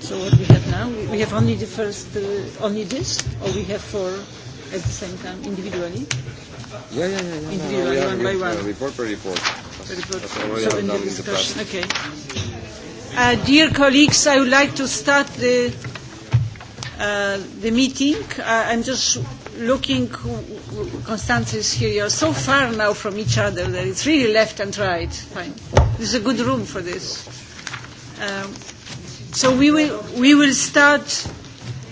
So what we have now, we have only the first, uh, only this, or we have four at the same time, individually? Yeah, yeah, yeah. yeah. Individually, no, no, one by one. Uh, report per report. That's, report. That's so in the discussion, in the okay. Uh, dear colleagues, I would like to start the, uh, the meeting. Uh, I'm just looking, Constantis, here you are so far now from each other that it's really left and right. Fine. This is a good room for this. Um, so we will, we will start.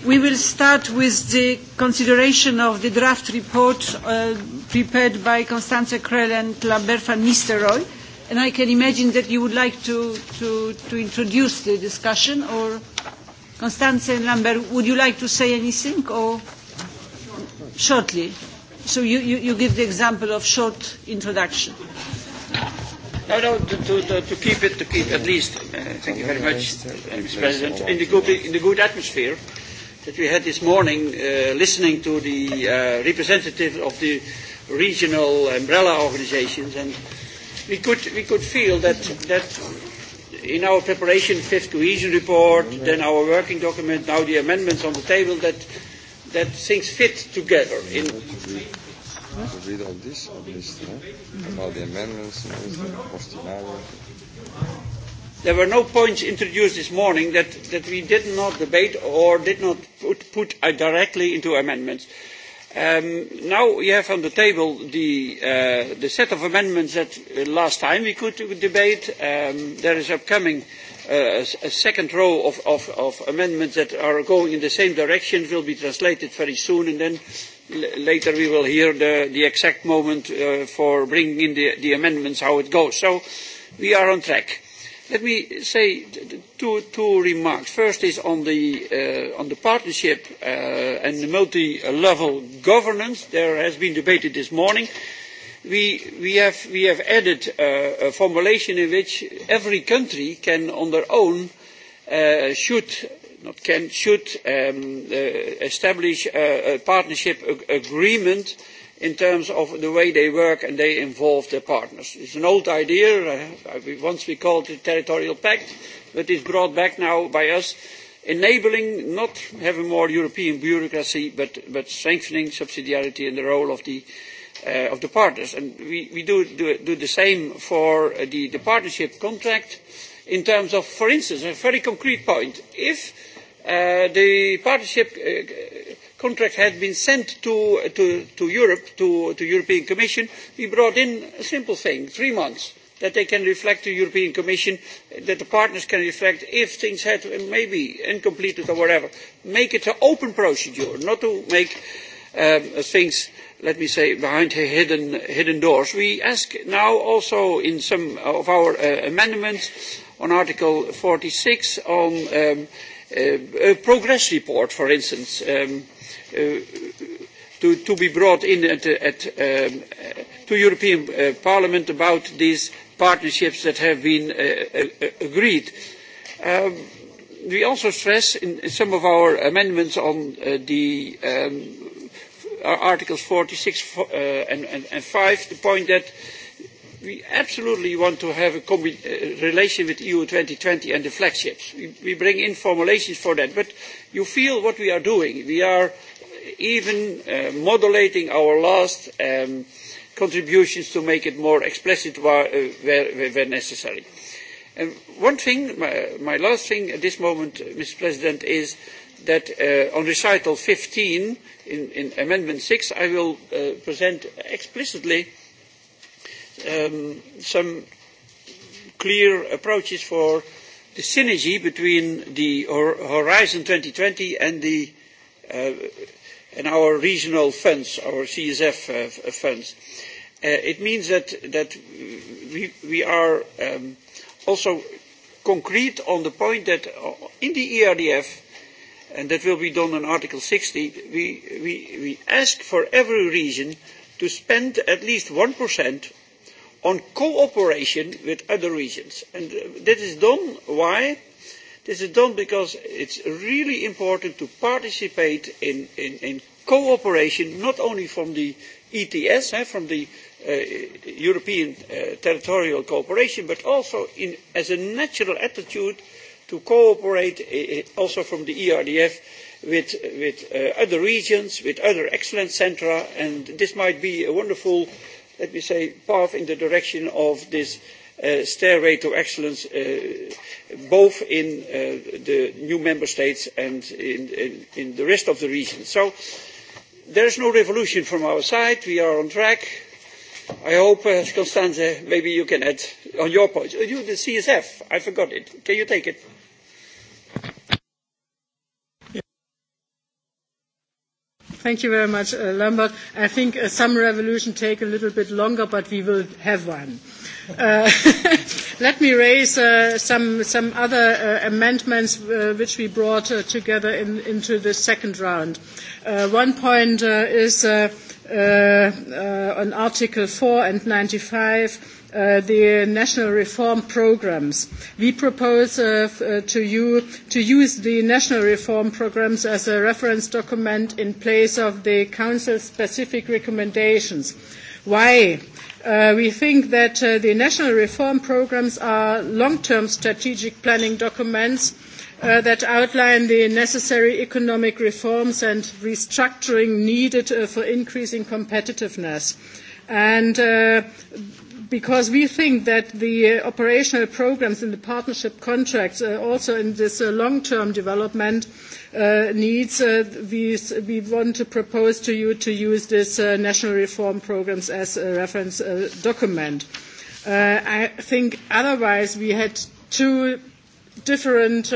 We will start with the consideration of the draft report uh, prepared by Constanze Krell and Lambert van Nistelrooy. And I can imagine that you would like to, to, to introduce the discussion, or Constanze and Lambert, would you like to say anything? Or shortly. So you, you, you give the example of short introduction. No, no, to, to, to keep it, to keep at least, uh, thank you very much, Mr. President, in the, good, in the good atmosphere that we had this morning, uh, listening to the uh, representatives of the regional umbrella organizations, and we could, we could feel that, that in our preparation, fifth cohesion report, then our working document, now the amendments on the table, that that things fit together. In to read this, about the amendments, There were no points introduced this morning that, that we did not debate or did not put, put uh, directly into amendments. Um, now we have on the table the, uh, the set of amendments that uh, last time we could debate. Um, there is upcoming uh, a, a second row of, of, of amendments that are going in the same direction will be translated very soon and then later we will hear the, the exact moment uh, for bringing in the, the amendments, how it goes. So we are on track. Let me say two, two remarks. First is on the, uh, on the partnership uh, and the multi-level governance. There has been debated this morning. Uh, we, we, have, we have added a, a formulation in which every country can on their own uh, should not can should um, uh, establish a, a partnership ag agreement in terms of the way they work and they involve their partners. It's an old idea. Uh, once we called it territorial pact, but it's brought back now by us, enabling not having more European bureaucracy, but, but strengthening subsidiarity and the role of the uh, of the partners. And we, we do, do, do the same for uh, the, the partnership contract in terms of, for instance, a very concrete point. If uh, the partnership uh, contract had been sent to, to, to Europe, to the European Commission, we brought in a simple thing, three months that they can reflect to the European Commission, that the partners can reflect if things had maybe incompleted or whatever. Make it an open procedure, not to make um, things let me say, behind hidden, hidden doors. We ask now also in some of our uh, amendments on Article 46 on um, uh, progress report, for instance, um, uh, to, to be brought in at, at, um, to European uh, Parliament about these partnerships that have been uh, agreed. Um, we also stress in some of our amendments on uh, the um, Articles 46 uh, and, and, and 5, the point that we absolutely want to have a combi- uh, relation with EU 2020 and the flagships. We, we bring in formulations for that, but you feel what we are doing. We are even uh, modulating our last um, contributions to make it more explicit uh, where, uh, where, where necessary. And one thing, my, my last thing at this moment, uh, Mr. President, is that uh, on recital 15, in, in amendment 6, I will uh, present explicitly um, some clear approaches for the synergy between the Horizon 2020 and the uh, and our regional funds, our CSF uh, uh, funds. Uh, it means that that we we are um, also concrete on the point that uh, in the ERDF and that will be done in Article 60, we, we, we ask for every reason to spend at least 1% on cooperation with other regions. And uh, that is done, why? This is done because it's really important to participate in, in, in cooperation, not only from the ETS, eh, from the uh, European uh, Territorial Cooperation, but also in, as a natural attitude to cooperate eh, eh, also from the ERDF with, with uh, other regions, with other excellence centra, and this might be a wonderful, let me say, path in the direction of this uh, stairway to excellence, uh, both in the new member states and in, in, in, the rest of the region. So there is no revolution from our side. We are on track. I hope, uh, Constanze, maybe you can add on your point. Oh, you, the CSF, I forgot it. Can you take it? Thank you very much, uh, Lambert. I think uh, some revolution take a little bit longer, but we will have one. Uh, let me raise uh, some, some other uh, amendments uh, which we brought uh, together in, into the second round. Uh, one point uh, is uh, uh, uh, on Article 4 and 95 Uh, the national reform programs. We propose uh, uh, to, you, to use the national reform programs as a reference document in place of the Council's specific recommendations. Why? Uh, we think that uh, the national reform programs are long-term strategic planning documents uh, that outline the necessary economic reforms and restructuring needed uh, for increasing competitiveness. And uh, because we think that the uh, operational programs in the partnership contracts, uh, also in this uh, long-term development uh, needs, uh, we, we, want to propose to you to use this uh, national reform programs as a reference document. I think otherwise we had two different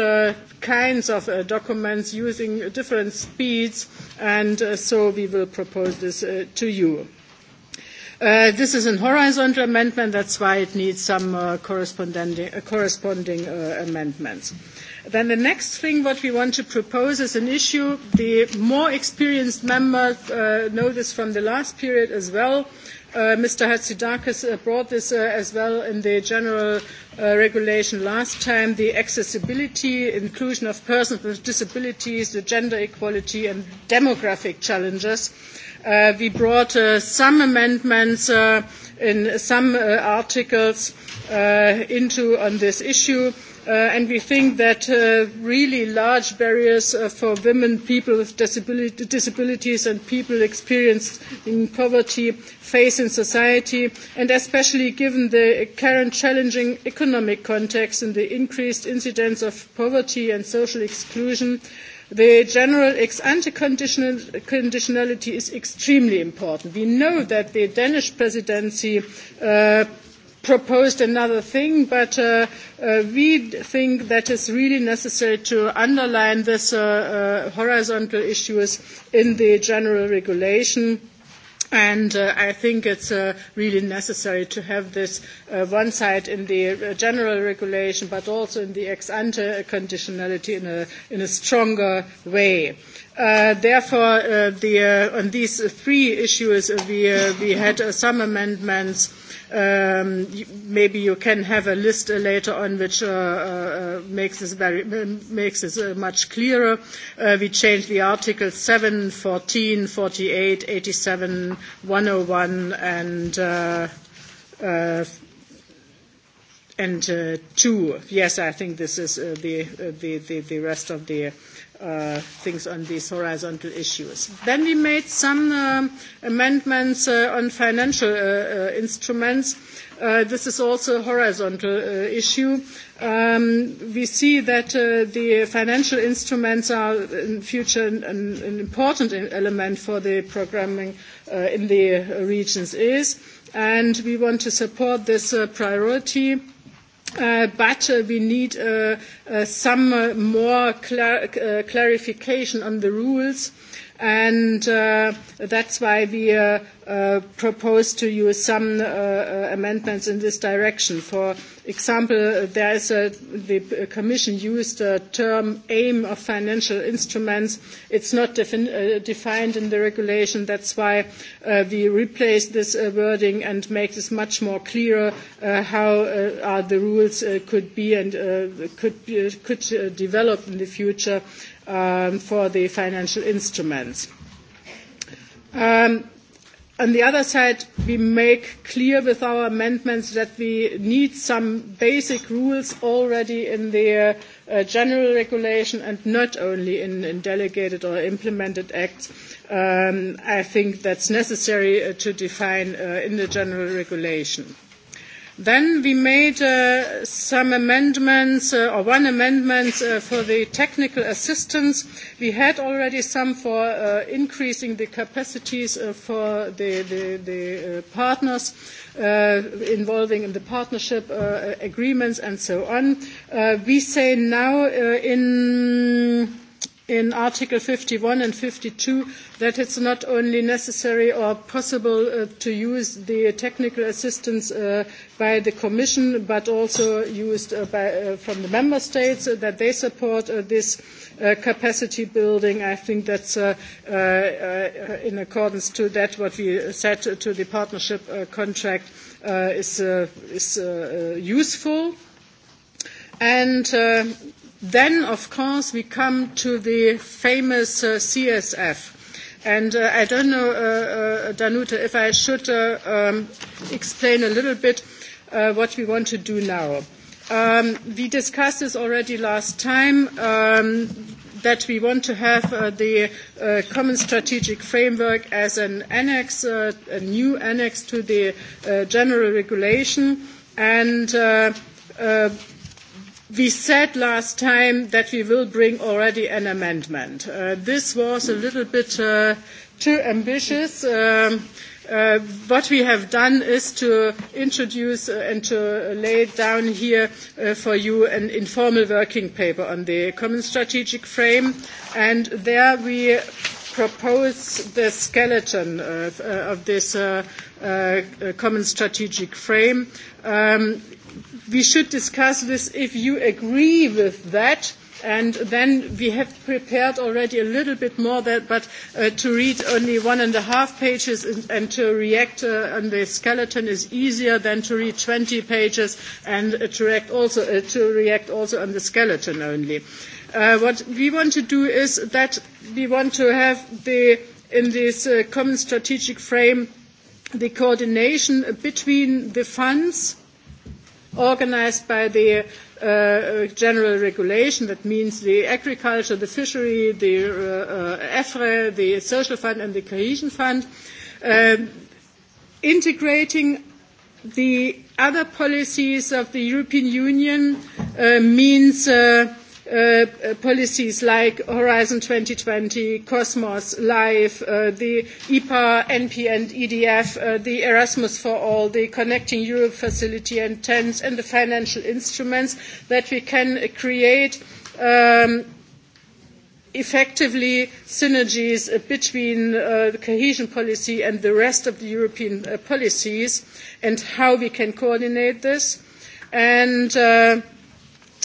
kinds of documents using different speeds, and so we will propose this to you. Uh, this is an horizontal amendment. That's why it needs some uh, corresponding, uh, corresponding uh, amendments. Then the next thing what we want to propose is an issue the more experienced members uh, know this from the last period as well Uh, Mr. Hatzidakis uh, brought this uh, as well in the general regulation last time, the accessibility, inclusion of persons with disabilities, the gender equality and demographic challenges. Uh, we brought uh, some amendments uh, in some articles into on this issue. Uh, and we think that uh, really large barriers uh, for women, people with disability, disabilities, and people experiencing poverty face in society, and especially given the current challenging economic context and the increased incidence of poverty and social exclusion, the general ex ante conditionality is extremely important. We know that the Danish presidency uh, proposed another thing, but uh, uh, we think that it's really necessary to underline this uh, uh, horizontal issues in the general regulation. And uh, I think it's uh, really necessary to have this uh, one side in the uh, general regulation, but also in the ex ante conditionality in a, in a stronger way. Uh, therefore, uh, the, uh, on these three issues, uh, we, we had some amendments um, maybe you can have a list later on which uh, uh, makes this, very, makes this uh, much clearer. Uh, we changed the Article 7, 14, 48, 87, 101, and uh, uh, and uh, two. Yes, I think this is uh, the, uh, the the the rest of the. Uh, Uh, things on these horizontal issues. Then we made some um, amendments uh, on financial uh, uh instruments. Uh, this is also a horizontal issue. Um, we see that the financial instruments are in future an, an important e-, element for the programming in the regions is, and we want to support this priority. Uh, but uh, we need uh, uh some uh, more clar clarification on the rules And uh, that's why we uh, uh, propose to use some uh, uh, amendments in this direction. For example, there is a, the Commission used the term aim of financial instruments. It's not defin- uh, defined in the regulation. That's why uh, we replace this uh, wording and make this much more clearer uh, how uh, are the rules uh, could be and uh, could, be, could uh, develop in the future um, for the financial instruments. Um, on the other side, we make clear with our amendments that we need some basic rules already in the uh, general regulation and not only in, in delegated or implemented acts. Um, I think that's necessary uh, to define uh, in the general regulation. Then we made uh, some amendments, uh, or one amendment uh, for the technical assistance. We had already some for uh, increasing the capacities uh, for the, the, the uh, partners uh, involving in the partnership uh, agreements and so on. Uh, we say now uh, in in Article 51 and 52 that it's not only necessary or possible uh, to use the technical assistance uh, by the Commission, but also used uh, by, uh, from the Member States uh, that they support uh, this capacity building. I think that's in accordance to that what we said to the partnership contract is, is useful. And Then, of course, we come to the famous uh, CSF. And uh, I don't know, uh, uh if I should uh, um, explain a little bit uh, what we want to do now. Um, we discussed this already last time. Um, that we want to have uh, the uh, common strategic framework as an annex, uh, a new annex to the general regulation. And We said last time that we will bring already an amendment. Uh, this was a little bit uh, too ambitious. Um, uh, what we have done is to introduce uh, and to lay down here uh, for you an informal working paper on the common strategic frame. And there we propose the skeleton of uh, this common strategic frame. Um, we should discuss this if you agree with that. And then we have prepared already a little bit more, that, but uh, to read only one and a half pages and, and to react uh, on the skeleton is easier than to read 20 pages and uh, to, react also, uh, to react also on the skeleton only. Uh, what we want to do is that we want to have the, in this uh, common strategic frame the coordination between the funds organized by the uh, uh, general regulation, that means the agriculture, the fishery, the uh, uh, EFRE, the social fund and the cohesion fund, uh, integrating the other policies of the European Union uh, means uh, Uh, policies like Horizon 2020, Cosmos, LIFE, uh, the EPA, NP and EDF, uh, the Erasmus for All, the Connecting Europe Facility and TENS and the financial instruments that we can create um, effectively synergies between uh, the cohesion policy and the rest of the European uh, policies and how we can coordinate this. And uh,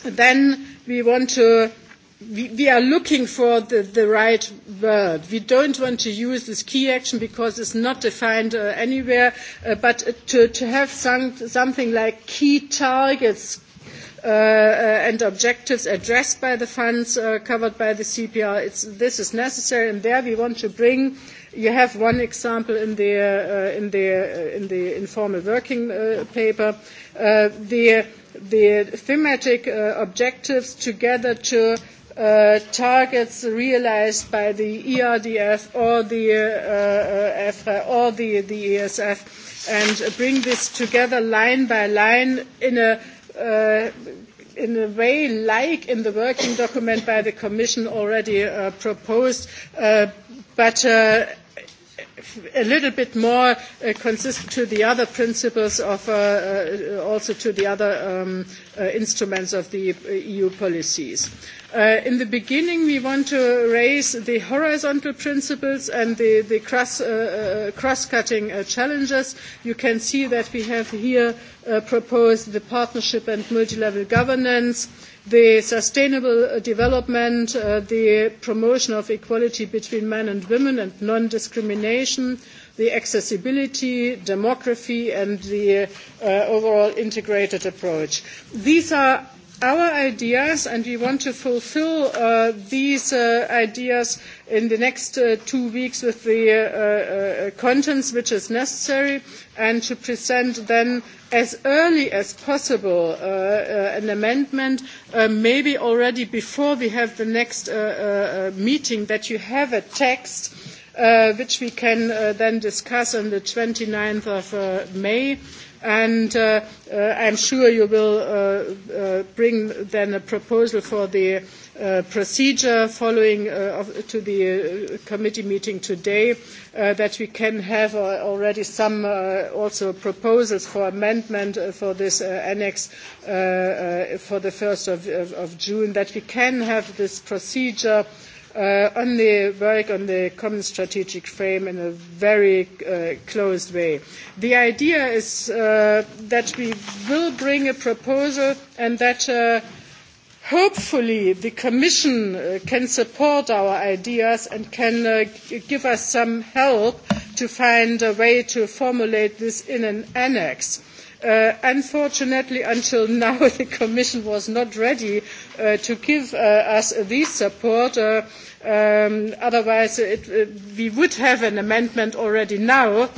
then we want to we, we are looking for the, the right word. We don't want to use this key action because it's not defined uh, anywhere, uh, but to, to have some, something like key targets uh, uh and objectives addressed by the funds uh, covered by the CPR, it's, this is necessary, and there we want to bring you have one example in the, uh, in the, uh, in the informal working uh, paper. Uh, the the thematic uh, objectives together to uh, targets realized by the ERDF or the uh, uh, uh, or the, the ESF and bring this together line by line in a, uh, in a way like in the working document by the Commission already uh, proposed, uh, but uh, a little bit more uh, consistent to the other principles of uh, uh, also to the other um, uh, instruments of the uh, EU policies. Uh, in the beginning, we want to raise the horizontal principles and the, the cross, uh, uh, cross-cutting uh, challenges. You can see that we have here uh, proposed the partnership and multi-level governance, uh, the sustainable uh, development, uh, the promotion of equality between men and women and non-discrimination, the accessibility, demography and the uh, overall integrated approach. These are our ideas and we want to fulfill uh, these uh, ideas in the next uh, two weeks with the uh, uh, contents which is necessary and to present then as early as possible uh, uh, an amendment, uh, maybe already before we have the next uh, uh, uh, meeting, that you have a text which we can then discuss on the 29th of May. And I'm sure you will bring then a proposal for the Uh, procedure following uh, of, to the uh, committee meeting today uh, that we can have uh, already some also proposals for amendment for this annex for the 1st of, of, of, June, that we can have this procedure on the work on the common strategic frame in a very closed way. The idea is that we will bring a proposal and that hopefully the Commission uh, can support our ideas and can uh, give us some help to find a way to formulate this in an annex. Uh, unfortunately, until now, the Commission was not ready uh, to give us this support. Um, otherwise, it, we would have an amendment already now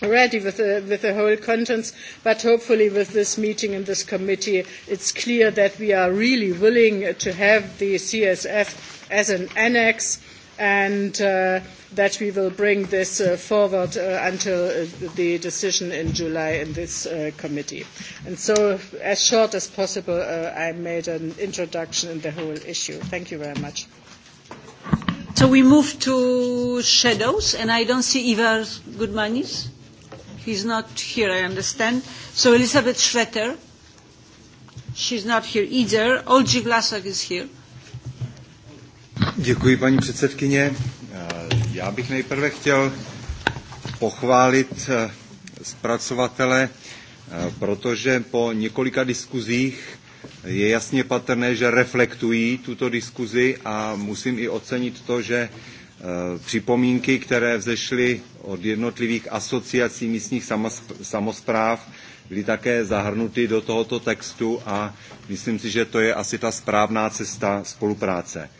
ready with the, with the whole contents, but hopefully with this meeting in this committee, it's clear that we are really willing to have the CSF as an annex and uh, that we will bring this uh, forward uh, until uh, the decision in July in this uh, committee. And so, as short as possible, uh, I made an introduction in the whole issue. Thank you very much. So we move to shadows, and I don't see Ivar Goodmanis. He's not here, I understand. So Elisabeth Schroeter, she's not here either. Olgi Vlasak is here. Děkuji, paní předsedkyně. Já bych nejprve chtěl pochválit eh, zpracovatele, eh, protože po několika diskuzích je jasně patrné, že reflektují tuto diskuzi a musím i ocenit to, že Eh, připomínky, které vzešly od jednotlivých asociací místních samozpráv, byly také zahrnuty do tohoto textu a myslím si, že to je asi ta správná cesta spolupráce.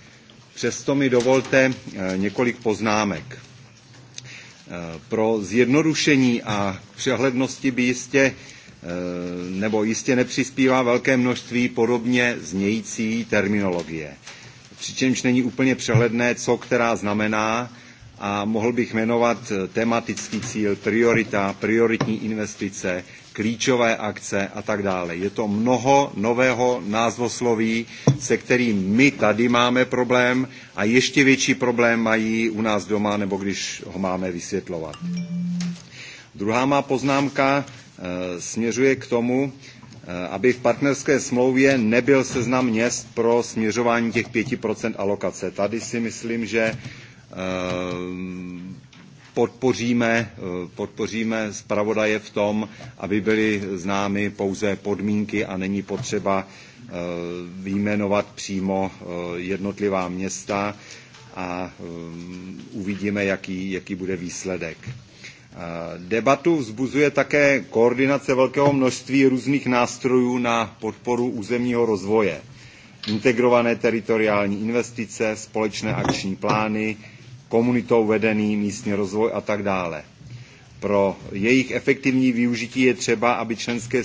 Přesto mi dovolte eh, několik poznámek. Eh, pro zjednodušení a přehlednosti by jistě nebo jistě nepřispívá velké množství podobně znějící terminologie přičemž není úplně přehledné, co která znamená a mohl bych jmenovat eh, tematický cíl, priorita, prioritní investice, klíčové akce a tak dále. Je to mnoho nového názvosloví, se kterým my tady máme problém a ještě větší problém mají u nás doma, nebo když ho máme vysvětlovat. Druhá má poznámka e, směřuje k tomu, Eh, aby v partnerské smlouvě nebyl seznam měst pro směřování těch 5% alokace. Tady si myslím, že eh, podpoříme, eh, podpoříme zpravodaje v tom, aby byly známy pouze podmínky a není potřeba vyjmenovat přímo jednotlivá města a uvidíme, jaký, jaký bude výsledek. Eh, debatu vzbuzuje také koordinace velkého množství různých nástrojů na podporu územního rozvoje. Integrované teritoriální investice, společné akční plány, komunitou vedený místní rozvoj a tak dále. Pro jejich efektivní využití je třeba, aby členské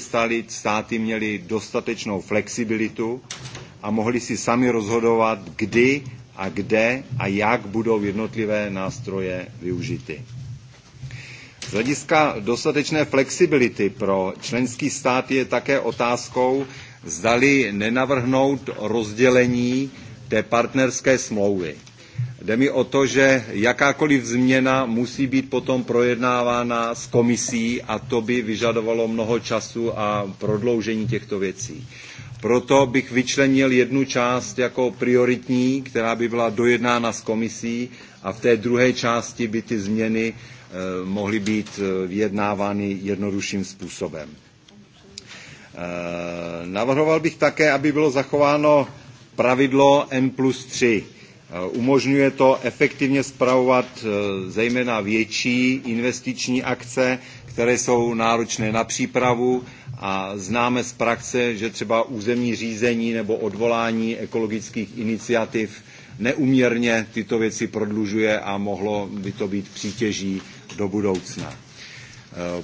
státy měly dostatečnou flexibilitu a mohli si sami rozhodovat, kdy a kde a jak budou jednotlivé nástroje využity. Z hlediska dostatečné flexibility pro členský stát je také otázkou, zdali nenavrhnout rozdělení té partnerské smlouvy. Jde mi o to, že jakákoliv změna musí být potom projednávána s komisí a to by vyžadovalo mnoho času a prodloužení těchto věcí. Proto bych vyčlenil jednu část jako prioritní, která by byla dojednána s komisí a v té druhé části by ty změny Eh, mohly být eh, vyjednávány jednodušším způsobem. Eh, navrhoval bych také, aby bylo zachováno pravidlo N plus 3. Umožňuje to efektivně spravovat zejména větší investiční akce, které jsou náročné na přípravu a známe z praxe, že třeba územní řízení nebo odvolání ekologických iniciativ neuměrně tyto věci prodlužuje a mohlo by to být přítěží do budoucna. E,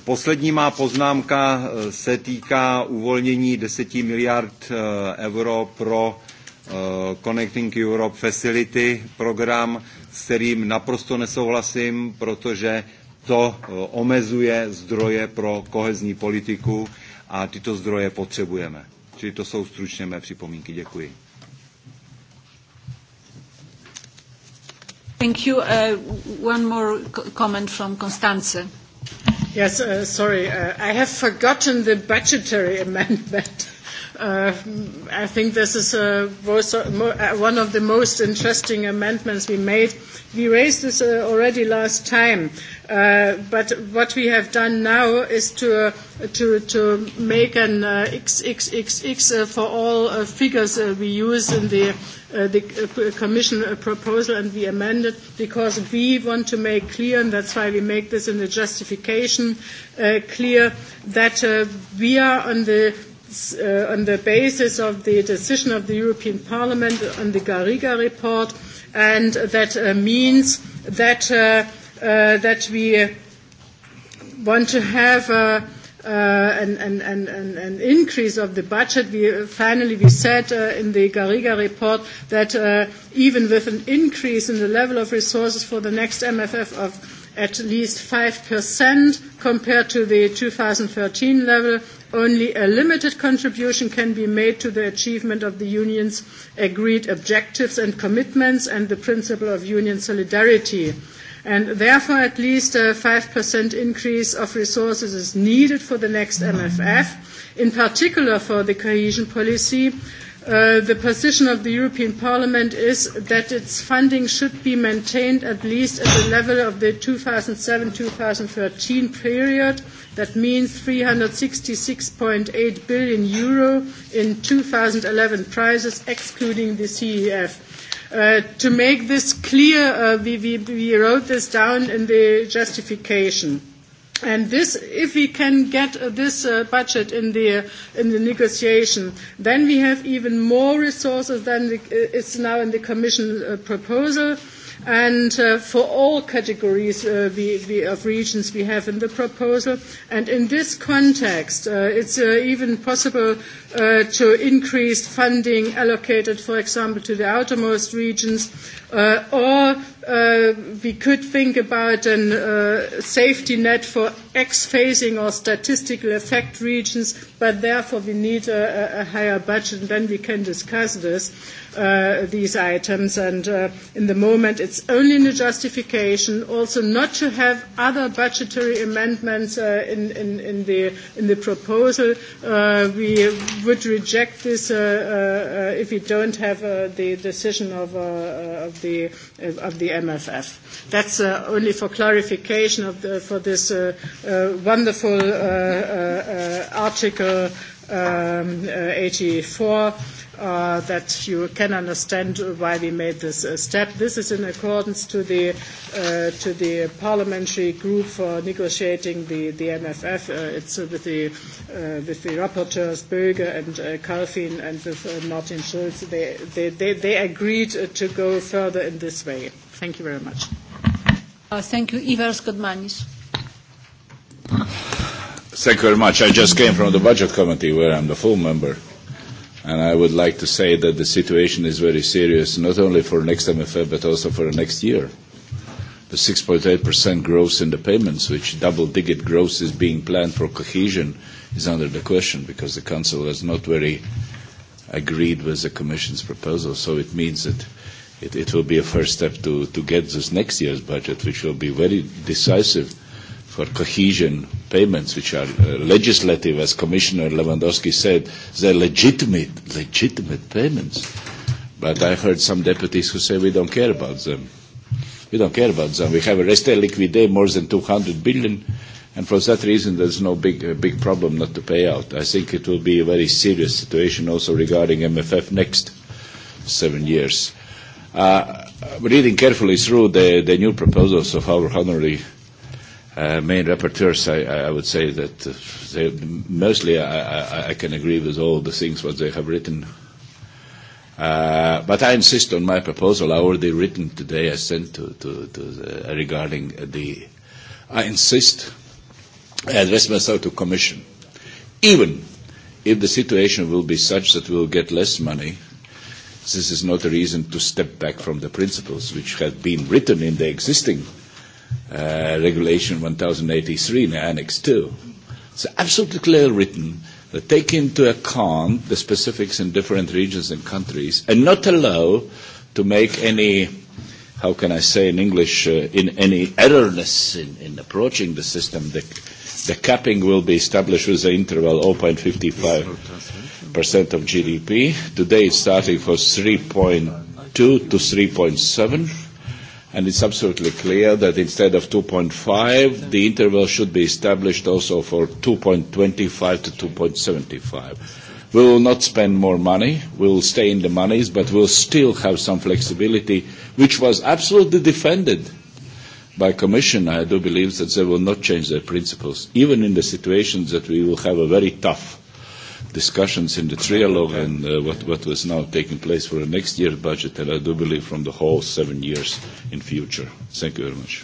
poslední má poznámka e, se týká uvolnění 10 miliard e, euro pro Connecting Europe Facility program, s kterým naprosto nesouhlasím, protože to omezuje zdroje pro kohezní politiku a tyto zdroje potřebujeme. Čili to jsou stručně mé připomínky. Děkuji. Thank you. Uh, one more comment from Constanze. Yes, uh, sorry. Uh, I have forgotten the budgetary amendment. Uh, I think this is uh, uh, one of the most interesting amendments we made. We raised this uh, already last time. Uh, but what we have done now is to, to, to make an uh, XXX uh, for all uh, figures uh, we use in the, uh, the uh, Commission uh, proposal and we amend it because we want to make clear, and that's why we make this in the justification uh, clear, that uh, we are on the uh, on the basis of the decision of the European Parliament on the Garriga report, and that uh, means that uh, uh, that we want to have a, uh, uh an, an, an, an increase of the budget. We uh, finally we said uh, in the Garriga report that uh, even with an increase in the level of resources for the next MFF of at least 5% compared to the 2013 level, only a limited contribution can be made to the achievement of the union's agreed objectives and commitments and the principle of union solidarity. And therefore, at least a 5% increase of resources is needed for the next MFF, in particular for the cohesion policy. Uh, the position of the European Parliament is that its funding should be maintained at least at the level of the 2007-2013 period. That means 366.8 billion euro in 2011 prices, excluding the CEF. Uh, to make this clear, uh, we, we, we wrote this down in the justification. And this, if we can get uh, this uh, budget in the, uh, in the negotiation, then we have even more resources than the, uh, it's now in the Commission uh, proposal. Uh, And uh, for all categories uh, we, we of regions we have in the proposal. And in this context, uh, it's uh, even possible uh, to increase funding allocated, for example, to the outermost regions uh, or Uh, we could think about a uh, safety net for X phasing or statistical effect regions, but therefore we need a, a higher budget, and then we can discuss this, uh, these items. And uh, in the moment, it's only a justification, also not to have other budgetary amendments uh, in, in, in, the, in, the, proposal. Uh, we would reject this if we don't have the decision of, of the, of the MFF. That's uh, only for clarification of the, for this uh, uh, wonderful uh, uh, uh, article um, uh, 84 uh, that you can understand why we made this uh, step. This is in accordance to the, uh, to the parliamentary group for negotiating the, the MFF. Uh, it's uh, with, the, uh, with the rapporteurs Böge and uh, Kalfin and with uh, Martin Schulz. They, they, they, they agreed uh, to go further in this way. Thank you very much. Uh, thank you. Ivers Godmanis. Thank you very much. I just came from the Budget Committee where I'm the full member. And I would like to say that the situation is very serious, not only for next MFF, but also for the next year. The 6.8% growth in the payments, which double-digit growth is being planned for cohesion, is under the question because the Council has not very agreed with the Commission's proposal. So it means that it, it will be a first step to, to get this next year's budget, which will be very decisive for cohesion payments, which are uh, legislative, as Commissioner Lewandowski said, they're legitimate, legitimate payments. But I heard some deputies who say we don't care about them. We don't care about them. We have a reste liquide more than 200 billion, and for that reason there's no big, uh, big problem not to pay out. I think it will be a very serious situation also regarding MFF next seven years Uh, reading carefully through the, the new proposals of our honorary uh, main rapporteurs, I, I would say that uh, they, mostly I, I, I can agree with all the things what they have written. Uh, but I insist on my proposal. I already written today. I sent to, to, to the, regarding the. I insist. I address myself to Commission. Even if the situation will be such that we will get less money This is not a reason to step back from the principles which have been written in the existing uh, Regulation 1083 in Annex 2. It's absolutely clearly written that take into account the specifics in different regions and countries and not allow to make any how can I say in English, uh, in any errorness in, in approaching the system, the, the capping will be established with the interval 0.55 Yes, percent of GDP. Today it's starting from 3.2 to 3.7, and it's absolutely clear that instead of 2.5, the interval should be established also for 2.25 to 2.75. We will not spend more money. We will stay in the monies, but we'll still have some flexibility, which was absolutely defended by Commission. I do believe that they will not change their principles, even in the situations that we will have a very tough discussions in the trialogue and uh, what, what was now taking place for the next year's budget, and I do believe from the whole seven years in future. Thank you very much.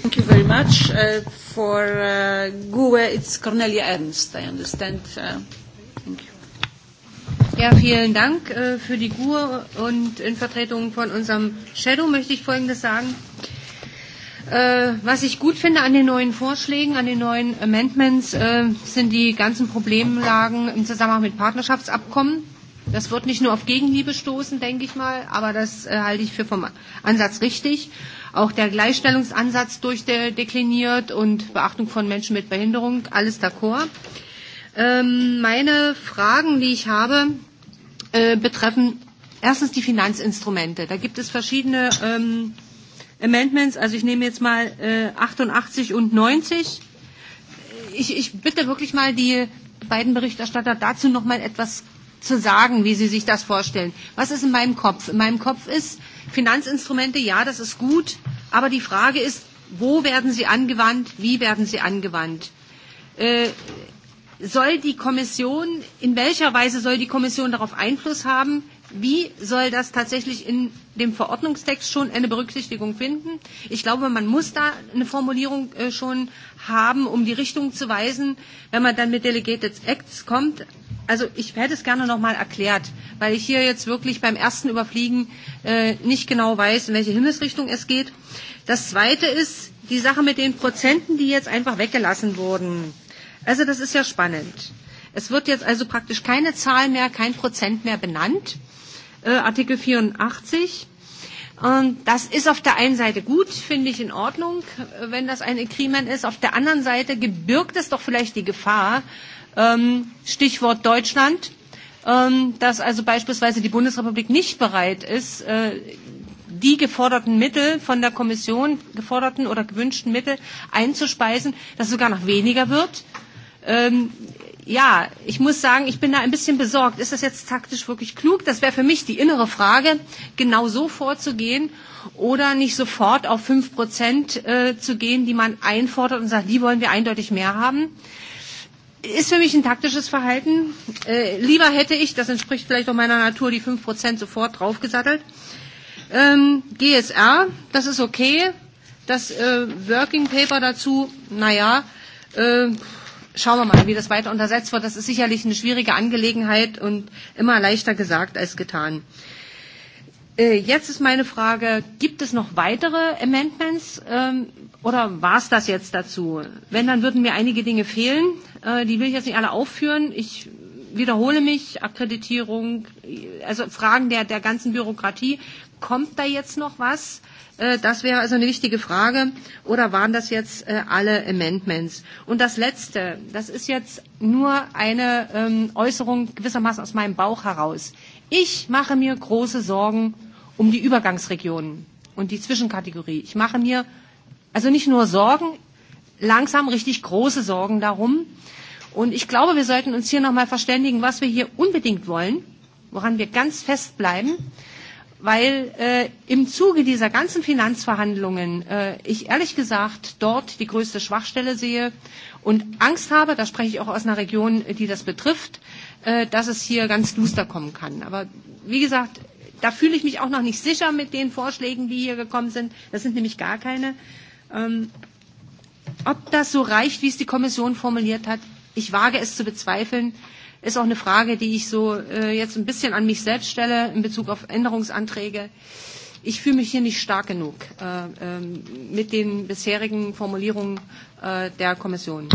Thank you very much. Uh, for uh, GUE, it's Cornelia Ernst, I understand. Uh, thank you. Ja, vielen Dank äh, für die GUE und in Vertretung von unserem Shadow möchte ich Folgendes sagen. Äh, Äh, was ich gut finde an den neuen Vorschlägen, an den neuen Amendments, äh, sind die ganzen Problemlagen im Zusammenhang mit Partnerschaftsabkommen. Das wird nicht nur auf Gegenliebe stoßen, denke ich mal, aber das äh, halte ich für vom Ansatz richtig. Auch der Gleichstellungsansatz durchdekliniert und Beachtung von Menschen mit Behinderung, alles d'accord. Ähm, meine Fragen, die ich habe, äh, betreffen erstens die Finanzinstrumente. Da gibt es verschiedene ähm, Amendments, also ich nehme jetzt mal äh, 88 und 90. Ich, ich bitte wirklich mal die beiden Berichterstatter dazu noch mal etwas zu sagen, wie sie sich das vorstellen. Was ist in meinem Kopf? In meinem Kopf ist Finanzinstrumente, ja, das ist gut, aber die Frage ist, wo werden sie angewandt, wie werden sie angewandt? Äh, soll die Kommission, in welcher Weise soll die Kommission darauf Einfluss haben? Wie soll das tatsächlich in dem Verordnungstext schon eine Berücksichtigung finden? Ich glaube, man muss da eine Formulierung äh, schon haben, um die Richtung zu weisen, wenn man dann mit Delegated Acts kommt. Also ich hätte es gerne nochmal erklärt, weil ich hier jetzt wirklich beim ersten Überfliegen äh, nicht genau weiß, in welche Himmelsrichtung es geht. Das Zweite ist die Sache mit den Prozenten, die jetzt einfach weggelassen wurden. Also das ist ja spannend. Es wird jetzt also praktisch keine Zahl mehr, kein Prozent mehr benannt äh, Artikel 84. Und das ist auf der einen Seite gut, finde ich in Ordnung, äh, wenn das ein Agreement ist. Auf der anderen Seite gebirgt es doch vielleicht die Gefahr, ähm, Stichwort Deutschland, ähm, dass also beispielsweise die Bundesrepublik nicht bereit ist, äh, die geforderten Mittel von der Kommission, geforderten oder gewünschten Mittel einzuspeisen, dass sogar noch weniger wird. Ähm, ja, ich muss sagen, ich bin da ein bisschen besorgt. Ist das jetzt taktisch wirklich klug? Das wäre für mich die innere Frage, genau so vorzugehen oder nicht sofort auf 5 Prozent äh, zu gehen, die man einfordert und sagt, die wollen wir eindeutig mehr haben. Ist für mich ein taktisches Verhalten. Äh, lieber hätte ich, das entspricht vielleicht auch meiner Natur, die 5 Prozent sofort draufgesattelt. Ähm, GSR, das ist okay. Das äh, Working Paper dazu, naja, äh, schauen wir mal, wie das weiter untersetzt wird. Das ist sicherlich eine schwierige Angelegenheit und immer leichter gesagt als getan. Äh, jetzt ist meine Frage, gibt es noch weitere Amendments ähm, oder war es das jetzt dazu? Wenn, dann würden mir einige Dinge fehlen. Äh, die will ich jetzt nicht alle aufführen. Ich wiederhole mich, Akkreditierung, also Fragen der, der ganzen Bürokratie. Kommt da jetzt noch was? Äh, das wäre also eine wichtige Frage. Oder waren das jetzt äh, alle Amendments? Und das Letzte, das ist jetzt nur eine ähm, Äußerung gewissermaßen aus meinem Bauch heraus. Ich mache mir große Sorgen um die Übergangsregionen und die Zwischenkategorie. Ich mache mir also nicht nur Sorgen, langsam richtig große Sorgen darum. Und ich glaube, wir sollten uns hier nochmal verständigen, was wir hier unbedingt wollen, woran wir ganz fest bleiben weil äh, im Zuge dieser ganzen Finanzverhandlungen äh, ich ehrlich gesagt dort die größte Schwachstelle sehe und Angst habe, da spreche ich auch aus einer Region, die das betrifft, äh, dass es hier ganz duster kommen kann. Aber wie gesagt, da fühle ich mich auch noch nicht sicher mit den Vorschlägen, die hier gekommen sind. Das sind nämlich gar keine. Ähm, ob das so reicht, wie es die Kommission formuliert hat, ich wage es zu bezweifeln. Äh, ist auch eine Frage, die ich so äh, jetzt ein bisschen an mich selbst stelle in Bezug auf Änderungsanträge. Ich fühle mich hier nicht stark genug äh, äh, mit den bisherigen Formulierungen äh, der Kommission.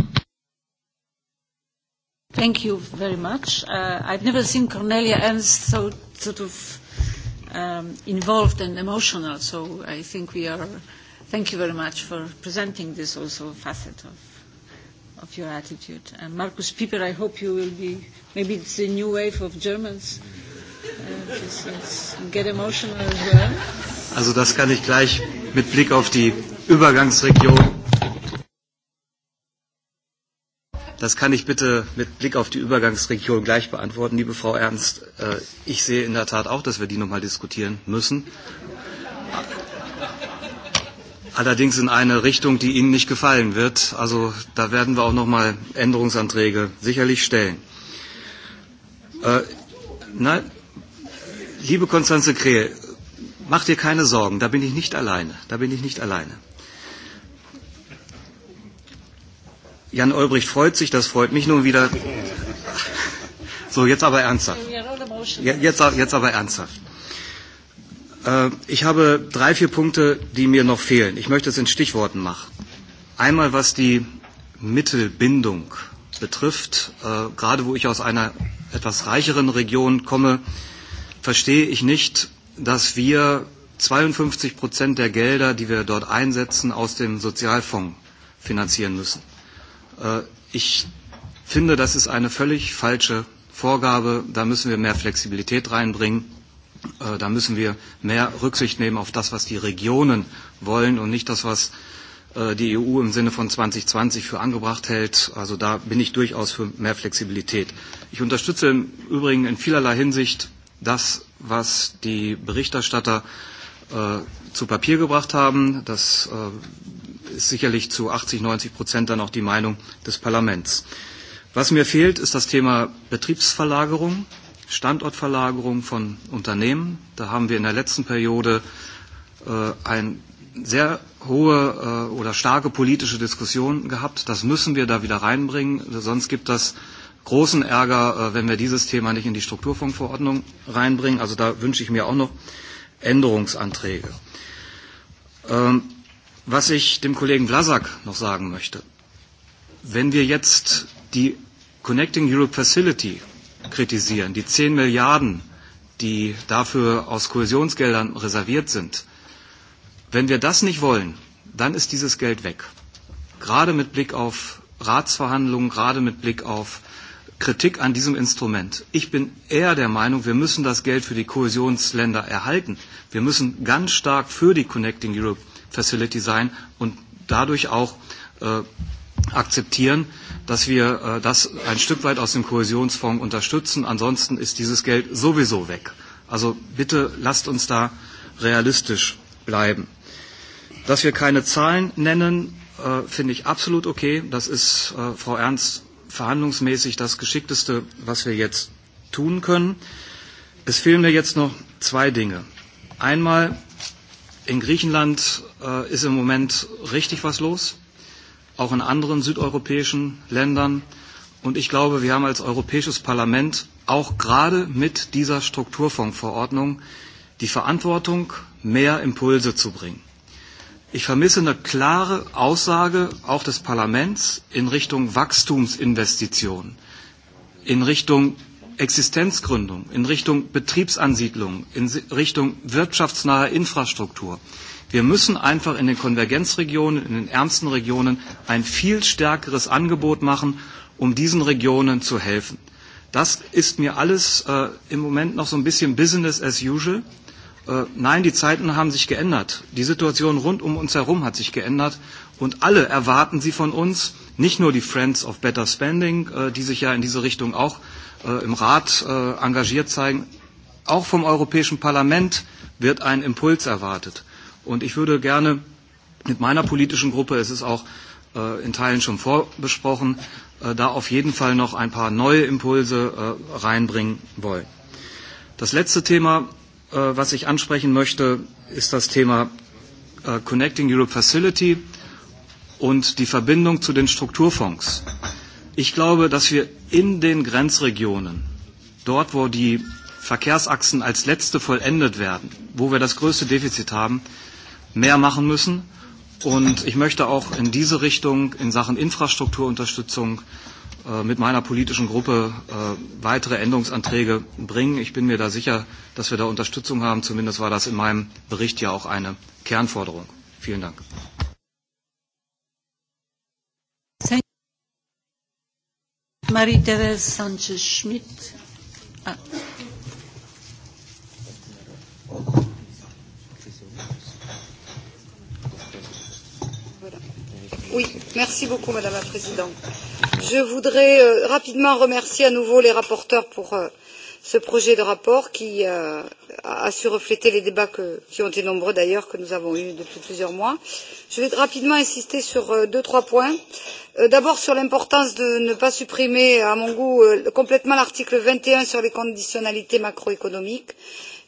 Thank you very much. Uh, I've never seen Cornelia Ernst so sort of um, involved and emotional, so I think we are. Thank you very much for presenting this also facet of of your attitude. And Markus Pieper, I hope you will be, maybe it's a new wave of Germans. Uh, get emotional as well. Also das kann ich gleich mit Blick auf die Übergangsregion. Das kann ich bitte mit Blick auf die Übergangsregion gleich beantworten, liebe Frau Ernst. Äh, ich sehe in der Tat auch, dass wir die nochmal diskutieren müssen. Allerdings in eine Richtung, die Ihnen nicht gefallen wird. Also da werden wir auch noch mal Änderungsanträge sicherlich stellen. Äh, na, liebe Konstanze Krehl, mach dir keine Sorgen, da bin ich nicht alleine. Da bin ich nicht alleine. Jan Olbricht freut sich, das freut mich nun wieder. So, jetzt aber ernsthaft. Jetzt, jetzt aber ernsthaft. Äh, ich habe drei, vier Punkte, die mir noch fehlen. Ich möchte es in Stichworten machen. Einmal, was die Mittelbindung betrifft, äh, gerade wo ich aus einer etwas reicheren Region komme, verstehe ich nicht, dass wir 52 Prozent der Gelder, die wir dort einsetzen, aus dem Sozialfonds finanzieren müssen. Äh, ich finde, das ist eine völlig falsche Vorgabe. Da müssen wir mehr Flexibilität reinbringen. Äh, da müssen wir mehr Rücksicht nehmen auf das, was die Regionen wollen und nicht das, was äh, die EU im Sinne von 2020 für angebracht hält. Also da bin ich durchaus für mehr Flexibilität. Ich unterstütze im Übrigen in vielerlei Hinsicht das, was die Berichterstatter äh, zu Papier gebracht haben. Das äh, ist sicherlich zu 80, 90 Prozent dann auch die Meinung des Parlaments. Was mir fehlt, ist das Thema Betriebsverlagerung. Standortverlagerung von Unternehmen. Da haben wir in der letzten Periode äh, eine sehr hohe äh, oder starke politische Diskussion gehabt. Das müssen wir da wieder reinbringen, sonst gibt das großen Ärger, äh, wenn wir dieses Thema nicht in die Strukturfondsverordnung reinbringen. Also da wünsche ich mir auch noch Änderungsanträge. Ähm, was ich dem Kollegen Vlasak noch sagen möchte, wenn wir jetzt die Connecting Europe Facility kritisieren. Die 10 Milliarden, die dafür aus Kohäsionsgeldern reserviert sind, wenn wir das nicht wollen, dann ist dieses Geld weg. Gerade mit Blick auf Ratsverhandlungen, gerade mit Blick auf Kritik an diesem Instrument. Ich bin eher der Meinung, wir müssen das Geld für die Kohäsionsländer erhalten. Wir müssen ganz stark für die Connecting Europe Facility sein und dadurch auch äh, akzeptieren, dass wir äh, das ein Stück weit aus dem Kohäsionsfonds unterstützen. Ansonsten ist dieses Geld sowieso weg. Also bitte lasst uns da realistisch bleiben. Dass wir keine Zahlen nennen, äh, finde ich absolut okay. Das ist, äh, Frau Ernst, verhandlungsmäßig das Geschickteste, was wir jetzt tun können. Es fehlen mir jetzt noch zwei Dinge. Einmal, in Griechenland äh, ist im Moment richtig was los auch in anderen südeuropäischen Ländern. Und ich glaube, wir haben als Europäisches Parlament auch gerade mit dieser Strukturfondsverordnung die Verantwortung, mehr Impulse zu bringen. Ich vermisse eine klare Aussage auch des Parlaments in Richtung Wachstumsinvestitionen, in Richtung Existenzgründung, in Richtung Betriebsansiedlung, in Richtung wirtschaftsnaher Infrastruktur. Wir müssen einfach in den Konvergenzregionen, in den ärmsten Regionen ein viel stärkeres Angebot machen, um diesen Regionen zu helfen. Das ist mir alles äh, im Moment noch so ein bisschen Business as usual. Äh, nein, die Zeiten haben sich geändert. Die Situation rund um uns herum hat sich geändert. Und alle erwarten sie von uns, nicht nur die Friends of Better Spending, äh, die sich ja in diese Richtung auch äh, im Rat äh, engagiert zeigen, auch vom Europäischen Parlament wird ein Impuls erwartet. Und ich würde gerne mit meiner politischen Gruppe, es ist auch äh, in Teilen schon vorbesprochen, äh, da auf jeden Fall noch ein paar neue Impulse äh, reinbringen wollen. Das letzte Thema, äh, was ich ansprechen möchte, ist das Thema äh, Connecting Europe Facility und die Verbindung zu den Strukturfonds. Ich glaube, dass wir in den Grenzregionen, dort wo die Verkehrsachsen als letzte vollendet werden, wo wir das größte Defizit haben, mehr machen müssen. Und ich möchte auch in diese Richtung in Sachen Infrastrukturunterstützung äh, mit meiner politischen Gruppe äh, weitere Änderungsanträge bringen. Ich bin mir da sicher, dass wir da Unterstützung haben. Zumindest war das in meinem Bericht ja auch eine Kernforderung. Vielen Dank. Marie-Therese Sanchez-Schmidt. Ah. Oui, merci beaucoup, Madame la Présidente. Je voudrais euh, rapidement remercier à nouveau les rapporteurs pour euh, ce projet de rapport qui euh, a su refléter les débats que, qui ont été nombreux d'ailleurs que nous avons eus depuis plusieurs mois. Je vais rapidement insister sur euh, deux trois points. Euh, D'abord sur l'importance de ne pas supprimer à mon goût euh, complètement l'article 21 sur les conditionnalités macroéconomiques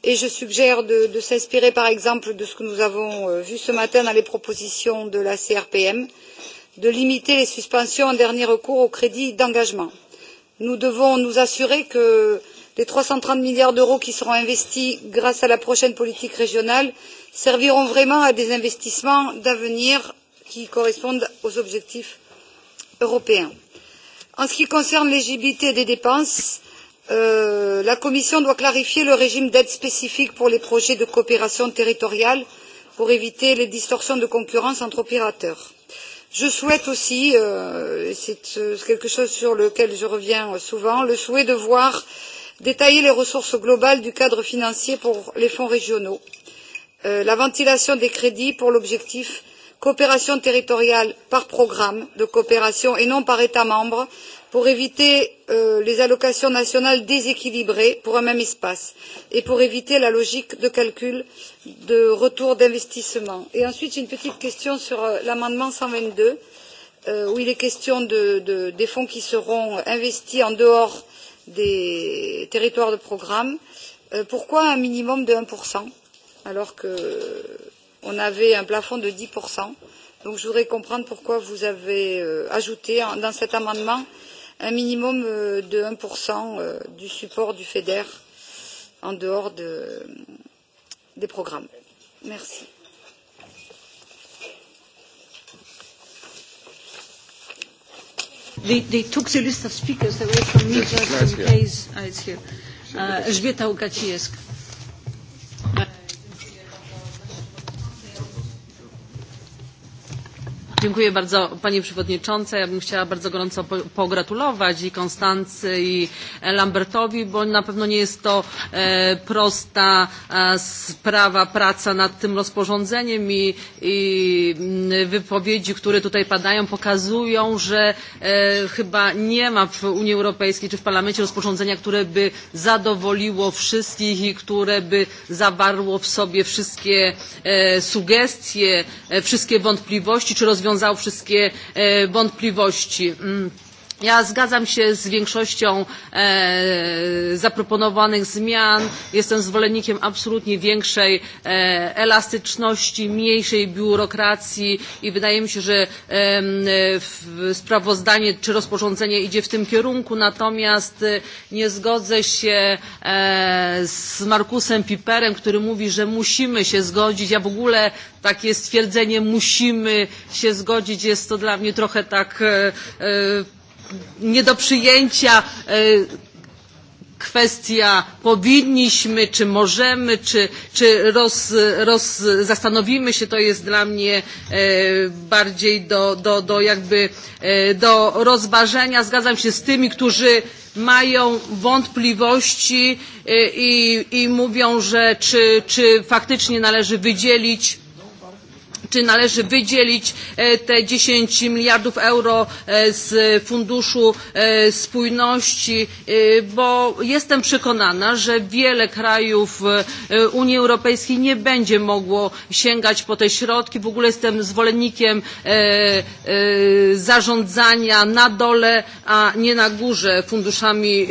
et je suggère de, de s'inspirer par exemple de ce que nous avons euh, vu ce matin dans les propositions de la crpm de limiter les suspensions en dernier recours aux crédits d'engagement. nous devons nous assurer que les trois cent trente milliards d'euros qui seront investis grâce à la prochaine politique régionale serviront vraiment à des investissements d'avenir qui correspondent aux objectifs européens. en ce qui concerne l'éligibilité des dépenses Euh, la Commission doit clarifier le régime d'aide spécifique pour les projets de coopération territoriale pour éviter les distorsions de concurrence entre opérateurs. Je souhaite aussi, euh, euh, c'est quelque chose sur lequel je reviens souvent, le souhait de voir détailler les ressources globales du cadre financier pour les fonds régionaux, euh, la ventilation des crédits pour l'objectif coopération territoriale par programme de coopération et non par État membre, pour éviter euh, les allocations nationales déséquilibrées pour un même espace et pour éviter la logique de calcul de retour d'investissement. Et ensuite, une petite question sur euh, l'amendement 122, euh, où il est question de, de, des fonds qui seront investis en dehors des territoires de programme. Euh, pourquoi un minimum de 1% alors qu'on euh, avait un plafond de 10% donc je voudrais comprendre pourquoi vous avez euh, ajouté dans cet amendement euh, un minimum euh, de 1% euh, du support du FEDER en dehors de, des programmes. Merci. They, they took the list of speakers away from me yes, just in case. Ah, it's here. Uh, Elżbieta Łukacijewska. Dziękuję bardzo Pani Przewodnicząca. Ja bym chciała bardzo gorąco pogratulować i Konstancy i e, Lambertowi, bo na pewno nie jest to e, prosta e, sprawa praca nad tym rozporządzeniem i, i mm, wypowiedzi, które tutaj padają pokazują, że chyba nie ma w Unii Europejskiej czy w Parlamencie rozporządzenia, które by zadowoliło wszystkich i które by zawarło w sobie wszystkie sugestie, wszystkie wątpliwości czy rozwiązania rozwiązał wszystkie e, wątpliwości. Mm Ja zgadzam się z większością e, zaproponowanych zmian. Jestem zwolennikiem absolutnie większej e, elastyczności, mniejszej biurokracji i wydaje mi się, że e, w, sprawozdanie czy rozporządzenie idzie w tym kierunku. Natomiast e, nie zgodzę się e, z Markusem Piperem, który mówi, że musimy się zgodzić. Ja w ogóle takie stwierdzenie musimy się zgodzić jest to dla mnie trochę tak e, e nie do przyjęcia e, kwestia powinniśmy, czy możemy, czy, czy roz, roz, zastanowimy się, to jest dla mnie e, bardziej do, do, do jakby e, do rozważenia. Zgadzam się z tymi, którzy mają wątpliwości e, i, i mówią, że czy, czy faktycznie należy wydzielić czy należy wydzielić e, te 10 miliardów euro e, z Funduszu e, Spójności, bo jestem przekonana, że wiele krajów Unii Europejskiej nie będzie mogło sięgać po te środki. W ogóle jestem zwolennikiem zarządzania na dole, a nie na górze funduszami,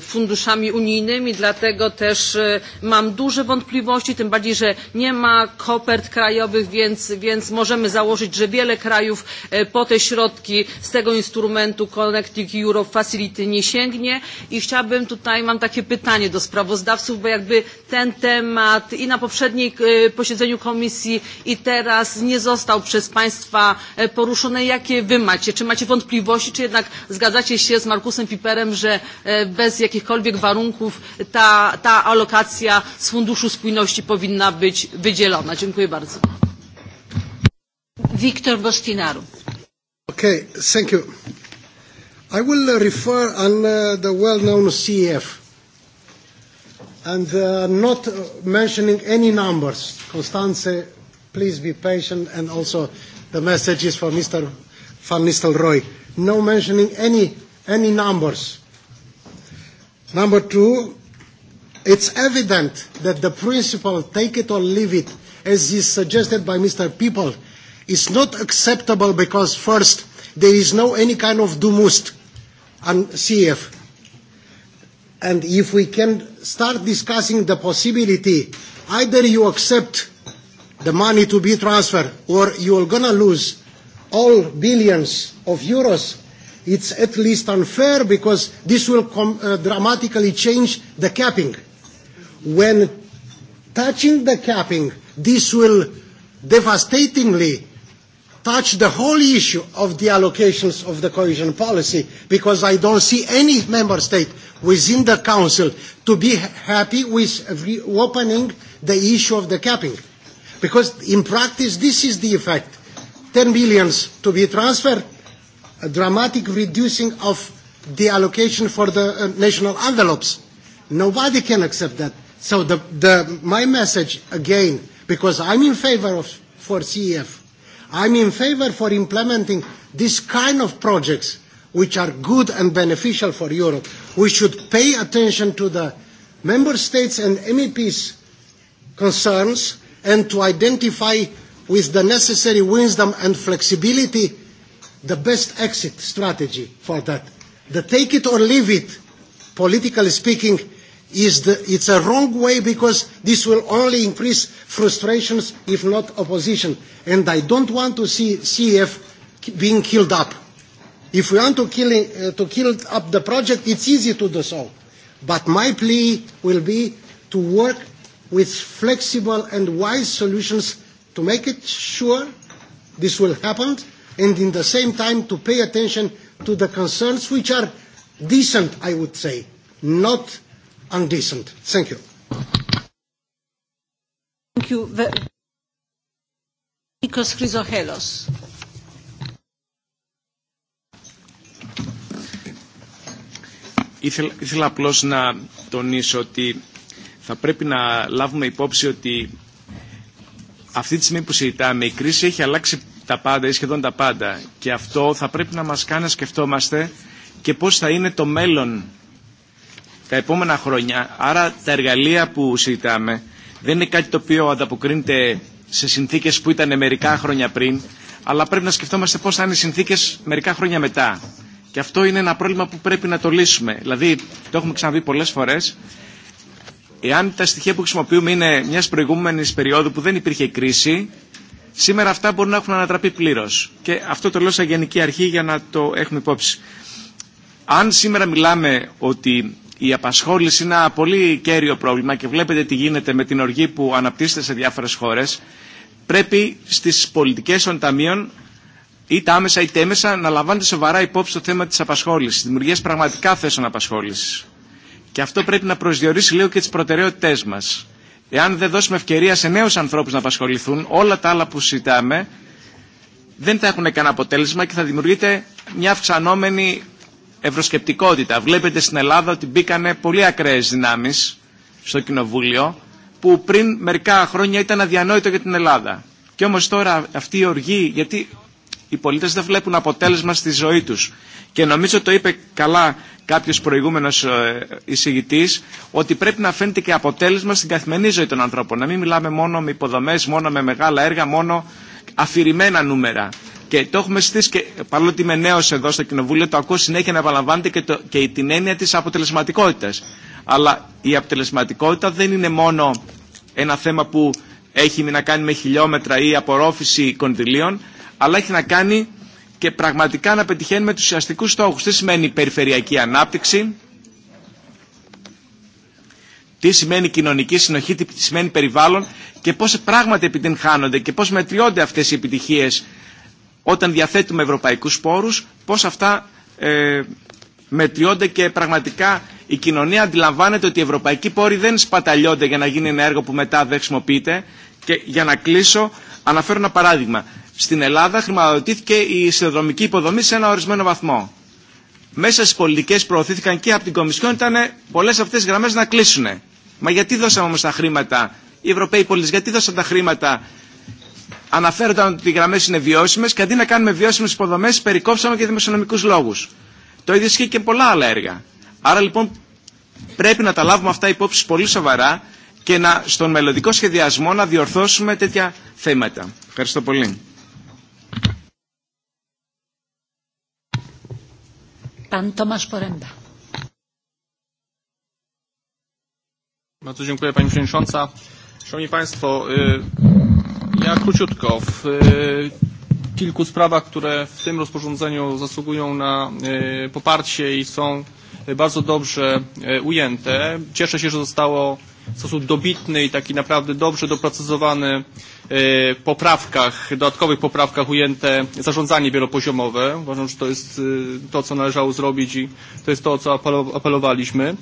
funduszami unijnymi, dlatego też mam duże wątpliwości, tym bardziej, że nie ma kopert miard krajowych, więc, więc możemy założyć, że wiele krajów e, po te środki z tego instrumentu Connecting Europe Facility nie sięgnie i chciałabym tutaj, mam takie pytanie do sprawozdawców, bo jakby ten temat i na poprzednim e, posiedzeniu komisji i teraz nie został przez Państwa e, poruszony. Jakie Wy macie? Czy macie wątpliwości, czy jednak zgadzacie się z Markusem Piperem, że bez jakichkolwiek warunków ta, ta alokacja z Funduszu Spójności powinna być wydzielona? Dziękuję bardzo bardzo. Victor Bostinaru. Okay, thank you. I will refer on uh, the well-known CEF and uh, not uh, mentioning any numbers. Constance, please be patient, and also the message is for Mr. Van Nistelrooy. No mentioning any, any numbers. Number two, it's evident that the principle take it or leave it as is suggested by Mr. People, is not acceptable because first, there is no any kind of dumust on CF. And if we can start discussing the possibility, either you accept the money to be transferred or you're going to lose all billions of euros, it's at least unfair because this will com- uh, dramatically change the capping. When touching the capping, This will devastatingly touch the whole issue of the allocations of the cohesion policy because I don't see any member state within the council to be happy with reopening the issue of the capping. Because in practice, this is the effect. 10 billions to be transferred, a dramatic reducing of the allocation for the uh, national envelopes. Nobody can accept that. So the, the, my message, again, Because I'm in favor of for CEF. I'm in favor for implementing this kind of projects which are good and beneficial for Europe. We should pay attention to the member states and MEPs' concerns and to identify with the necessary wisdom and flexibility the best exit strategy for that. The take it or leave it, politically speaking, is the, it's a wrong way because this will only increase frustrations if not opposition. And I don't want to see CF being killed up. If we want to kill, uh, to kill up the project, it's easy to do so. But my plea will be to work with flexible and wise solutions to make it sure this will happen and in the same time to pay attention to the concerns which are decent, I would say, not undecent. Thank you. Thank you. Nikos Chrysohelos. Ήθελα, ήθελα απλώς να τονίσω ότι θα πρέπει να λάβουμε υπόψη ότι αυτή τη στιγμή που συζητάμε η κρίση έχει αλλάξει τα πάντα ή σχεδόν τα πάντα και αυτό θα πρέπει να μας κάνει να σκεφτόμαστε και πώς θα είναι το μέλλον τα επόμενα χρόνια. Άρα τα εργαλεία που συζητάμε δεν είναι κάτι το οποίο ανταποκρίνεται σε συνθήκε που ήταν μερικά χρόνια πριν, αλλά πρέπει να σκεφτόμαστε πώ θα είναι οι συνθήκε μερικά χρόνια μετά. Και αυτό είναι ένα πρόβλημα που πρέπει να το λύσουμε. Δηλαδή, το έχουμε ξαναδεί πολλέ φορέ. εάν τα στοιχεία που χρησιμοποιούμε είναι μια προηγούμενη περίοδου που δεν υπήρχε κρίση, σήμερα αυτά μπορούν να έχουν ανατραπεί πλήρω. Και αυτό το λέω σαν γενική αρχή για να το έχουμε υπόψη. Αν σήμερα μιλάμε ότι Η απασχόληση είναι ένα πολύ κέριο πρόβλημα και βλέπετε τι γίνεται με την οργή που αναπτύσσεται σε διάφορες χώρες. Πρέπει στις πολιτικές των ταμείων είτε άμεσα είτε έμεσα να λαμβάνετε σοβαρά υπόψη το θέμα της απασχόλησης, δημιουργίας πραγματικά θέσεων απασχόλησης. Και αυτό πρέπει να προσδιορίσει λίγο και τις προτεραιότητές μας. Εάν δεν δώσουμε ευκαιρία σε νέους ανθρώπους να απασχοληθούν, όλα τα άλλα που συζητάμε δεν θα έχουν κανένα αποτέλεσμα και θα δημιουργείται μια αυξανόμενη ευρωσκεπτικότητα. Βλέπετε στην Ελλάδα ότι μπήκανε πολύ ακραίε δυνάμει στο Κοινοβούλιο που πριν μερικά χρόνια ήταν αδιανόητο για την Ελλάδα. Και όμω τώρα αυτή η οργή, γιατί οι πολίτε δεν βλέπουν αποτέλεσμα στη ζωή του. Και νομίζω το είπε καλά κάποιος προηγούμενος εισηγητή, ότι πρέπει να φαίνεται και αποτέλεσμα στην καθημερινή ζωή των ανθρώπων. Να μην μιλάμε μόνο με υποδομέ, μόνο με μεγάλα έργα, μόνο αφηρημένα νούμερα. Και το έχουμε στήσει και παρόλο ότι είμαι νέο εδώ στο Κοινοβούλιο, το ακούω συνέχεια να επαναλαμβάνεται και, το, και την έννοια τη αποτελεσματικότητα. Αλλά η αποτελεσματικότητα δεν είναι μόνο ένα θέμα που έχει να κάνει με χιλιόμετρα ή απορρόφηση κονδυλίων, αλλά έχει να κάνει και πραγματικά να πετυχαίνουμε του ουσιαστικού στόχου. Τι σημαίνει περιφερειακή ανάπτυξη, τι σημαίνει κοινωνική συνοχή, τι σημαίνει περιβάλλον και πώς πράγματι επιτυγχάνονται και πώς μετριώνται αυτές οι επιτυχίες όταν διαθέτουμε ευρωπαϊκούς πόρους, πώς αυτά ε, μετριώνται και πραγματικά η κοινωνία αντιλαμβάνεται ότι οι ευρωπαϊκοί πόροι δεν σπαταλιώνται για να γίνει ένα έργο που μετά δεν χρησιμοποιείται. Και για να κλείσω, αναφέρω ένα παράδειγμα. Στην Ελλάδα χρηματοδοτήθηκε η σιδηροδρομική υποδομή σε ένα ορισμένο βαθμό. Μέσα στι πολιτικέ που προωθήθηκαν και από την Κομισιόν ήταν πολλέ αυτέ τι γραμμέ να κλείσουν. Μα γιατί δώσαμε όμω τα χρήματα, οι Ευρωπαίοι πολίτε, γιατί δώσαν τα χρήματα αναφέρονταν ότι οι γραμμέ είναι βιώσιμε και αντί να κάνουμε βιώσιμε υποδομέ, περικόψαμε και δημοσιονομικού λόγου. Το ίδιο ισχύει και πολλά άλλα έργα. Άρα λοιπόν πρέπει να τα λάβουμε αυτά υπόψη πολύ σοβαρά και να, στον μελλοντικό σχεδιασμό να διορθώσουμε τέτοια θέματα. Ευχαριστώ πολύ. Bardzo dziękuję Pani Przewodnicząca. Szanowni Państwo, Ja króciutko. W e, kilku sprawach, które w tym rozporządzeniu zasługują na e, poparcie i są bardzo dobrze e, ujęte. Cieszę się, że zostało w sposób dobitny i taki naprawdę dobrze doprecyzowany w poprawkach, dodatkowych poprawkach ujęte zarządzanie wielopoziomowe. Uważam, że to jest to, co należało zrobić i to jest to, o co apelowaliśmy.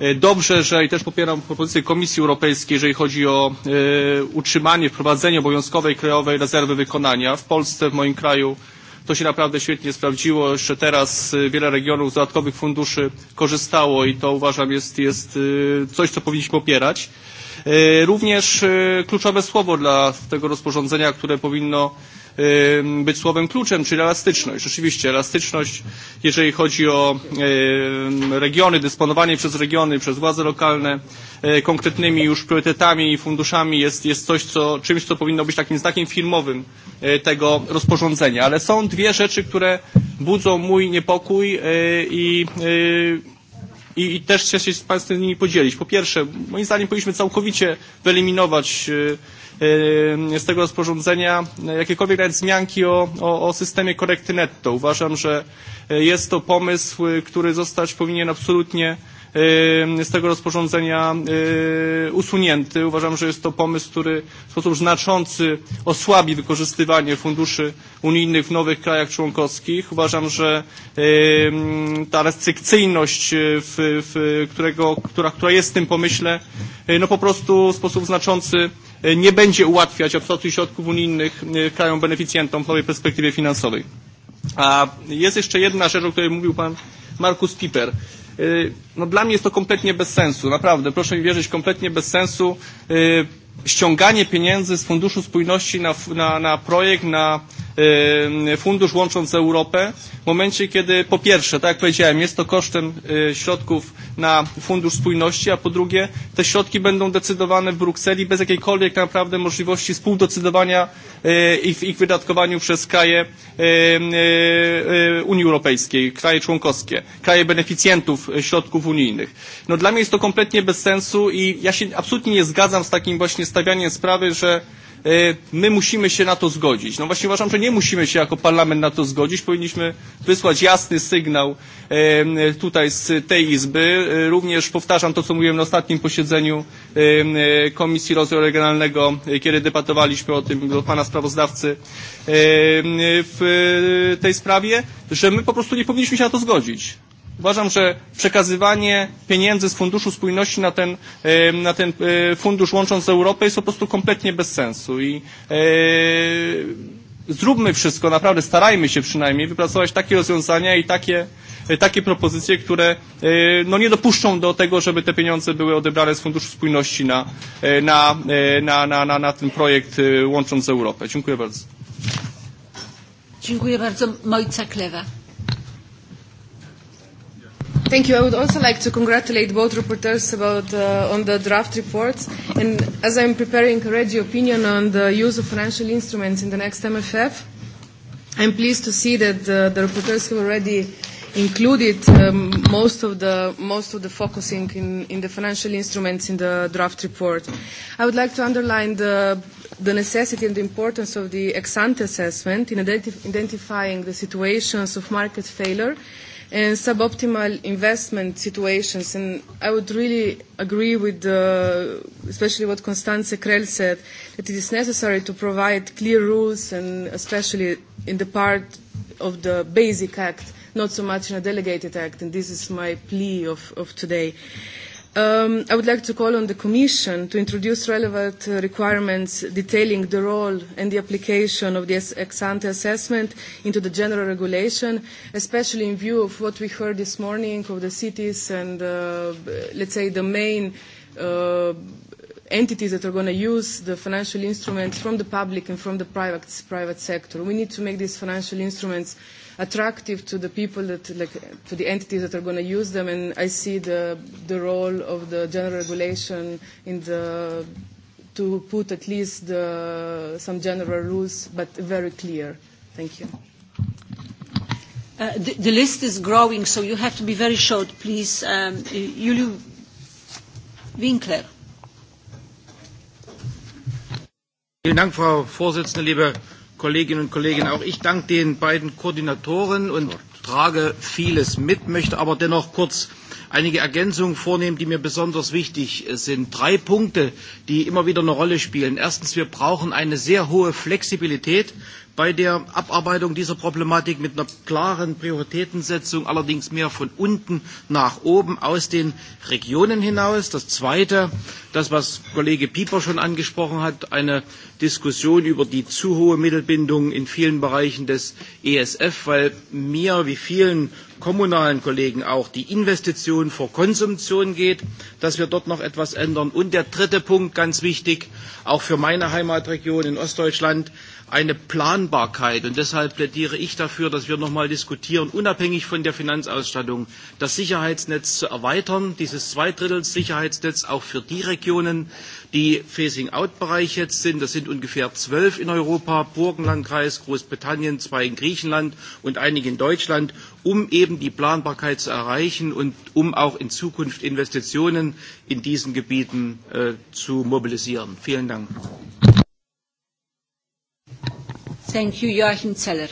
E, dobrze, że i też popieram propozycję Komisji Europejskiej, jeżeli chodzi o e, utrzymanie, wprowadzenie obowiązkowej krajowej rezerwy wykonania. W Polsce, w moim kraju to się naprawdę świetnie sprawdziło. Jeszcze teraz e, wiele regionów z dodatkowych funduszy korzystało i to uważam jest, jest coś, co powinniśmy popierać. Również kluczowe słowo dla tego rozporządzenia, które powinno być słowem kluczem, czyli elastyczność. Oczywiście elastyczność, jeżeli chodzi o regiony, dysponowanie przez regiony, przez władze lokalne konkretnymi już priorytetami i funduszami jest, jest coś, co, czymś, co powinno być takim znakiem filmowym tego rozporządzenia. Ale są dwie rzeczy, które budzą mój niepokój i i, i też chcę się z Państwem z nimi podzielić. Po pierwsze, moim zdaniem powinniśmy całkowicie wyeliminować z tego rozporządzenia jakiekolwiek nawet wzmianki o, o, o systemie korekty netto. Uważam, że jest to pomysł, który zostać powinien absolutnie z tego rozporządzenia usunięty. Uważam, że jest to pomysł, który w sposób znaczący osłabi wykorzystywanie funduszy unijnych w nowych krajach członkowskich. Uważam, że ta restrykcyjność, w, w którego, która, która jest w tym pomyśle, no po prostu w sposób znaczący nie będzie ułatwiać absorpcji środków unijnych krajom beneficjentom w nowej perspektywie finansowej. A jest jeszcze jedna rzecz, o której mówił pan Markus Piper. No, dla mnie jest to kompletnie bez sensu, naprawdę, proszę mi wierzyć, kompletnie bez sensu ściąganie pieniędzy z Funduszu Spójności na, na, na projekt, na e, fundusz łącząc Europę, w momencie kiedy po pierwsze, tak jak powiedziałem, jest to kosztem e, środków na Fundusz Spójności, a po drugie te środki będą decydowane w Brukseli bez jakiejkolwiek naprawdę możliwości współdecydowania y, e, ich, ich wydatkowaniu przez kraje Unii Europejskiej, kraje członkowskie, kraje beneficjentów środków unijnych. No dla mnie jest to kompletnie bez sensu i ja się absolutnie nie zgadzam z takim właśnie stawianie sprawy, że e, my musimy się na to zgodzić. No właśnie uważam, że nie musimy się jako parlament na to zgodzić. Powinniśmy wysłać jasny sygnał e, tutaj z tej Izby. E, również powtarzam to, co mówiłem na ostatnim posiedzeniu Komisji Rozwoju Regionalnego, kiedy debatowaliśmy o tym do pana sprawozdawcy w tej sprawie, że my po prostu nie powinniśmy się na to zgodzić Uważam, że przekazywanie pieniędzy z Funduszu Spójności na ten, e, na ten e, fundusz łącząc Europę jest po prostu kompletnie bez sensu i e, zróbmy wszystko, naprawdę starajmy się przynajmniej wypracować takie rozwiązania i takie, e, takie propozycje, które e, no, nie dopuszczą do tego, żeby te pieniądze były odebrane z Funduszu Spójności na, na, na, na, na, na ten projekt łącząc Europę. Dziękuję bardzo. Dziękuję bardzo. Mojca Klewa. Thank you. I would also like to congratulate both reporters about, uh, on the draft reports. And as I'm preparing a ready opinion on the use of financial instruments in the next MFF, I'm pleased to see that uh, the reporters have already included um, most of the most of the focusing in, in the financial instruments in the draft report. I would like to underline the the necessity and the importance of the ex-ante assessment in identif identifying the situations of market failure and suboptimal investment situations. And I would really agree with, uh, especially what Constanze Krell said, that it is necessary to provide clear rules, and especially in the part of the Basic Act, not so much in a delegated act. And this is my plea of, of today. Uh, Um, I would like to call on the Commission to introduce relevant uh, requirements detailing the role and the application of the ex-ante assessment into the general regulation, especially in view of what we heard this morning of the cities and, uh, let's say, the main uh, entities that are going to use the financial instruments from the public and from the private, private sector. We need to make these financial instruments uh, attractive to the people that, like, to the entities that are going to use them. And I see the, the role of the general regulation in the to put at least the, some general rules, but very clear. Thank you. Uh, the, the list is growing, so you have to be very short, please. Um, Juliu Winkler. Vielen Dank, Frau Vorsitzende, liebe Kolleginnen und Kollegen. Auch ich danke den beiden Koordinatoren und trage vieles mit, möchte aber dennoch kurz einige Ergänzungen vornehmen, die mir besonders wichtig äh, sind. Drei Punkte, die immer wieder eine Rolle spielen. Erstens, wir brauchen eine sehr hohe Flexibilität bei der Abarbeitung dieser Problematik mit einer klaren Prioritätensetzung, allerdings mehr von unten nach oben aus den Regionen hinaus. Das Zweite, das, was Kollege Pieper schon angesprochen hat, eine Diskussion über die zu hohe Mittelbindung in vielen Bereichen des ESF, weil mir wie vielen kommunalen Kollegen auch die Investition vor Konsumption geht, dass wir dort noch etwas ändern. Und der dritte Punkt, ganz wichtig, auch für meine Heimatregion in Ostdeutschland, eine Planbarkeit. Und deshalb plädiere ich dafür, dass wir noch nochmal diskutieren, unabhängig von der Finanzausstattung, das Sicherheitsnetz zu erweitern, dieses Zweidrittel-Sicherheitsnetz auch für die Regionen, die Phasing-out-Bereich jetzt sind. Das sind ungefähr zwölf in Europa, Burgenlandkreis, Großbritannien, zwei in Griechenland und einige in Deutschland, um eben die Planbarkeit zu erreichen und um auch in Zukunft Investitionen in diesen Gebieten äh, zu mobilisieren. Vielen Dank. Thank you, Joachim Zeller.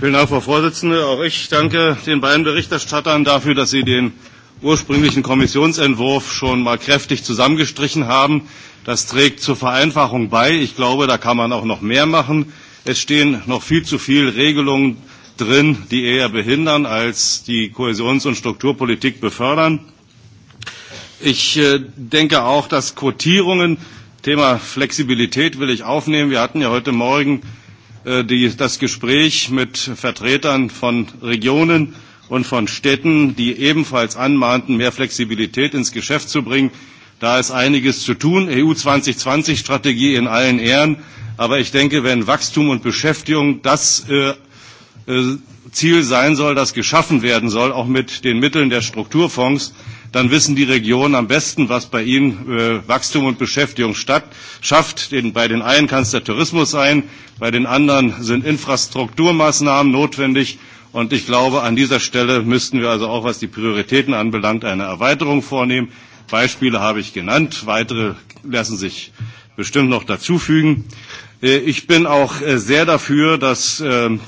Vielen Dank, Frau Vorsitzende. Auch ich danke den beiden Berichterstattern dafür, dass sie den ursprünglichen Kommissionsentwurf schon mal kräftig zusammengestrichen haben. Das trägt zur Vereinfachung bei. Ich glaube, da kann man auch noch mehr machen. Es stehen noch viel zu viele Regelungen drin, die eher behindern als die Kohäsions- und Strukturpolitik befördern. Ich äh, denke auch, dass Quotierungen Thema Flexibilität will ich aufnehmen. Wir hatten ja heute Morgen äh, die, das Gespräch mit Vertretern von Regionen und von Städten, die ebenfalls anmahnten, mehr Flexibilität ins Geschäft zu bringen. Da ist einiges zu tun. EU 2020 Strategie in allen Ehren. Aber ich denke, wenn Wachstum und Beschäftigung das äh, äh, Ziel sein soll, das geschaffen werden soll, auch mit den Mitteln der Strukturfonds, dann wissen die Regionen am besten, was bei ihnen äh, Wachstum und Beschäftigung statt, schafft. Den, bei den einen kann es der Tourismus sein, bei den anderen sind Infrastrukturmaßnahmen notwendig. Und ich glaube, an dieser Stelle müssten wir also auch, was die Prioritäten anbelangt, eine Erweiterung vornehmen. Beispiele habe ich genannt, weitere lassen sich bestimmt noch dazufügen. Äh, ich bin auch äh, sehr dafür, dass ähm,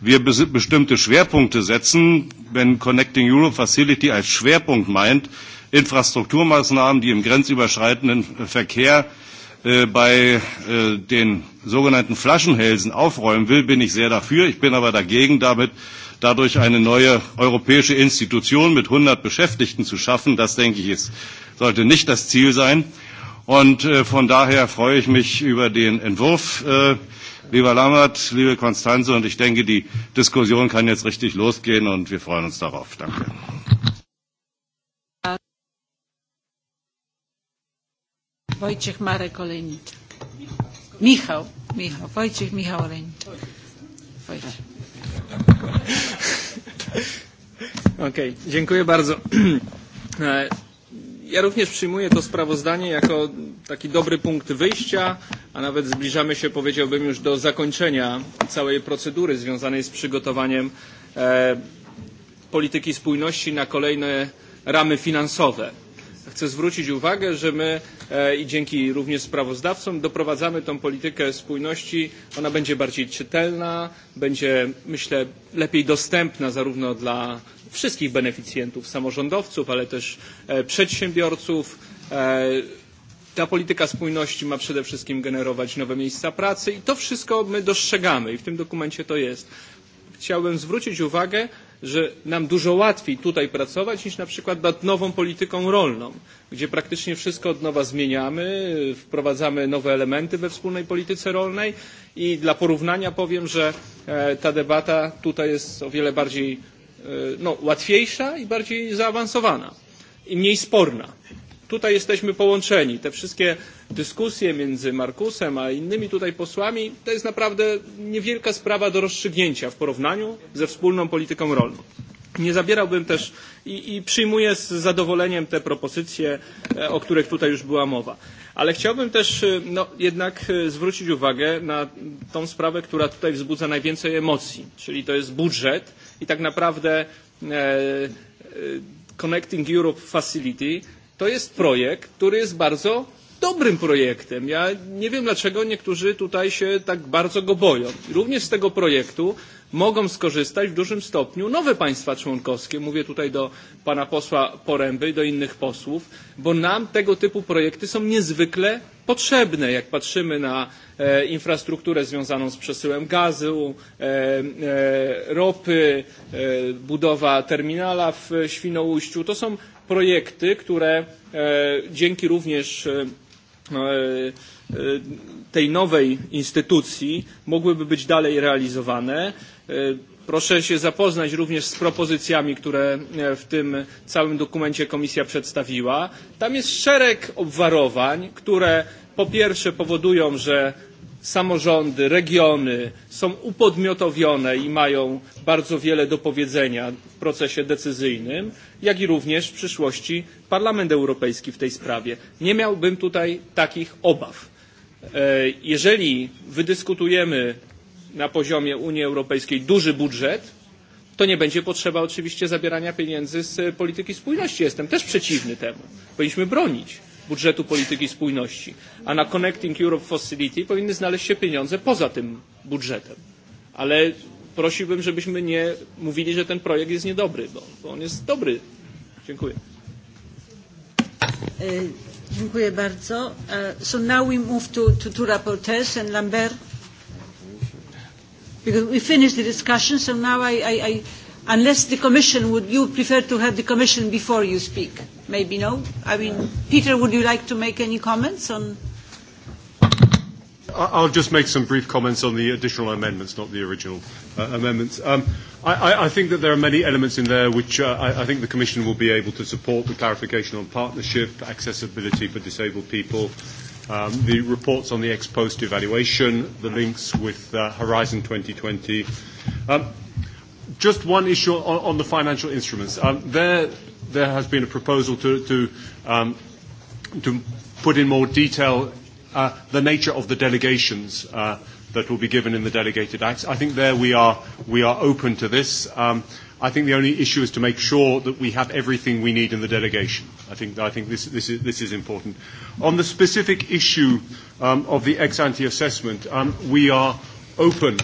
wir bestimmte Schwerpunkte setzen, wenn Connecting Europe Facility als Schwerpunkt meint, Infrastrukturmaßnahmen, die im grenzüberschreitenden Verkehr äh, bei äh, den sogenannten Flaschenhälsen aufräumen will, bin ich sehr dafür. Ich bin aber dagegen, damit dadurch eine neue europäische Institution mit 100 Beschäftigten zu schaffen. Das, denke ich, ist, sollte nicht das Ziel sein. Und äh, von daher freue ich mich über den Entwurf äh, Lieber Lammert, liebe Konstanze, und ich denke, die Diskussion kann jetzt richtig losgehen und wir freuen uns darauf. Danke. Wojciech Marek Olenit. Michał, Michał, Wojciech Michał Olenit. Wojciech. Okej, okay, dziękuję bardzo. E, Ja również przyjmuję to sprawozdanie jako taki dobry punkt wyjścia, a nawet zbliżamy się, powiedziałbym, już do zakończenia całej procedury związanej z przygotowaniem e, polityki spójności na kolejne ramy finansowe. Chcę zwrócić uwagę, że my e, i dzięki również sprawozdawcom doprowadzamy tą politykę spójności. Ona będzie bardziej czytelna, będzie myślę lepiej dostępna zarówno dla wszystkich beneficjentów, samorządowców, ale też e, przedsiębiorców. E, ta polityka spójności ma przede wszystkim generować nowe miejsca pracy i to wszystko my dostrzegamy i w tym dokumencie to jest. Chciałbym zwrócić uwagę, że nam dużo łatwiej tutaj pracować niż na przykład nad nową polityką rolną, gdzie praktycznie wszystko od nowa zmieniamy, wprowadzamy nowe elementy we wspólnej polityce rolnej i dla porównania powiem, że e, ta debata tutaj jest o wiele bardziej E, no, łatwiejsza i bardziej zaawansowana i mniej sporna. Tutaj jesteśmy połączeni. Te wszystkie dyskusje między Markusem a innymi tutaj posłami to jest naprawdę niewielka sprawa do rozstrzygnięcia w porównaniu ze wspólną polityką rolną. Nie zabierałbym też i, i przyjmuję z zadowoleniem te propozycje, e, o których tutaj już była mowa. Ale chciałbym też e, no, jednak zwrócić uwagę na tą sprawę, która tutaj wzbudza najwięcej emocji, czyli to jest budżet i tak naprawdę e, e, Connecting Europe Facility to jest projekt, który jest bardzo dobrym projektem. Ja nie wiem, dlaczego niektórzy tutaj się tak bardzo go boją. Również z tego projektu mogą skorzystać w dużym stopniu nowe państwa członkowskie. Mówię tutaj do pana posła Poręby i do innych posłów, bo nam tego typu projekty są niezwykle potrzebne, jak patrzymy na e, infrastrukturę związaną z przesyłem gazu, e, e, ropy, e, budowa terminala w Świnoujściu. To są projekty, które e, dzięki również e, e, e tej nowej instytucji mogłyby być dalej realizowane. E, proszę się zapoznać również z propozycjami, które e, w tym całym dokumencie Komisja przedstawiła. Tam jest szereg obwarowań, które po pierwsze powodują, że samorządy, regiony są upodmiotowione i mają bardzo wiele do powiedzenia w procesie decyzyjnym, jak i również w przyszłości Parlament Europejski w tej sprawie. Nie miałbym tutaj takich obaw. E, jeżeli wydyskutujemy na poziomie Unii Europejskiej duży budżet, to nie będzie potrzeba oczywiście zabierania pieniędzy z polityki spójności. Jestem też przeciwny temu. Powinniśmy bronić budżetu polityki spójności, a na Connecting Europe Facility powinny znaleźć się pieniądze poza tym budżetem. Ale prosiłbym, żebyśmy nie mówili, że ten projekt jest niedobry, bo, bo on jest dobry. Dziękuję. E, dziękuję bardzo. E, so now we move to, to, to rapporteurs and Lambert. Because we finished the discussions and now I, I, I unless the Commission would you prefer to have the Commission before you speak? Maybe no. I mean, Peter, would you like to make any comments on? I'll just make some brief comments on the additional amendments, not the original uh, amendments. Um, I, I think that there are many elements in there which uh, I, I think the Commission will be able to support the clarification on partnership, accessibility for disabled people, Um, the reports on the ex post evaluation, the links with uh, Horizon 2020. Um, just one issue on, on the financial instruments. Um, there, there has been a proposal to, to, um, to put in more detail uh, the nature of the delegations uh, that will be given in the delegated acts. I think there we are, we are open to this. Um, I think the only issue is to make sure that we have everything we need in the delegation. I think, I think this, this, is, this is important. On the specific issue um, of the ex-ante assessment, um, we are open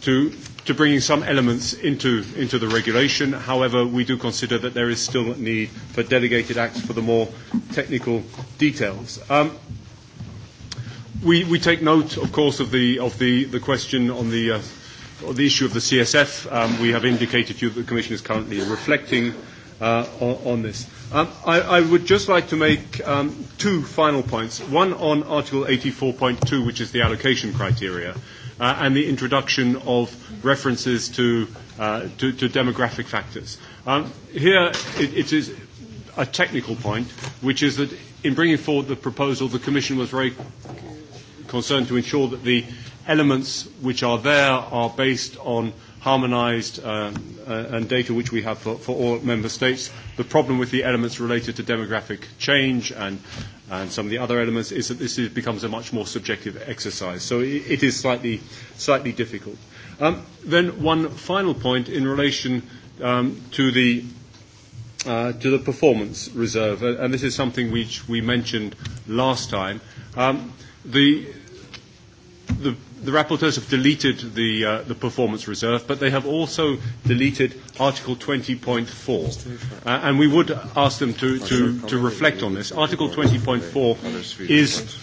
to, to bringing some elements into, into the regulation. However, we do consider that there is still a need for delegated acts for the more technical details. Um, we, we take note, of course, of the, of the, the question on the uh, on the issue of the CSF, um, we have indicated to you that the Commission is currently reflecting uh, on this. Um, I, I would just like to make um, two final points. One on Article 84.2, which is the allocation criteria, uh, and the introduction of references to, uh, to, to demographic factors. Um, here, it, it is a technical point, which is that in bringing forward the proposal, the Commission was very concerned to ensure that the elements which are there are based on harmonized uh, uh, and data which we have for, for all member states. The problem with the elements related to demographic change and, and some of the other elements is that this is, becomes a much more subjective exercise. So it, it is slightly, slightly difficult. Um, then one final point in relation um, to the uh, to the performance reserve, uh, and this is something which we mentioned last time. Um, the the the rapporteurs have deleted the, uh, the performance reserve, but they have also deleted Article 20.4. Uh, and we would ask them to, to, to reflect on this. Article 20.4 is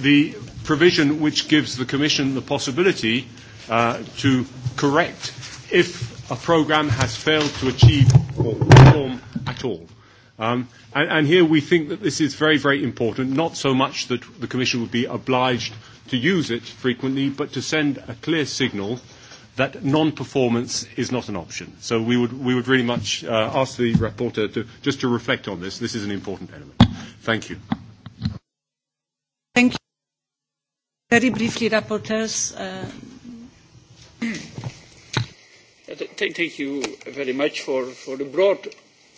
the provision which gives the Commission the possibility uh, to correct if a program has failed to achieve or perform at all. Um, and, and here we think that this is very, very important, not so much that the Commission would be obliged – to use it frequently, but to send a clear signal that non-performance is not an option. So we would, we would really much uh, ask the reporter to, just to reflect on this. This is an important element. Thank you. Thank you. Very briefly, rapporteurs. Uh... uh thank you very much for, for the broad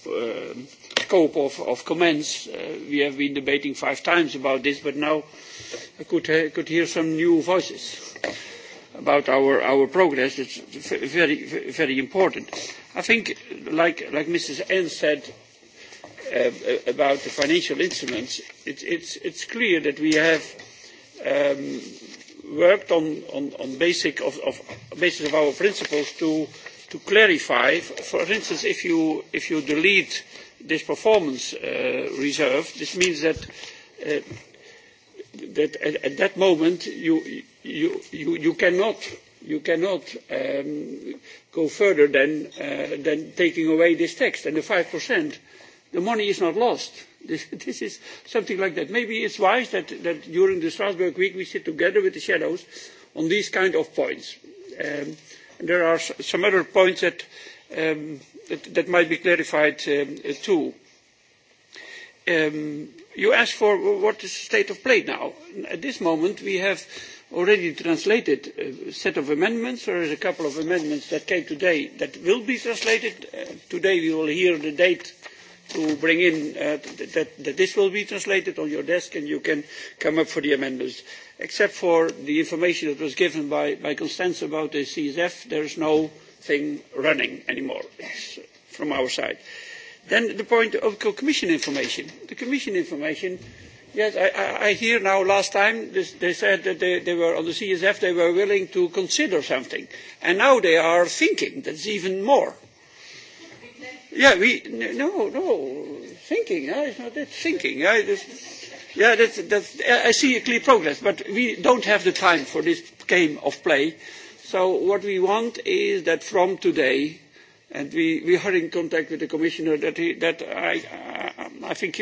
uh, scope of, of comments. Uh, we have been debating five times about this, but now I could, I uh, could hear some new voices about our, our progress. It's very, very important. I think, like, like Mrs. N said uh, about the financial instruments, it, it's, it's clear that we have um, worked on, on, on basic of, of, basis of our principles to, to clarify. For instance, if you, if you delete this performance uh, reserve, this means that uh, that at, at that moment you, you, you, you cannot, you cannot um, go further than, uh, than taking away this text and the 5%. The money is not lost. This, this is something like that. Maybe it's wise that, that during the Strasbourg week we sit together with the shadows on these kind of points. Um, and there are some other points that, um, that, that might be clarified um, too. Um, you asked for what is the state of play now. At this moment, we have already translated a set of amendments. There is a couple of amendments that came today that will be translated. Uh, today we will hear the date to bring in uh, that, that this will be translated on your desk and you can come up for the amendments. Except for the information that was given by, by Constance about the CSF, there is no thing running anymore from our side. Uh, Then the point of Commission information. The Commission information, yes, I, I, hear now last time this, they said that they, they were on the CSF, they were willing to consider something. And now they are thinking, that's even more. Yeah, we, no, no, thinking, no, it's not that thinking. I just, yeah, that's, that's, I see a clear progress, but we don't have the time for this game of play. So what we want is that from today, and we, we are in contact with the commissioner that, he, that I, I think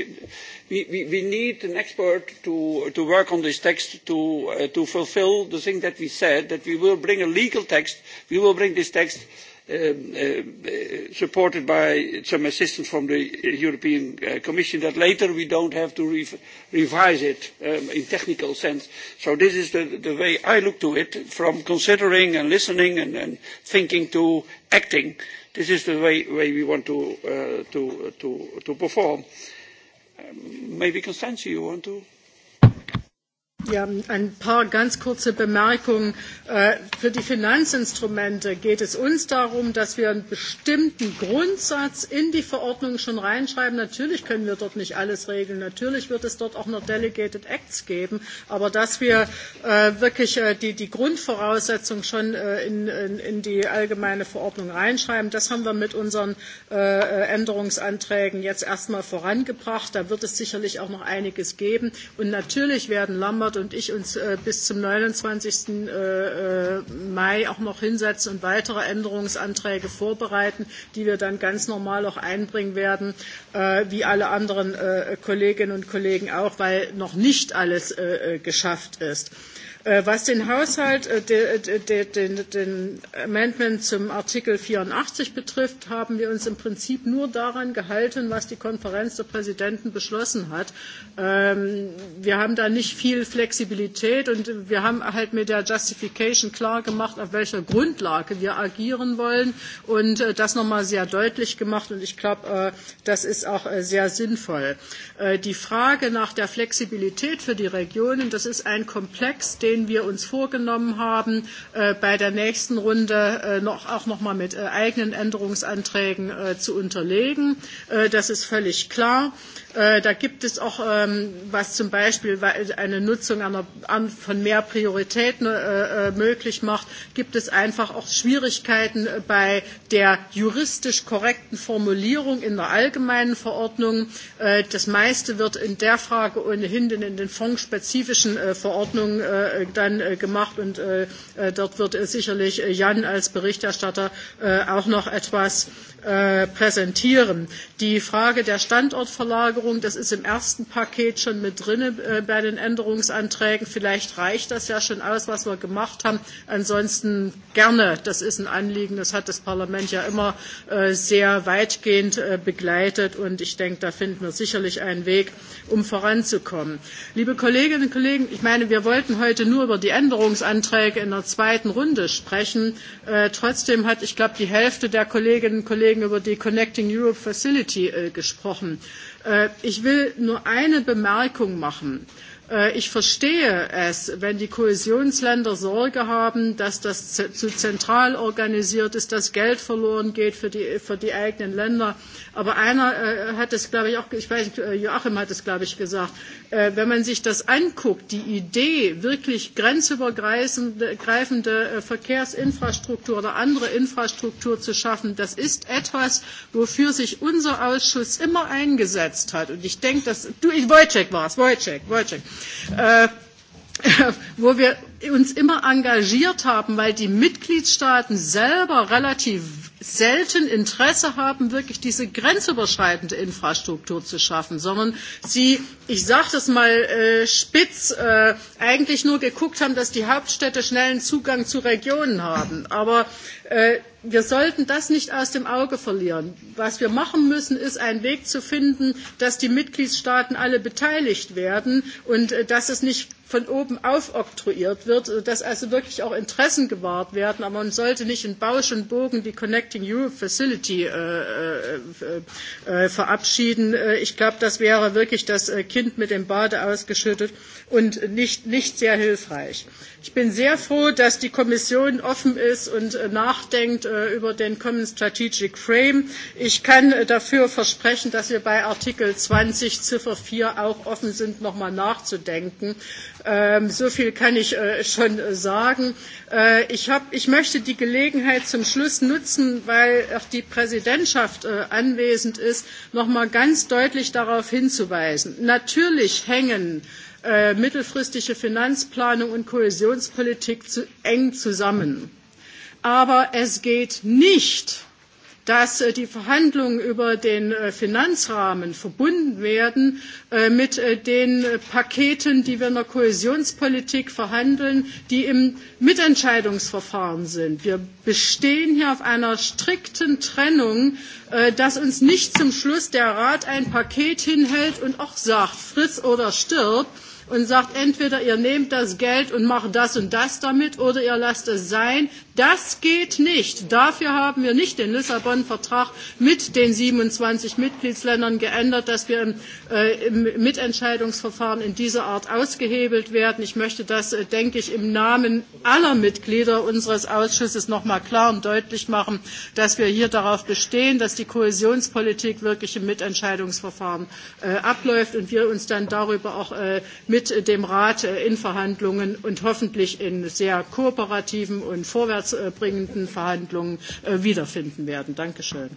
we, we, we need an expert to, to work on this text to, uh, to fulfill the thing that we said, that we will bring a legal text, we will bring this text um, uh, supported by some assistance from the European uh, Commission that later we don't have to re revise it um, in technical sense. So this is the, the way I look to it, from considering and listening and, and thinking to acting this is the way, way we want to, uh, to, to, to perform. Um, maybe Constantia, you want to Ja, ein paar ganz kurze Bemerkungen. Äh, für die Finanzinstrumente geht es uns darum, dass wir einen bestimmten Grundsatz in die Verordnung schon reinschreiben. Natürlich können wir dort nicht alles regeln. Natürlich wird es dort auch noch Delegated Acts geben. Aber dass wir äh, wirklich äh, die, die Grundvoraussetzung schon in, in, in die allgemeine Verordnung reinschreiben, das haben wir mit unseren Änderungsanträgen jetzt erstmal vorangebracht. Da wird es sicherlich auch noch einiges geben. Und natürlich werden Lambert Landrat und ich uns äh, bis zum 29. Äh, äh, Mai auch noch hinsetzen und weitere Änderungsanträge vorbereiten, die wir dann ganz normal auch einbringen werden, äh, wie alle anderen äh, Kolleginnen und Kollegen auch, weil noch nicht alles äh, äh geschafft ist. Äh, was den Haushalt, äh, den, den Amendment zum Artikel 84 betrifft, haben wir uns im Prinzip nur daran gehalten, was die Konferenz der Präsidenten beschlossen hat. Ähm, wir haben da nicht viel Flexibilität und wir haben halt mit der Justification klar gemacht, auf welcher Grundlage wir agieren wollen und äh, das nochmal sehr deutlich gemacht und ich glaube, das ist auch sehr sinnvoll. Die Frage nach der Flexibilität für die Regionen, das ist ein Komplex, den den wir uns vorgenommen haben, äh, bei der nächsten Runde äh, noch, auch noch mal mit äh, eigenen Änderungsanträgen zu unterlegen. Das ist völlig klar. Da gibt es auch, ähm, was zum Beispiel eine Nutzung einer, von mehr Prioritäten möglich macht, gibt es einfach auch Schwierigkeiten bei der juristisch korrekten Formulierung in der allgemeinen Verordnung. Das meiste wird in der Frage ohnehin in den fondsspezifischen Verordnungen Äh, dann äh, gemacht und äh, dort wird sicherlich Jan als Berichterstatter auch noch etwas präsentieren. Die Frage der Standortverlagerung, das ist im ersten Paket schon mit drin bei den Änderungsanträgen. Vielleicht reicht das ja schon aus, was wir gemacht haben. Ansonsten gerne, das ist ein Anliegen, das hat das Parlament ja immer sehr weitgehend begleitet und ich denke, da finden wir sicherlich einen Weg, um voranzukommen. Liebe Kolleginnen und Kollegen, ich meine, wir wollten heute nur über die Änderungsanträge in der zweiten Runde sprechen. Äh, trotzdem hat, ich glaube, die Hälfte der Kolleginnen und Kollegen über die Connecting Europe Facility äh, gesprochen. Äh, ich will nur eine Bemerkung machen. Äh, Äh, ich verstehe es, wenn die Kohäsionsländer Sorge haben, dass das zu zentral organisiert ist, dass Geld verloren geht für die, für die eigenen Länder. Aber einer äh, hat es, glaube ich, auch, ich weiß nicht, äh, Joachim hat es, glaube ich, gesagt, wenn man sich das anguckt, die Idee, wirklich grenzübergreifende Verkehrsinfrastruktur oder andere Infrastruktur zu schaffen, das ist etwas, wofür sich unser Ausschuss immer eingesetzt hat. Und ich denke, dass, du, Wojciech war es, Wojciech, Wojciech äh, wo wir uns immer engagiert haben, weil die Mitgliedstaaten selber relativ selten Interesse haben, wirklich diese grenzüberschreitende Infrastruktur zu schaffen, sondern sie, ich sage das mal äh, spitz, äh, eigentlich nur geguckt haben, dass die Hauptstädte schnellen Zugang zu Regionen haben. Aber äh, wir sollten das nicht aus dem Auge verlieren. Was wir machen müssen, ist einen Weg zu finden, dass die Mitgliedstaaten alle beteiligt werden und äh, dass es nicht von oben aufoktroyiert wird, äh, dass also wirklich auch Interessen gewahrt werden. Aber man sollte nicht in Bausch und Bogen die Connect Connecting Europe Facility äh, äh, äh verabschieden. Äh, ich glaube, das wäre wirklich das äh, Kind mit dem Bade ausgeschüttet und nicht, nicht sehr hilfreich. Ich bin sehr froh, dass die Kommission offen ist und äh, nachdenkt äh, über den Common Strategic Frame. Ich kann äh, dafür versprechen, dass wir bei Artikel 20 Ziffer 4 auch offen sind, nochmal nachzudenken. Ähm, so viel kann ich schon sagen. Ich, hab, ich möchte die Gelegenheit zum Schluss nutzen, weil auch die Präsidentschaft anwesend ist, nochmal ganz deutlich darauf hinzuweisen. Natürlich hängen Äh, mittelfristige Finanzplanung und Kohäsionspolitik zu, eng zusammen. Aber es geht nicht dass äh, die Verhandlungen über den äh, Finanzrahmen verbunden werden mit den Paketen, die wir in der Kohäsionspolitik verhandeln, die im Mitentscheidungsverfahren sind. Wir bestehen hier auf einer strikten Trennung, dass uns nicht zum Schluss der Rat ein Paket hinhält und auch sagt, friss oder stirb, und sagt, entweder ihr nehmt das Geld und macht das und das damit oder ihr lasst es sein. Das geht nicht. Dafür haben wir nicht den Lissabon-Vertrag mit den 27 Mitgliedsländern geändert, dass wir im, äh, im Mitentscheidungsverfahren in dieser Art ausgehebelt werden. Ich möchte das, äh, denke ich, im Namen aller Mitglieder unseres Ausschusses noch mal klar und deutlich machen, dass wir hier darauf bestehen, dass die Kohäsionspolitik wirklich im Mitentscheidungsverfahren äh, abläuft und wir uns dann darüber auch äh, mit mit dem Rat äh, in Verhandlungen und hoffentlich in sehr kooperativen und vorwärtsbringenden Verhandlungen äh, wiederfinden werden. Dankeschön.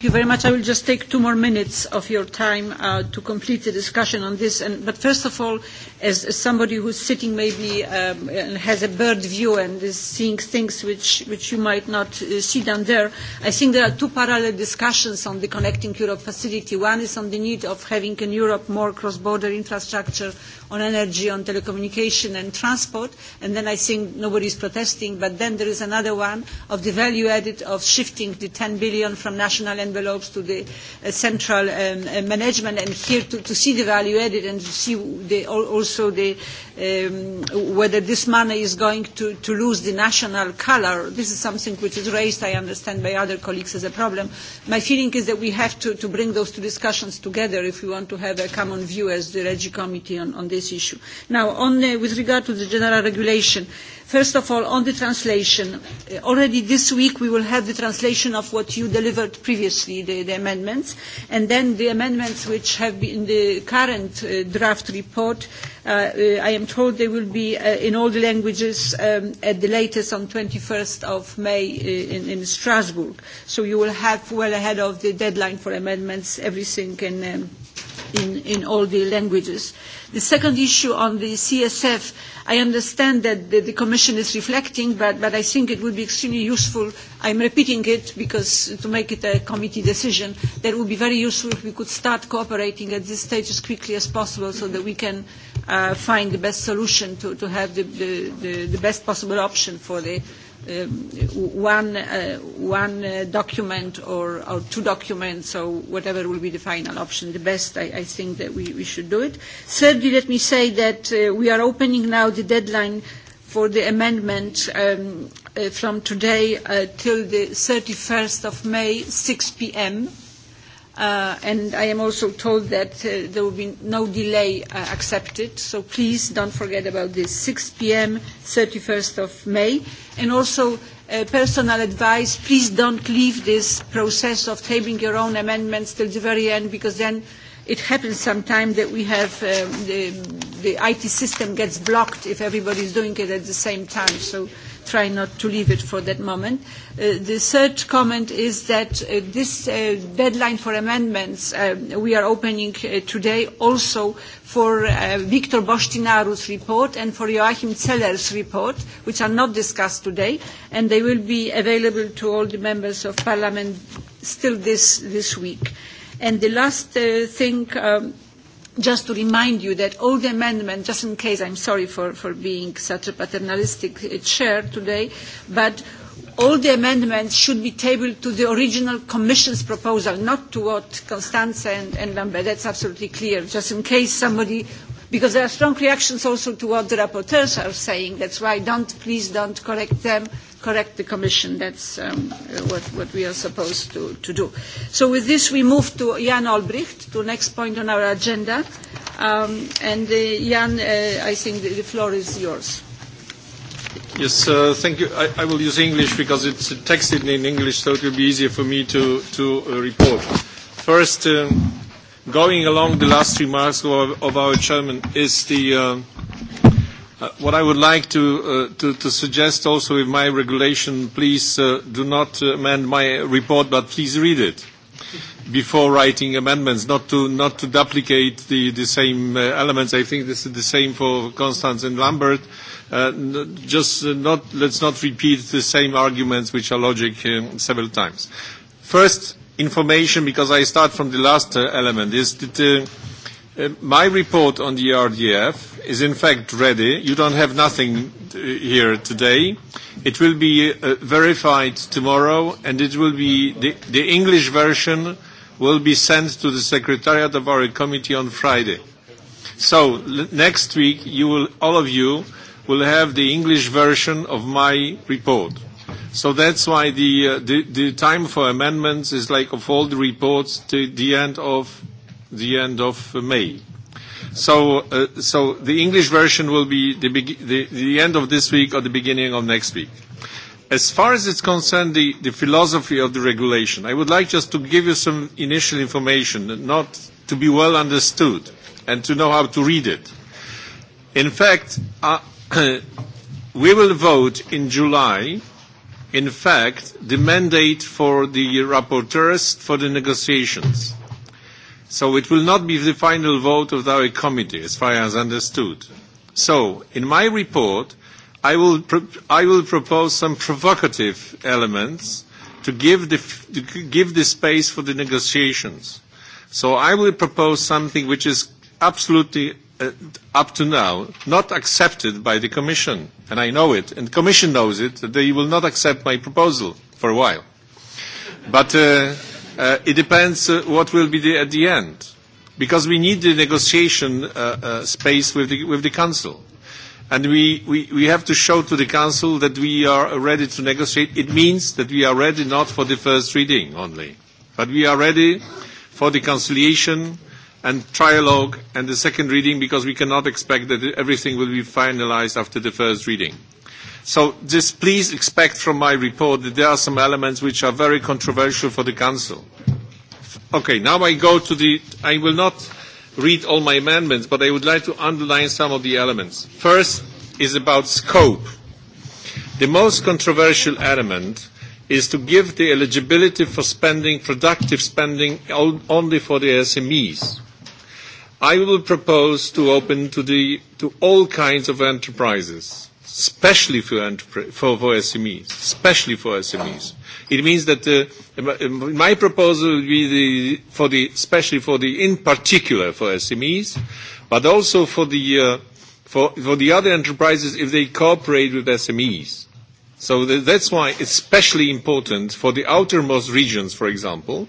Thank you very much. I will just take two more minutes of your time uh, to complete the discussion on this. And, but first of all, as, as somebody who's sitting maybe um, and has a bird view and is seeing things which, which you might not uh, see down there, I think there are two parallel discussions on the Connecting Europe facility. One is on the need of having in Europe more cross-border infrastructure on energy, on telecommunication and transport. And then I think nobody is protesting. But then there is another one of the value added of shifting the 10 billion from national envelopes to the uh, central um, uh, management and here to, to see the value added and to see the, also the, um, whether this money is going to, to lose the national color. This is something which is raised, I understand, by other colleagues as a problem. My feeling is that we have to, to bring those two discussions together if we want to have a common view as the Regi Committee on, on this issue. Now, on, uh, with regard to the general regulation, uh, First of all, on the translation, uh, already this week we will have the translation of what you delivered previously, the, the amendments, and then the amendments which have been in the current uh, draft report, uh, uh I am told they will be uh, in all the languages um, at the latest on 21st of May uh, in, in, Strasbourg. So you will have well ahead of the deadline for amendments everything in um, in, in all the languages. The second issue on the CSF, I understand that the, the Commission is reflecting, but, but I think it would be extremely useful, I'm repeating it because to make it a committee decision, that would be very useful if we could start cooperating at this stage as quickly as possible so that we can uh, find the best solution to, to have the, the, the, the best possible option for the Uh, one, uh, one uh, document or, or two documents or whatever will be the final option, the best I, I think that we, we should do it. Thirdly, let me say that uh, we are opening now the deadline for the amendment um, uh, from today uh, till the 31st of May, 6 p.m. Uh, and I am also told that uh, there will be no delay uh, accepted. So please don't forget about this 6 p.m. 31st of May. And also uh, personal advice, please don't leave this process of tabling your own amendments till the very end because then it happens sometimes that we have um, the, the IT system gets blocked if everybody is doing it at the same time. So try not to leave it for that moment. Uh, the third comment is that uh, this uh, deadline for amendments uh, we are opening uh, today also for uh, Victor Bostinaru's report and for Joachim Zeller's report, which are not discussed today, and they will be available to all the members of parliament still this, this week. And the last thing um, just to remind you that all the amendments, just in case, I'm sorry for, for being such a paternalistic uh, chair today, but all the amendments should be tabled to the original Commission's proposal, not to what Constanze and, and Lambert, that's absolutely clear, just in case somebody, because there are strong reactions also to what the rapporteurs are saying, that's why don't, please don't correct them correct the Commission. That's um, what, what we are supposed to, to do. So with this, we move to Jan Albrecht, to next point on our agenda. Um, and uh, Jan, uh, I think the, the floor is yours. Yes, uh, thank you. I, I will use English because it's texted in English, so it will be easier for me to, to uh, report. First, um, going along the last remarks of, of our chairman is the uh, Uh, what I would like to, uh, to, to suggest also with my regulation, please uh, do not amend my report, but please read it before writing amendments, not to, not to duplicate the, the same uh, elements. I think this is the same for Constance and Lambert. Uh, just uh, not, let's not repeat the same arguments which are logic uh, several times. First, information, because I start from the last uh, element, is that uh, Uh, my report on the e RDF is in fact ready. You don't have nothing uh, here today. It will be uh, verified tomorrow, and it will be the, the English version will be sent to the secretariat of our committee on Friday. So next week, you will, all of you will have the English version of my report. So that's why the, uh, the, the time for amendments is like of all the reports to the end of the end of May. So, uh, so the English version will be the, the, the end of this week or the beginning of next week. As far as it's concerned, the, the philosophy of the regulation, I would like just to give you some initial information, not to be well understood, and to know how to read it. In fact, uh, we will vote in July, in fact, the mandate for the rapporteurs for the negotiations So it will not be the final vote of our committee, as far as understood. So, in my report, I will, pro- I will propose some provocative elements to give the, to give the space for the negotiations. So I will propose something which is absolutely uh, up to now not accepted by the Commission, and I know it, and the Commission knows it, that they will not accept my proposal for a while. But... Uh, Uh, it depends uh, what will be the, at the end, because we need the negotiation uh, uh, space with the, with the Council. And we, we, we have to show to the Council that we are ready to negotiate. It means that we are ready not for the first reading only, but we are ready for the conciliation and trialogue and the second reading because we cannot expect that everything will be finalized after the first reading. So just please expect from my report that there are some elements which are very controversial for the Council. Okay, now I go to the, I will not read all my amendments, but I would like to underline some of the elements. First is about scope. The most controversial element is to give the eligibility for spending, productive spending, only for the SMEs. I will propose to open to, the, to all kinds of enterprises especially for, for, for SMEs, especially for SMEs. It means that uh, my proposal would be the, for the, especially for the, in particular for SMEs, but also for the, uh, for, for the other enterprises if they cooperate with SMEs. So th- that's why it's especially important for the outermost regions, for example,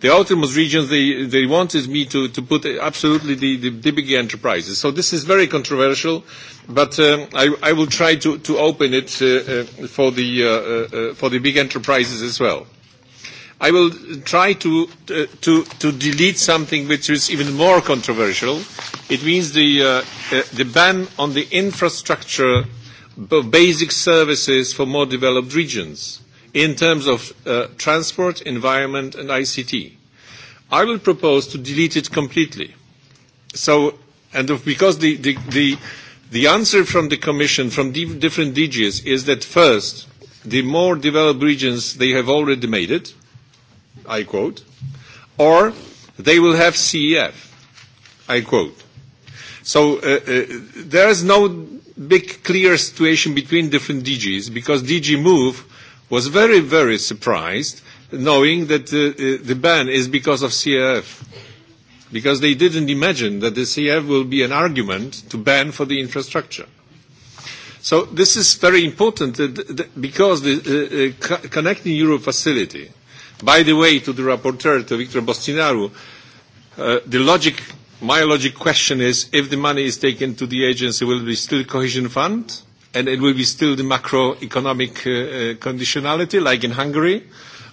The outermost regions, they, they wanted me to, to put absolutely the, the, the big enterprises. So this is very controversial, but um, I, I will try to, to open it uh, uh, for, the, uh, uh, uh for the big enterprises as well. I will try to, uh, to, to delete something which is even more controversial. It means the, uh, uh, the ban on the infrastructure of basic services for more developed regions in terms of uh, transport, environment, and ICT. I will propose to delete it completely. So, and of, because the, the, the, the answer from the Commission, from different DGs, is that first, the more developed regions, they have already made it, I quote, or they will have CEF, I quote. So uh, uh, there is no big clear situation between different DGs because DG Move was very, very surprised knowing that the, the ban is because of CAF. Because they didn't imagine that the CAF will be an argument to ban for the infrastructure. So this is very important because the uh, uh Connecting Europe facility, by the way, to the rapporteur, to Victor Bostinaru, uh, the logic, my logic question is, if the money is taken to the agency, will it be still cohesion fund? and it will be still the macroeconomic uh, uh, conditionality, like in Hungary,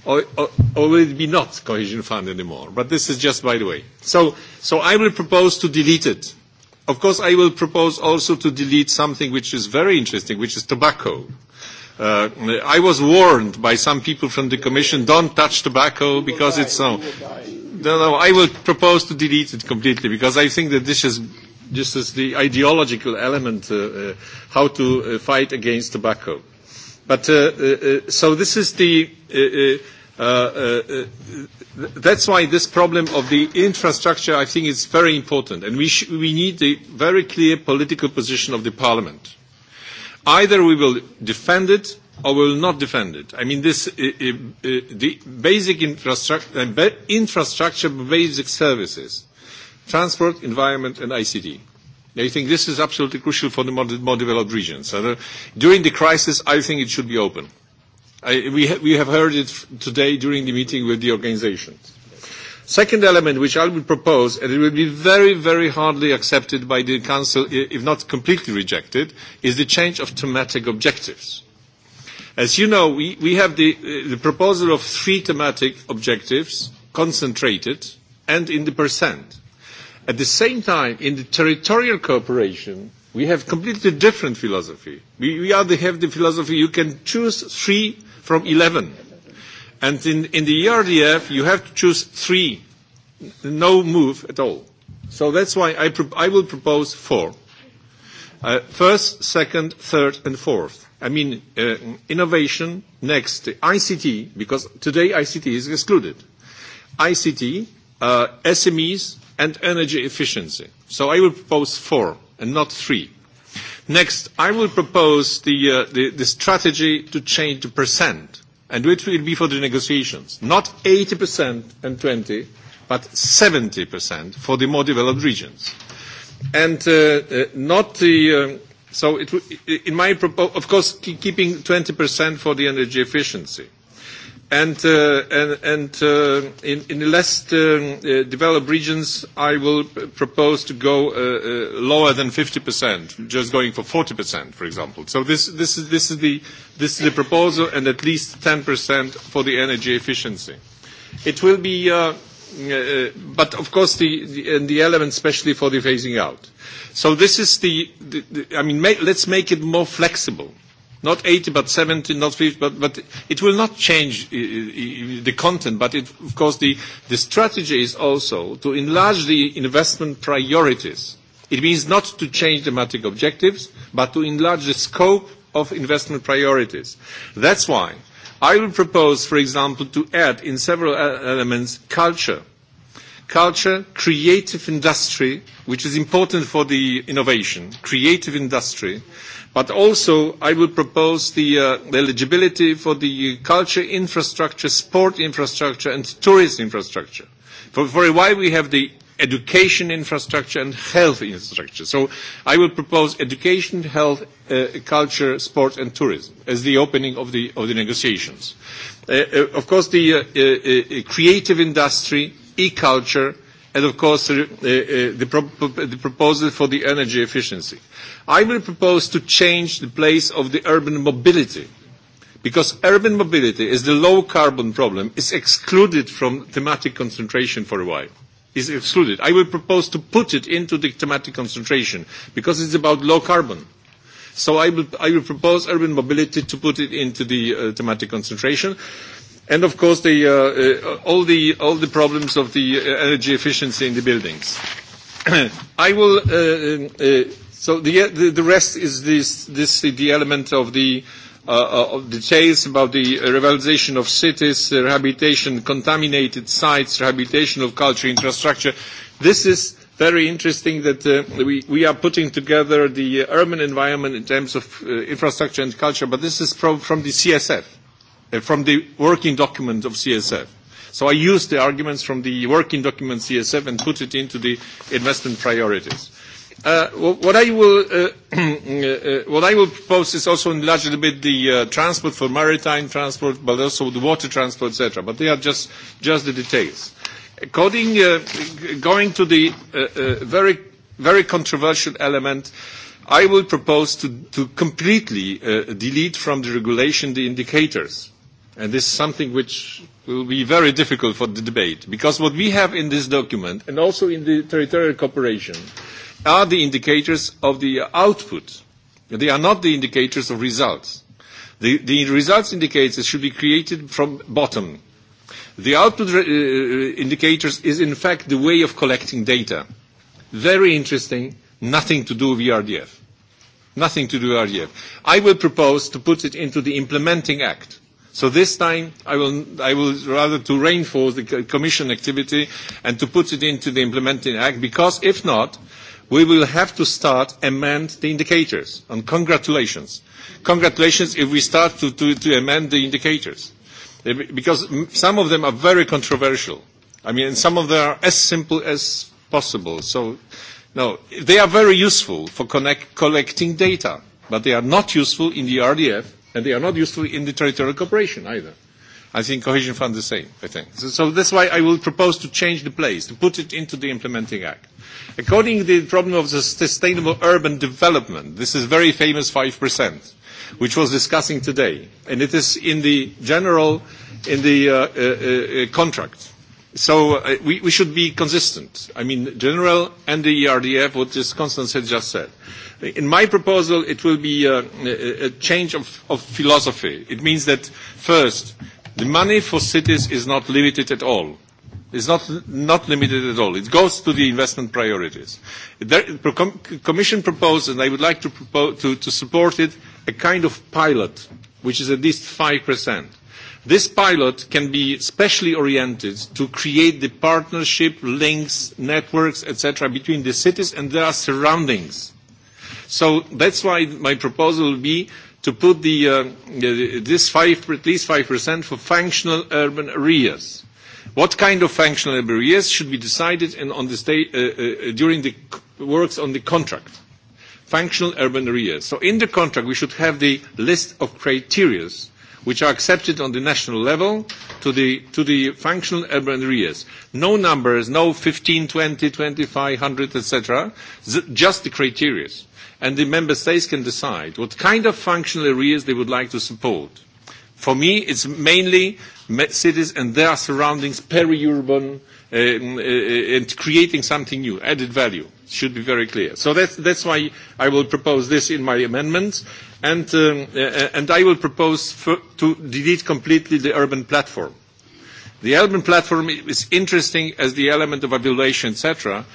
or, or, or will it be not cohesion fund anymore? But this is just by the way. So, so I will propose to delete it. Of course, I will propose also to delete something which is very interesting, which is tobacco. Uh, I was warned by some people from the Commission, don't touch tobacco because it's so. No, no, I will propose to delete it completely because I think that this is just as the ideological element, uh, uh, how to uh, fight against tobacco. But uh, uh, uh, so this is the. Uh, uh, Uh, uh, uh, that's why this problem of the infrastructure, I think, is very important, and we, sh- we need a very clear political position of the parliament. Either we will defend it or we will not defend it. I mean, this uh, uh, uh the basic infrastructure, uh, infrastructure, basic services transport, environment, and ICT. I think this is absolutely crucial for the more more developed regions. And, uh, during the crisis, I think it should be open. I, we, ha- we have heard it today during the meeting with the organization. Second element which I would propose, and it will be very, very hardly accepted by the Council, if not completely rejected, is the change of thematic objectives. As you know, we, we have the, uh, the proposal of three thematic objectives, concentrated, and in the percent. At the same time, in the territorial cooperation, we have completely different philosophy. We, we are the, have the philosophy you can choose three from 11. And in, in the ERDF, you have to choose three, no move at all. So that's why I, pro- I will propose four. Uh, first, second, third, and fourth. I mean, uh, innovation, next, ICT, because today ICT is excluded. ICT, uh, SMEs, and energy efficiency. So I will propose four and not three. Next, I will propose the, uh, the, the strategy to change the percent, and which will be for the negotiations, not 80% and 20, but 70% for the more developed regions. And uh, uh, not the, uh, so it, in my proposal, of course, keeping 20% for the energy efficiency And, uh, uh, in, the less um, uh, developed regions, I will propose to go lower than 50%, just going for 40%, for example. So this, is, the, proposal, and at least 10% for the energy efficiency. It will be, but of course, the, the, and element especially for the phasing out. So this is the, I mean, let's make it more flexible not 80, but 70, not 50, but, but it will not change the content, but it, of course the, the strategy is also to enlarge the investment priorities. It means not to change thematic objectives, but to enlarge the scope of investment priorities. That's why I will propose, for example, to add in several uh, elements culture. Culture, creative industry, which is important for the innovation, creative industry, But also, I will propose the, uh, eligibility for the culture infrastructure, sport infrastructure, and tourist infrastructure. For, for a while, we have the education infrastructure and health infrastructure. So I will propose education, health, uh, culture, sport and tourism as the opening of the, of the negotiations. Uh, uh, of course, the uh, uh, uh, creative industry, e-culture, and of course uh, uh, the, pro the proposal for the energy efficiency. I will propose to change the place of the urban mobility because urban mobility is the low carbon problem is excluded from thematic concentration for a while is excluded. I will propose to put it into the thematic concentration because it's about low carbon. So I will, I will propose urban mobility to put it into the uh, thematic concentration. Uh, And of course, the, uh, uh, all, the, all the problems of the uh, energy efficiency in the buildings. I will, so the, rest is this, the element of the, uh, of details about the revitalization of cities, rehabilitation, contaminated sites, rehabilitation of culture infrastructure. This is very interesting that uh, we, we are putting together the urban environment in terms of uh, infrastructure and culture, but this is from, from the CSF. Uh, from the working document of CSF. So I used the arguments from the working document CSF and put it into the investment priorities. Uh, what, I will, uh, uh, uh, what I will propose is also enlarge a little bit the uh, transport for maritime transport, but also the water transport, etc. But they are just, just the details. According, uh, going to the uh, uh, very, very controversial element, I will propose to, to completely uh, delete from the regulation the indicators And this is something which will be very difficult for the debate, because what we have in this document and also in the territorial cooperation are the indicators of the output. They are not the indicators of results. The, the results indicators should be created from bottom. The output uh, indicators is in fact the way of collecting data. Very interesting, nothing to do with e RDF. Nothing to do with e RDF. I will propose to put it into the implementing act So this time I will, I will rather to reinforce the Commission activity and to put it into the implementing act because if not, we will have to start amend the indicators. And congratulations. Congratulations if we start to, to, to amend the indicators. Eh, because some of them are very controversial. I mean, some of them are as simple as possible. So, no, they are very useful for connect, collecting data, but they are not useful in the RDF And they are not useful in the territorial cooperation either. I think cohesion fund the same, I think. So, so that's why I will propose to change the place, to put it into the implementing act. According to the problem of the sustainable urban development, this is very famous 5%, which was discussing today. And it is in the general, in the uh, uh, uh, contract So uh, we, we should be consistent. I mean, general and the ERDF, what this Constance had just said. In my proposal, it will be uh, a, a, change of, of philosophy. It means that first, the money for cities is not limited at all. It's not, not limited at all. It goes to the investment priorities. The Commission proposed, and I would like to, propose, to, to support it, a kind of pilot, which is at least 5 This pilot can be specially oriented to create the partnership, links, networks, etc., between the cities and their surroundings. So that's why my proposal would be to put the, uh, this five, at least 5% for functional urban areas. What kind of functional urban areas should be decided in, on the state, uh, uh, during the works on the contract? Functional urban areas. So in the contract, we should have the list of criteria which are accepted on the national level to the, to the functional urban areas. No numbers, no 15, 20, 25, 100, etc. Just the criteria. And the member states can decide what kind of functional areas they would like to support. For me, it's mainly cities and their surroundings, peri-urban, uh, Uh, uh, uh, and creating something new, added value, should be very clear. So that's, that's why I will propose this in my amendments, and, um, uh, and I will propose for, to delete completely the urban platform. The urban platform is interesting as the element of evaluation, etc.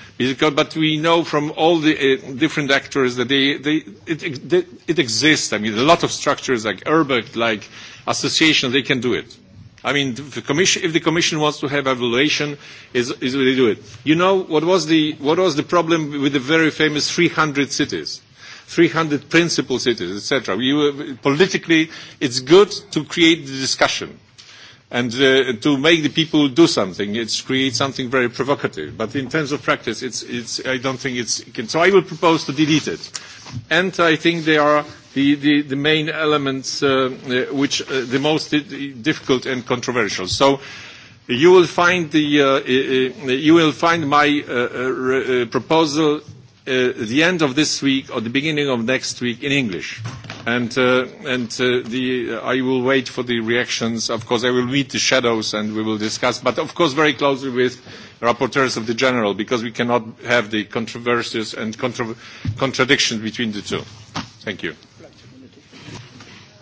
But we know from all the uh, different actors that they, they, it, it, it exists. I mean, a lot of structures like urban, like associations, they can do it. I mean, the commission, if the Commission wants to have evaluation, is, is what they do it. You know, what was, the, what was the problem with the very famous 300 cities? 300 principal cities, etc. We, politically, it's good to create the discussion and uh, to make the people do something. It creates something very provocative. But in terms of practice, it's, it's, I don't think it's... Can. So I will propose to delete it. And I think there are the, the, the main elements uh, uh which uh, the most difficult and controversial. So you will find, the, uh, uh, uh you will find my uh, uh, proposal at uh, the end of this week or the beginning of next week in English. And, uh, and uh, the, uh, I will wait for the reactions. Of course, I will meet the shadows and we will discuss, but of course very closely with rapporteurs of the general because we cannot have the controversies and contra contradictions between the two. Thank you.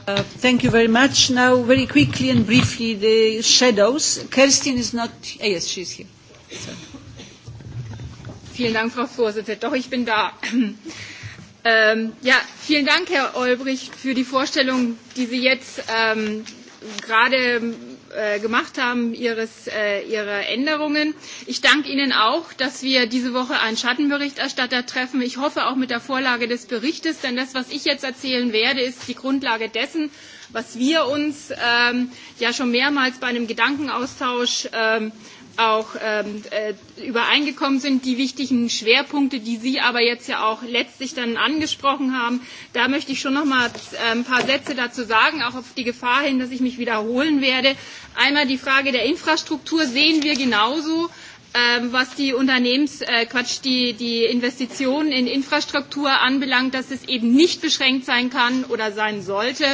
Uh, thank you very much. Now, very quickly and briefly, the shadows. Kerstin is not. Ah, yes, she's here. So. Vielen Dank, Frau Vorsitzende. Doch, ich bin da. ähm, ja, vielen Dank, Herr Olbrich, für die Vorstellung, die Sie jetzt ähm, gerade Äh, gemacht haben, ihres, äh, ihre Änderungen. Ich danke Ihnen auch, dass wir diese Woche einen Schattenberichterstatter treffen. Ich hoffe auch mit der Vorlage des Berichtes, denn das, was ich jetzt erzählen werde, ist die Grundlage dessen, was wir uns ähm, ja schon mehrmals bei einem Gedankenaustausch ähm, auch ähm, äh, übereingekommen sind, die wichtigen Schwerpunkte, die Sie aber jetzt ja auch letztlich dann angesprochen haben. Da möchte ich schon noch mal ein ähm, paar Sätze dazu sagen, auch auf die Gefahr hin, dass ich mich wiederholen werde. Einmal die Frage der Infrastruktur sehen wir genauso ähm, was die Unternehmens, äh, Quatsch, die, die Investitionen in Infrastruktur anbelangt, dass es eben nicht beschränkt sein kann oder sein sollte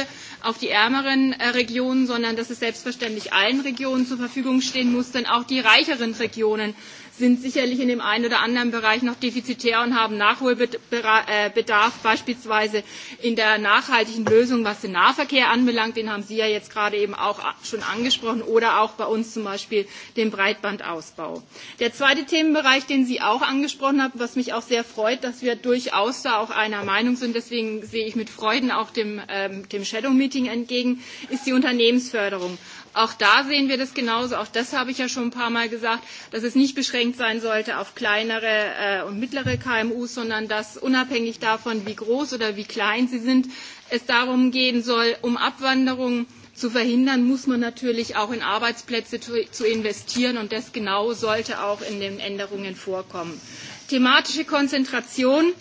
auf die ärmeren äh, Regionen, sondern dass es selbstverständlich allen Regionen zur Verfügung stehen muss, denn auch die reicheren Regionen sind sicherlich in dem einen oder anderen Bereich noch defizitär und haben Nachholbedarf, äh, beispielsweise in der nachhaltigen Lösung, was den Nahverkehr anbelangt. Den haben Sie ja jetzt gerade eben auch schon angesprochen oder auch bei uns zum Beispiel den Breitbandausbau. Der zweite Themenbereich, den Sie auch angesprochen haben, was mich auch sehr freut, dass wir durchaus da auch einer Meinung sind, deswegen sehe ich mit Freuden auch dem, ähm, dem Shadow Meeting entgegen, ist die Unternehmensförderung. Auch da sehen wir das genauso. Auch das habe ich ja schon ein paar Mal gesagt, dass es nicht beschränkt sein sollte auf kleinere äh, und mittlere KMU, sondern dass unabhängig davon, wie groß oder wie klein sie sind, es darum gehen soll, um Abwanderung zu verhindern, muss man natürlich auch in Arbeitsplätze zu, zu investieren und das genau sollte auch in den Änderungen vorkommen. Thematische Konzentration.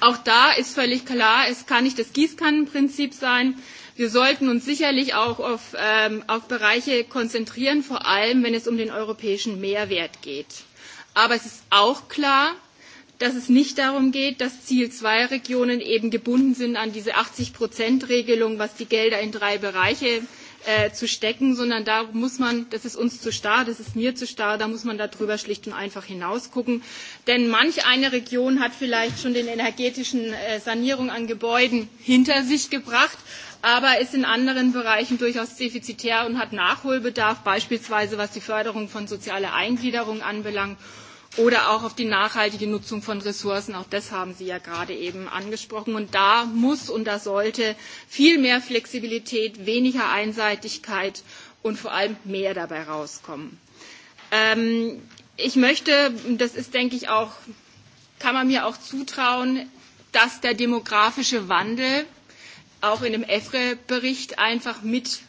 Auch da ist völlig klar, es kann nicht das Gießkannenprinzip sein Wir sollten uns sicherlich auch auf, ähm, auf Bereiche konzentrieren, vor allem wenn es um den europäischen Mehrwert geht. Aber es ist auch klar, dass es nicht darum geht, dass Ziel 2 Regionen eben gebunden sind an diese 80 Regelung, was die Gelder in drei Bereiche äh, zu stecken, sondern da muss man, das ist uns zu starr, das ist mir zu starr, da muss man darüber schlicht und einfach hinausgucken. Denn manch eine Region hat vielleicht schon den energetischen äh, Sanierung an Gebäuden hinter sich gebracht aber ist in anderen Bereichen durchaus defizitär und hat Nachholbedarf, beispielsweise was die Förderung von sozialer Eingliederung anbelangt oder auch auf die nachhaltige Nutzung von Ressourcen. Auch das haben Sie ja gerade eben angesprochen. Und da muss und da sollte viel mehr Flexibilität, weniger Einseitigkeit und vor allem mehr dabei rauskommen. Ähm, ich möchte, das ist, denke ich, auch, kann man mir auch zutrauen, dass der demografische Wandel auch in dem EFRE-Bericht einfach mit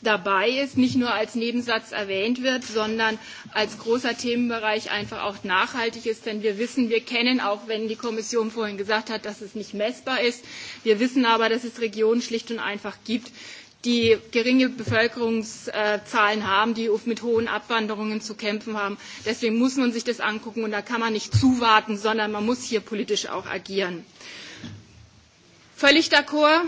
dabei ist, nicht nur als Nebensatz erwähnt wird, sondern als großer Themenbereich einfach auch nachhaltig ist. Denn wir wissen, wir kennen, auch wenn die Kommission vorhin gesagt hat, dass es nicht messbar ist, wir wissen aber, dass es Regionen schlicht und einfach gibt, die geringe Bevölkerungszahlen haben, die oft mit hohen Abwanderungen zu kämpfen haben. Deswegen muss man sich das angucken und da kann man nicht zuwarten, sondern man muss hier politisch auch agieren. Völlig d'accord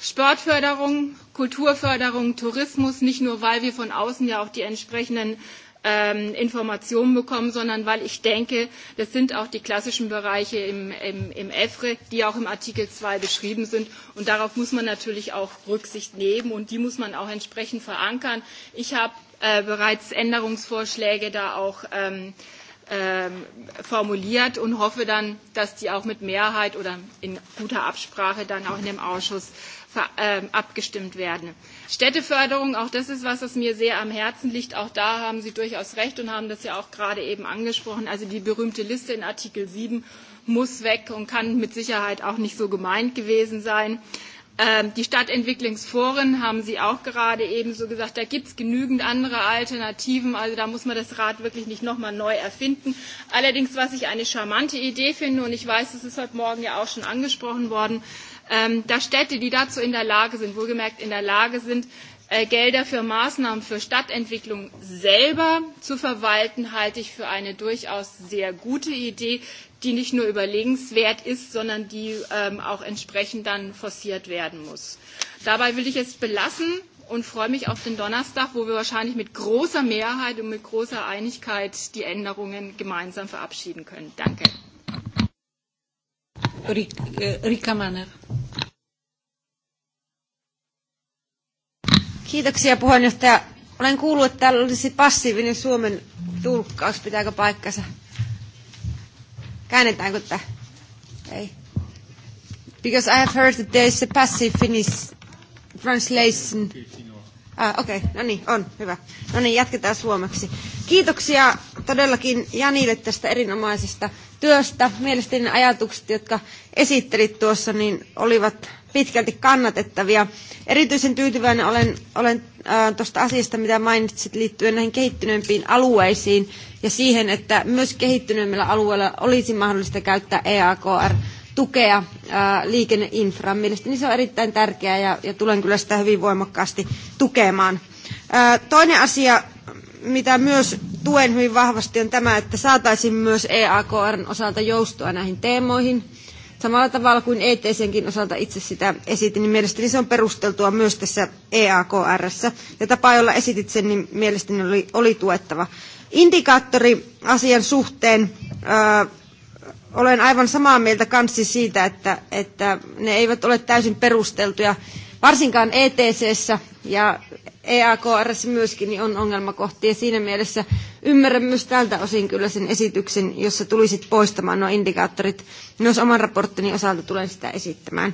Sportförderung, Kulturförderung, Tourismus, nicht nur, weil wir von außen ja auch die entsprechenden ähm, Informationen bekommen, sondern weil ich denke, das sind auch die klassischen Bereiche im, im, im EFRE, die auch im Artikel 2 beschrieben sind. Und darauf muss man natürlich auch Rücksicht nehmen und die muss man auch entsprechend verankern. Ich habe äh, bereits Änderungsvorschläge da auch ähm, ähm, formuliert und hoffe dann, dass die auch mit Mehrheit oder in guter Absprache dann auch in dem Ausschuss Ähm, abgestimmt werden. Städteförderung, auch das ist was, was mir sehr am Herzen liegt. Auch da haben Sie durchaus recht und haben das ja auch gerade eben angesprochen. Also die berühmte Liste in Artikel 7 muss weg und kann mit Sicherheit auch nicht so gemeint gewesen sein. Ähm, die Stadtentwicklungsforen haben Sie auch gerade eben so gesagt, da gibt es genügend andere Alternativen, also da muss man das Rad wirklich nicht nochmal neu erfinden. Allerdings, was ich eine charmante Idee finde, und ich weiß, das ist heute Morgen ja auch schon angesprochen worden, äh, ähm, dass Städte, die dazu in der Lage sind, wohlgemerkt in der Lage sind, äh, Gelder für Maßnahmen für Stadtentwicklung selber zu verwalten, halte ich für eine durchaus sehr gute Idee, die nicht nur überlegenswert ist, sondern die ähm, auch entsprechend dann forciert werden muss. Dabei will ich es belassen und freue mich auf den Donnerstag, wo wir wahrscheinlich mit großer Mehrheit und mit großer Einigkeit die Änderungen gemeinsam verabschieden können. Danke. Eh, Kiitoksia puheenjohtaja. Olen kuullut, että täällä olisi passiivinen Suomen tulkkaus. Pitääkö paikkansa? Käännetäänkö tämä? Ei. Because I have heard that there is a passive Finnish translation. Äh, Okei, okay, no niin, on, hyvä. No niin, jatketaan suomeksi. Kiitoksia todellakin Janille tästä erinomaisesta työstä. Mielestäni ne ajatukset, jotka esittelit tuossa, niin olivat pitkälti kannatettavia. Erityisen tyytyväinen olen, olen äh, tuosta asiasta, mitä mainitsit liittyen näihin kehittyneempiin alueisiin ja siihen, että myös kehittyneemmillä alueilla olisi mahdollista käyttää EAKR tukea liikenneinfraan. Mielestäni se on erittäin tärkeää ja, ja tulen kyllä sitä hyvin voimakkaasti tukemaan. toinen asia, mitä myös tuen hyvin vahvasti, on tämä, että saataisiin myös EAKRn osalta joustoa näihin teemoihin. Samalla tavalla kuin ETCnkin osalta itse sitä esitin, niin mielestäni se on perusteltua myös tässä EAKRssä. Ja tapa, jolla esitit sen, niin mielestäni oli, oli tuettava. Indikaattori asian suhteen. Ää, olen aivan samaa mieltä kanssi siitä, että, että ne eivät ole täysin perusteltuja, varsinkaan ETCssä ja EAKRS myöskin niin on ongelmakohtia. Siinä mielessä ymmärrän myös tältä osin kyllä sen esityksen, jossa tulisit poistamaan nuo indikaattorit. Myös oman raporttini osalta tulen sitä esittämään.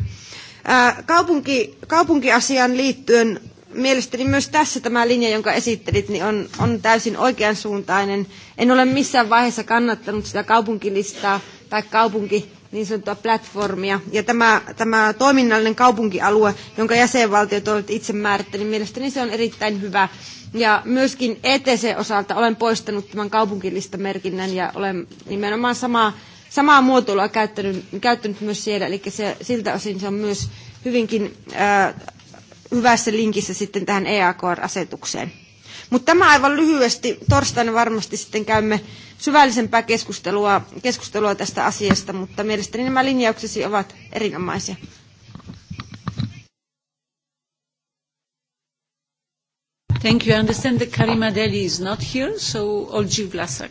kaupunki, kaupunkiasiaan liittyen mielestäni myös tässä tämä linja, jonka esittelit, niin on, on täysin oikeansuuntainen. En ole missään vaiheessa kannattanut sitä kaupunkilistaa, tai kaupunki niin sanottua platformia. Ja tämä, tämä toiminnallinen kaupunkialue, jonka jäsenvaltiot ovat itse määrittäneet, niin mielestäni se on erittäin hyvä. Ja myöskin ETC osalta olen poistanut tämän kaupunkilistamerkinnän ja olen nimenomaan samaa, samaa muotoilua käyttänyt, käyttänyt myös siellä. Eli se, siltä osin se on myös hyvinkin äh, hyvässä linkissä sitten tähän EAKR-asetukseen. Mutta tämä aivan lyhyesti. Torstaina varmasti sitten käymme syvällisempää keskustelua, keskustelua tästä asiasta, mutta mielestäni nämä linjauksesi ovat erinomaisia. Thank you. I understand that Karima Deli is not here, so Olgi Vlasak.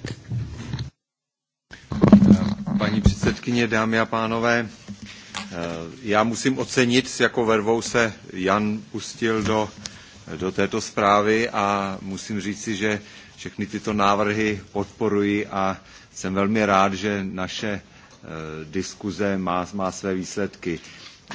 Paní předsedkyně, dámy a pánové, eh, já musím ocenit, s jakou vervou se Jan pustil do do této zprávy a musím říci, že všechny tyto návrhy podporuji a jsem velmi rád, že naše eh, diskuze má, má své výsledky.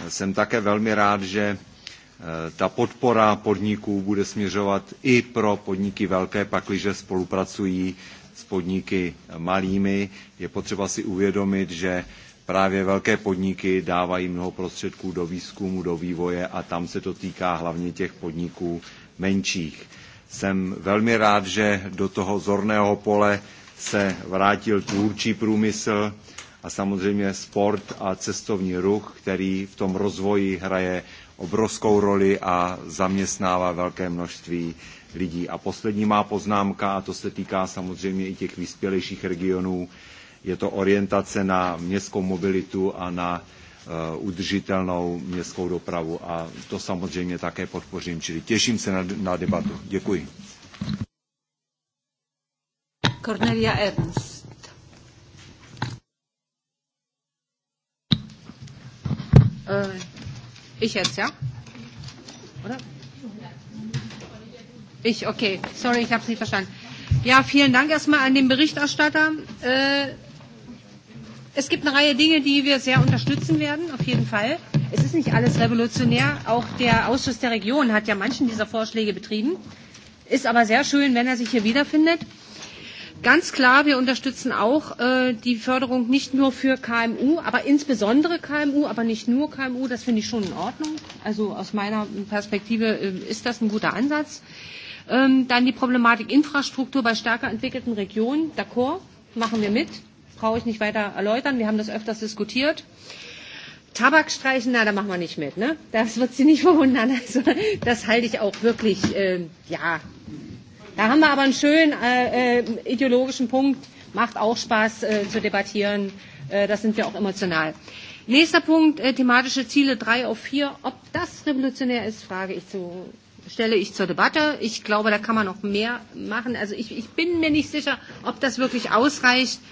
Jsem také velmi rád, že eh, ta podpora podniků bude směřovat i pro podniky velké, pakliže spolupracují s podniky malými. Je potřeba si uvědomit, že právě velké podniky dávají mnoho prostředků do výzkumu, do vývoje a tam se to týká hlavně těch podniků menších. Jsem velmi rád, že do toho zorného pole se vrátil tvůrčí průmysl a samozřejmě sport a cestovní ruch, který v tom rozvoji hraje obrovskou roli a zaměstnává velké množství lidí. A poslední má poznámka, a to se týká samozřejmě i těch vyspělejších regionů, je to orientace na městskou mobilitu a na eh, udržitelnou městskou dopravu a to samozřejmě také podpořím, čili těším se na, na debatu. Děkuji. Cornelia Ernst. Äh, ich jetzt, ja? Oder? Ich, okay. Sorry, ich habe es nicht verstanden. Ja, vielen Dank erstmal an den Berichterstatter. Äh, Es gibt eine Reihe Dinge, die wir sehr unterstützen werden, auf jeden Fall. Es ist nicht alles revolutionär. Auch der Ausschuss der Region hat ja manchen dieser Vorschläge betrieben. Ist aber sehr schön, wenn er sich hier wiederfindet. Ganz klar, wir unterstützen auch äh, die Förderung nicht nur für KMU, aber insbesondere KMU, aber nicht nur KMU. Das finde ich schon in Ordnung. Also aus meiner Perspektive äh, ist das ein guter Ansatz. Ähm, dann die Problematik Infrastruktur bei stärker entwickelten Regionen. D'accord, machen wir mit brauche ich nicht weiter erläutern. Wir haben das öfters diskutiert. Tabak streichen, na, da machen wir nicht mit. Ne? Das wird Sie nicht verwundern. Also, das halte ich auch wirklich, äh, ja. Da haben wir aber einen schönen äh, äh, ideologischen Punkt. Macht auch Spaß äh, zu debattieren. Äh, das sind wir auch emotional. Nächster Punkt, äh, thematische Ziele 3 auf 4. Ob das revolutionär ist, frage ich zu, stelle ich zur Debatte. Ich glaube, da kann man noch mehr machen. Also ich, ich bin mir nicht sicher, ob das wirklich ausreicht. Äh,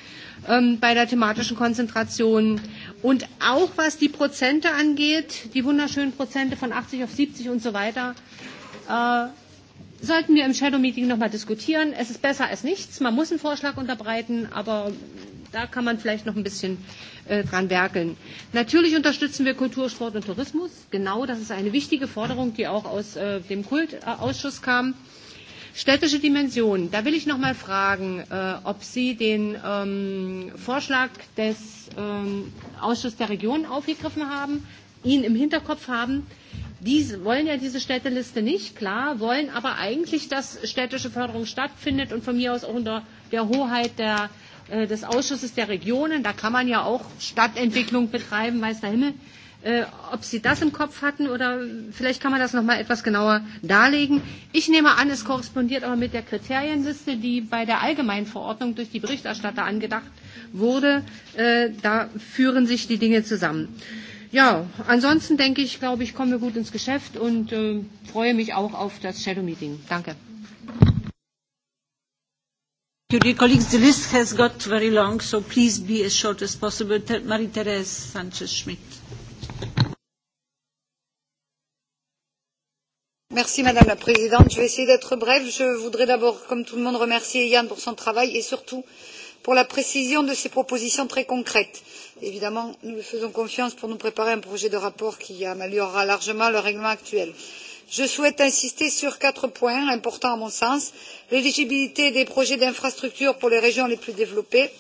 ähm, bei der thematischen Konzentration. Und auch was die Prozente angeht, die wunderschönen Prozente von 80 auf 70 und so weiter, äh, sollten wir im Shadow Meeting nochmal diskutieren. Es ist besser als nichts. Man muss einen Vorschlag unterbreiten, aber da kann man vielleicht noch ein bisschen äh, dran werkeln. Natürlich unterstützen wir Kultur, Sport und Tourismus. Genau, das ist eine wichtige Forderung, die auch aus äh, dem Kultausschuss kam. Äh, Städtische Dimension, da will ich noch mal fragen, äh, ob Sie den ähm, Vorschlag des ähm, Ausschusses der Regionen aufgegriffen haben, ihn im Hinterkopf haben. Die wollen ja diese Städteliste nicht, klar, wollen aber eigentlich, dass städtische Förderung stattfindet und von mir aus auch unter der Hoheit der, äh, des Ausschusses der Regionen. Da kann man ja auch Stadtentwicklung betreiben, weiß der Himmel. Äh, äh, ob Sie das im Kopf hatten oder vielleicht kann man das noch mal etwas genauer darlegen. Ich nehme an, es korrespondiert aber mit der Kriterienliste, die bei der allgemeinen Verordnung durch die Berichterstatter angedacht wurde. Äh, da führen sich die Dinge zusammen. Ja, ansonsten denke ich, glaube ich, kommen wir gut ins Geschäft und äh, freue mich auch auf das Shadow Meeting. Danke. Dear colleagues, the list has got very long, so please be as short as possible. Marie-Therese Sanchez-Schmidt madame la présidente je vais essayer d'être brève. je voudrais d'abord comme tout le monde remercier yann pour son travail et surtout pour la précision de ses propositions très concrètes. évidemment nous lui faisons confiance pour nous préparer un projet de rapport qui améliorera largement le règlement actuel. je souhaite insister sur quatre points importants à mon sens l'éligibilité des projets d'infrastructures pour les régions les plus développées;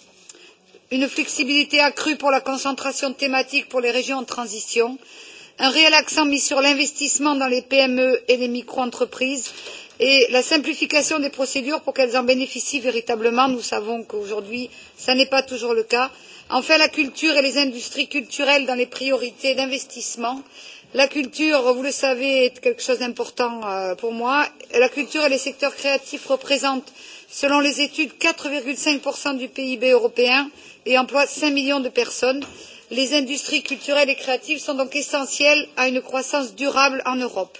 une flexibilité accrue pour la concentration thématique pour les régions en transition un réel accent mis sur l'investissement dans les pme et les micro entreprises et la simplification des procédures pour qu'elles en bénéficient véritablement nous savons qu'aujourd'hui ce n'est pas toujours le cas enfin la culture et les industries culturelles dans les priorités d'investissement la culture vous le savez est quelque chose d'important euh, pour moi la culture et les secteurs créatifs représentent selon les études quatre cinq du pib européen et emploie cinq millions de personnes. les industries culturelles et créatives sont donc essentielles à une croissance durable en europe.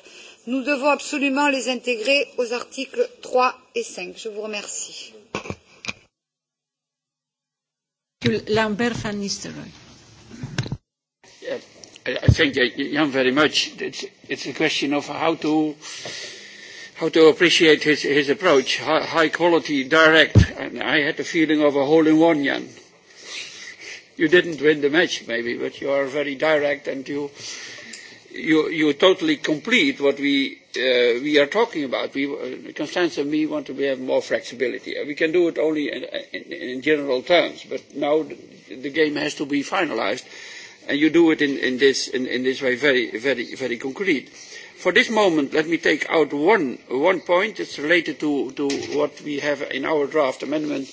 nous devons absolument les intégrer aux articles trois et. cinq je vous remercie. Lambert van uh, very much. it's a question of how to how to appreciate his, his approach. High, high quality, direct. And I had the feeling of a hole in one, Jan. You didn't win the match, maybe, but you are very direct and you, you, you totally complete what we, uh, we are talking about. We, uh, Constance and me want to have more flexibility. Uh, we can do it only in, in, in general terms, but now the, the game has to be finalized. And you do it in, in, this, in, in this way very, very, very concrete for this moment, let me take out one, one point. It's related to, to what we have in our draft amendment,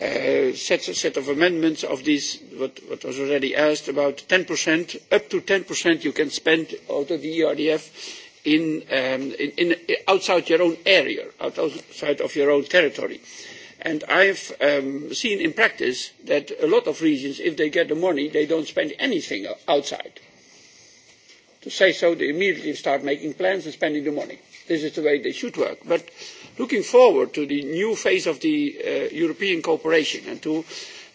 uh, set, set of amendments of this, what, what was already asked, about 10%, up to 10% you can spend out of the ERDF in, um, in, in, outside your own area, outside of your own territory. And I've um, seen in practice that a lot of regions, if they get the money, they don't spend anything outside to say so, they immediately start making plans and spending the money. This is the way they should work. But looking forward to the new phase of the uh, European cooperation and to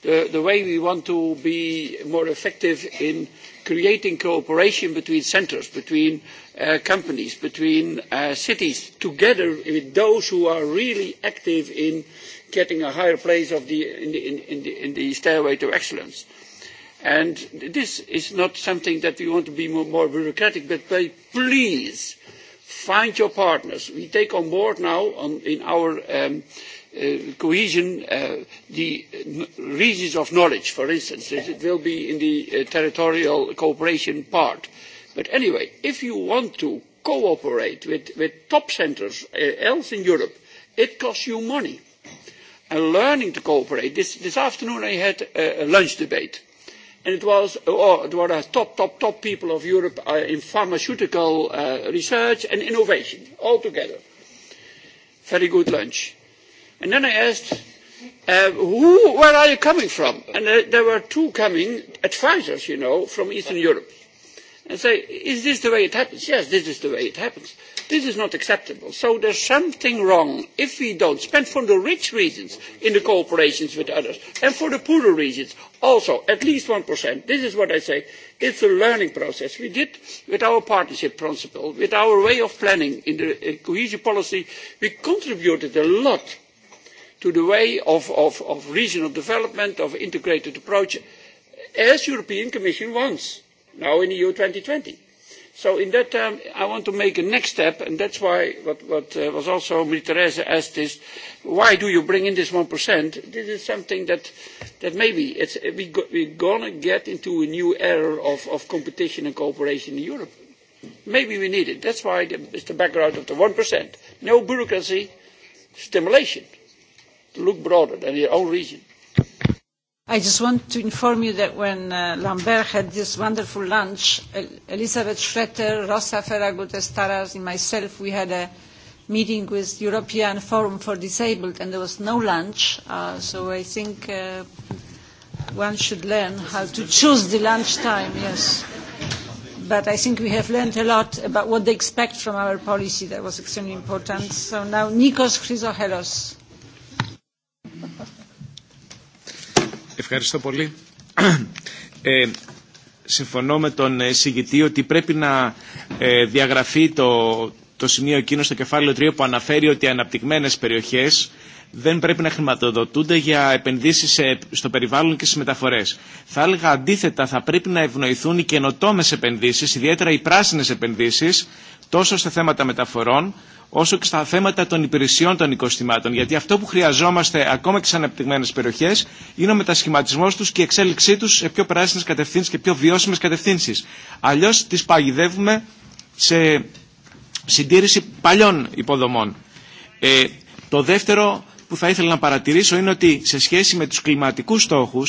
the, the way we want to be more effective in creating cooperation between centres, between uh, companies, between uh, cities, together with those who are really active in getting a higher place of the, in, the, in, the, in the stairway to excellence. Uh, And this is not something that we want to be more, bureaucratic, but please find your partners. We take on board now on, in our um, uh, cohesion uh, the regions of knowledge, for instance. It will be in the uh, territorial cooperation part. But anyway, if you want to cooperate with, with top centres uh, else in Europe, it costs you money. And learning to cooperate, this, this afternoon I had a, a lunch debate and it was oh, it top top top people of Europe uh, in pharmaceutical uh, research and innovation all together. Very good lunch. And then I asked, uh, who, where are you coming from? And uh, there were two coming advisors, you know, from Eastern Europe. And say, is this the way it happens? Yes, this is the way it happens. This is not acceptable. So there is something wrong if we do not spend for the rich reasons in cooperation with others and for the poorer reasons also at least 1%. This is what I say. it is a learning process. We did with our partnership principle, with our way of planning in the uh, cohesion policy, we contributed a lot to the way of, regional development, of integrated approach, as the European Commission wants, now in EU twenty So in that term, I want to make a next step, and that's why what, what uh, was also Marie-Therese asked is, why do you bring in this 1%? This is something that, that maybe it's, we go, we're going to get into a new era of, of competition and cooperation in Europe. Maybe we need it. That's why the, it's the background of the 1%. No bureaucracy, stimulation. To look broader than your own region. I just want to inform you that when uh, Lambert had this wonderful lunch, El Elizabeth Schroeter, Rosa Ferragut Estaras, and myself, we had a meeting with European Forum for Disabled, and there was no lunch. Uh, so I think uh, one should learn how to choose the lunch time, yes. But I think we have learned a lot about what they expect from our policy. That was extremely important. So now Nikos Chrysohelos. Ευχαριστώ πολύ. Ε, συμφωνώ με τον εισηγητή ότι πρέπει να ε, διαγραφεί το, το σημείο εκείνο στο κεφάλαιο 3 που αναφέρει ότι οι αναπτυγμένες περιοχές δεν πρέπει να χρηματοδοτούνται για επενδύσεις σε, στο περιβάλλον και στις μεταφορές. Θα έλεγα αντίθετα, θα πρέπει να ευνοηθούν οι καινοτόμες επενδύσεις, ιδιαίτερα οι πράσινες επενδύσεις, τόσο σε θέματα μεταφορών, όσο και στα θέματα των υπηρεσιών των οικοστημάτων. Γιατί αυτό που χρειαζόμαστε ακόμα και σε αναπτυγμένε περιοχέ είναι ο μετασχηματισμό του και η εξέλιξή του σε πιο πράσινε κατευθύνσει και πιο βιώσιμε κατευθύνσει. Αλλιώ τι παγιδεύουμε σε συντήρηση παλιών υποδομών. Ε, το δεύτερο που θα ήθελα να παρατηρήσω είναι ότι σε σχέση με του κλιματικού στόχου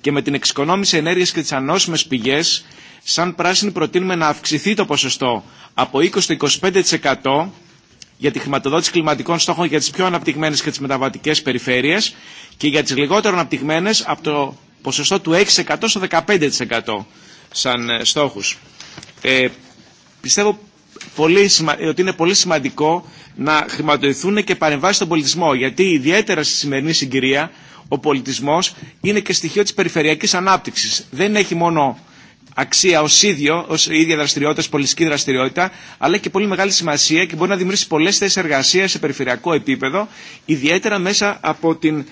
και με την εξοικονόμηση ενέργεια και τι ανώσιμε πηγέ, σαν πράσινοι προτείνουμε να αυξηθεί το ποσοστό από 20% 25% για τη χρηματοδότηση κλιματικών στόχων για τις πιο αναπτυγμένες και τις μεταβατικές περιφέρειες και για τις λιγότερο αναπτυγμένες από το ποσοστό του 6% στο 15% σαν στόχους. Ε, πιστεύω πολύ σημα... ότι είναι πολύ σημαντικό να χρηματοδοτηθούν και παρεμβάσει στον πολιτισμό, γιατί ιδιαίτερα στη σημερινή συγκυρία ο πολιτισμός είναι και στοιχείο της περιφερειακής ανάπτυξης. Δεν έχει μόνο αξία ω ίδιο, ω ίδια δραστηριότητα, ως πολιτική δραστηριότητα, αλλά έχει και πολύ μεγάλη σημασία και μπορεί να δημιουργήσει πολλέ θέσει εργασία σε περιφερειακό επίπεδο, ιδιαίτερα μέσα από την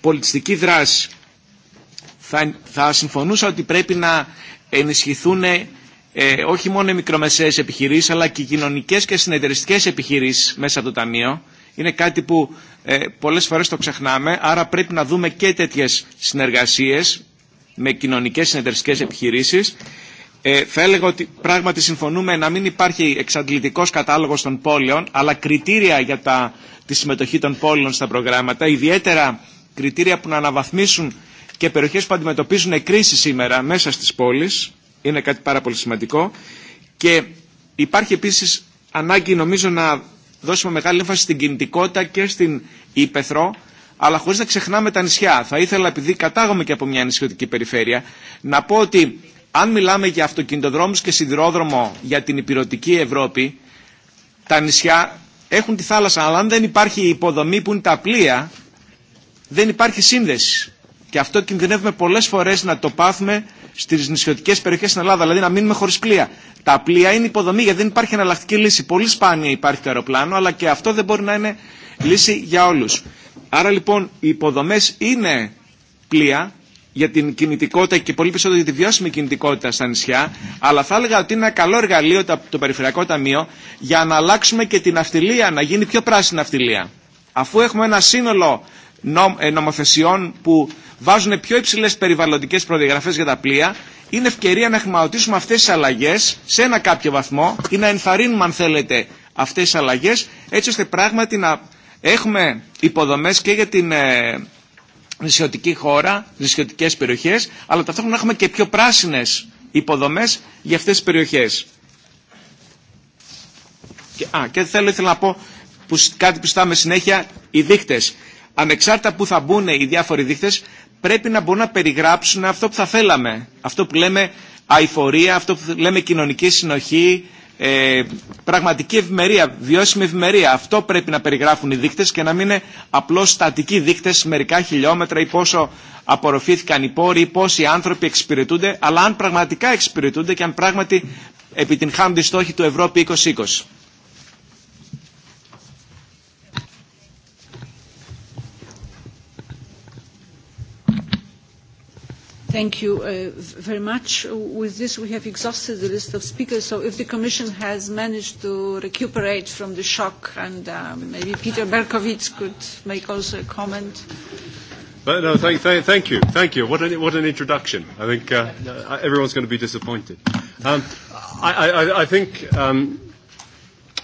πολιτιστική δράση. Θα, θα συμφωνούσα ότι πρέπει να ενισχυθούν ε, όχι μόνο οι μικρομεσαίες επιχειρήσεις αλλά και οι κοινωνικές και συνεταιριστικές επιχειρήσεις μέσα από το Ταμείο. Είναι κάτι που ε, πολλές φορές το ξεχνάμε, άρα πρέπει να δούμε και τέτοιες συνεργασίες με κοινωνικέ συνεταιριστικέ επιχειρήσει. Ε, θα έλεγα ότι πράγματι συμφωνούμε να μην υπάρχει εξαντλητικό κατάλογο των πόλεων, αλλά κριτήρια για τα, τη συμμετοχή των πόλεων στα προγράμματα, ιδιαίτερα κριτήρια που να αναβαθμίσουν και περιοχέ που αντιμετωπίζουν κρίση σήμερα μέσα στι πόλει. Είναι κάτι πάρα πολύ σημαντικό. Και υπάρχει επίση ανάγκη νομίζω να δώσουμε μεγάλη έμφαση στην κινητικότητα και στην ύπεθρο αλλά χωρίς να ξεχνάμε τα νησιά. Θα ήθελα, επειδή κατάγομαι και από μια νησιωτική περιφέρεια, να πω ότι αν μιλάμε για αυτοκινητοδρόμους και σιδηρόδρομο για την υπηρετική Ευρώπη, τα νησιά έχουν τη θάλασσα, αλλά αν δεν υπάρχει η υποδομή που είναι τα πλοία, δεν υπάρχει σύνδεση. Και αυτό κινδυνεύουμε πολλές φορές να το πάθουμε στις νησιωτικές περιοχές στην Ελλάδα, δηλαδή να μείνουμε χωρίς πλοία. Τα πλοία είναι υποδομή γιατί δεν υπάρχει εναλλακτική λύση. Πολύ σπάνια υπάρχει το αεροπλάνο, αλλά και αυτό δεν μπορεί να είναι λύση για όλους. Άρα λοιπόν οι υποδομές είναι πλοία για την κινητικότητα και πολύ περισσότερο για τη βιώσιμη κινητικότητα στα νησιά, αλλά θα έλεγα ότι είναι ένα καλό εργαλείο το Περιφερειακό Ταμείο για να αλλάξουμε και την αυτιλία, να γίνει πιο πράσινη αυτιλία. Αφού έχουμε ένα σύνολο νομοθεσιών που βάζουν πιο υψηλές περιβαλλοντικές προδιαγραφές για τα πλοία, είναι ευκαιρία να χρηματοδοτήσουμε αυτές τις αλλαγές σε ένα κάποιο βαθμό ή να ενθαρρύνουμε αν θέλετε αυτές τις αλλαγές έτσι ώστε πράγματι να Έχουμε υποδομές και για την ε, νησιωτική χώρα, νησιωτικές περιοχές, αλλά ταυτόχρονα έχουμε και πιο πράσινες υποδομές για αυτές τις περιοχές. Και, α, και θέλω, ήθελα να πω που, κάτι που στάμε συνέχεια, οι δείχτες. Ανεξάρτητα που θα μπουν οι διάφοροι δείχτες, πρέπει να μπορούν να περιγράψουν αυτό που θα θέλαμε. Αυτό που λέμε αηφορία, αυτό που λέμε κοινωνική συνοχή, ε, πραγματική ευημερία, βιώσιμη ευημερία. Αυτό πρέπει να περιγράφουν οι δείκτες και να μην είναι απλώς στατικοί δείκτες μερικά χιλιόμετρα ή πόσο απορροφήθηκαν οι πόροι ή πόσοι άνθρωποι εξυπηρετούνται, αλλά αν πραγματικά εξυπηρετούνται και αν πράγματι επιτυγχάνονται οι στόχοι του Ευρώπη 2020. Thank you uh, very much. With this, we have exhausted the list of speakers. So if the Commission has managed to recuperate from the shock, and um, maybe Peter Berkowitz could make also a comment. But no, thank, thank, thank you. Thank you. What an, what an introduction. I think uh, everyone's going to be disappointed. Um, I, I, I think, um,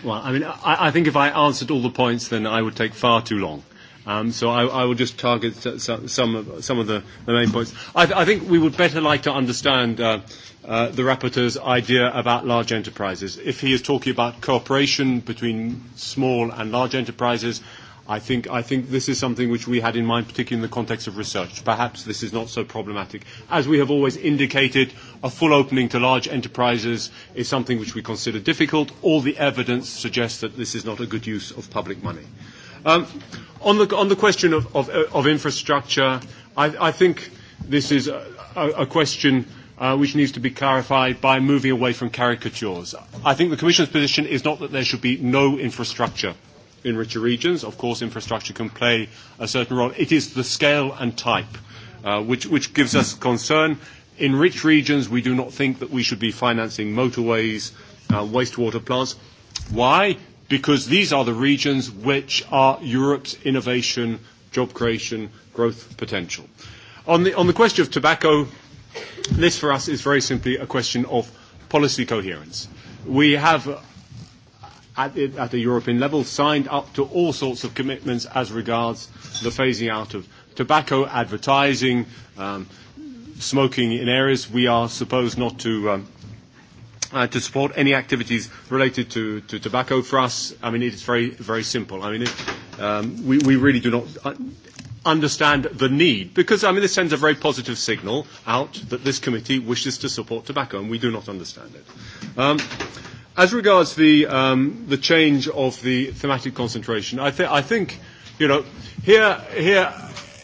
well, I mean, I, I think if I answered all the points, then I would take far too long. Um, so I, I will just target some of, some of the, the main points. I, th- I think we would better like to understand uh, uh, the rapporteur's idea about large enterprises. If he is talking about cooperation between small and large enterprises, I think, I think this is something which we had in mind, particularly in the context of research. Perhaps this is not so problematic. As we have always indicated, a full opening to large enterprises is something which we consider difficult. All the evidence suggests that this is not a good use of public money. Um, on, the, on the question of, of, uh, of infrastructure, I, I think this is a, a question uh, which needs to be clarified by moving away from caricatures. I think the Commission's position is not that there should be no infrastructure in richer regions. Of course, infrastructure can play a certain role. It is the scale and type uh, which, which gives us concern. In rich regions, we do not think that we should be financing motorways, uh, wastewater plants. Why? because these are the regions which are Europe's innovation, job creation, growth potential. On the, on the question of tobacco, this for us is very simply a question of policy coherence. We have at the, at the European level signed up to all sorts of commitments as regards the phasing out of tobacco advertising, um, smoking in areas we are supposed not to um, uh, to support any activities related to, to tobacco for us, I mean, it is very, very simple. I mean, it, um, we, we really do not uh, understand the need because, I mean, this sends a very positive signal out that this committee wishes to support tobacco and we do not understand it. Um, as regards the, um, the change of the thematic concentration, I, th- I think, you know, here, here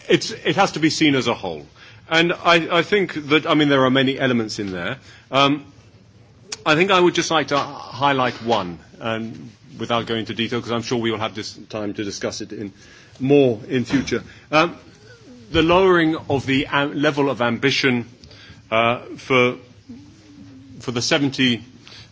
it's, it has to be seen as a whole. And I, I think that, I mean, there are many elements in there. Um, I think I would just like to highlight one, um, without going into detail, because I'm sure we will have this time to discuss it in more in future. Um, the lowering of the am- level of ambition uh, for for the 70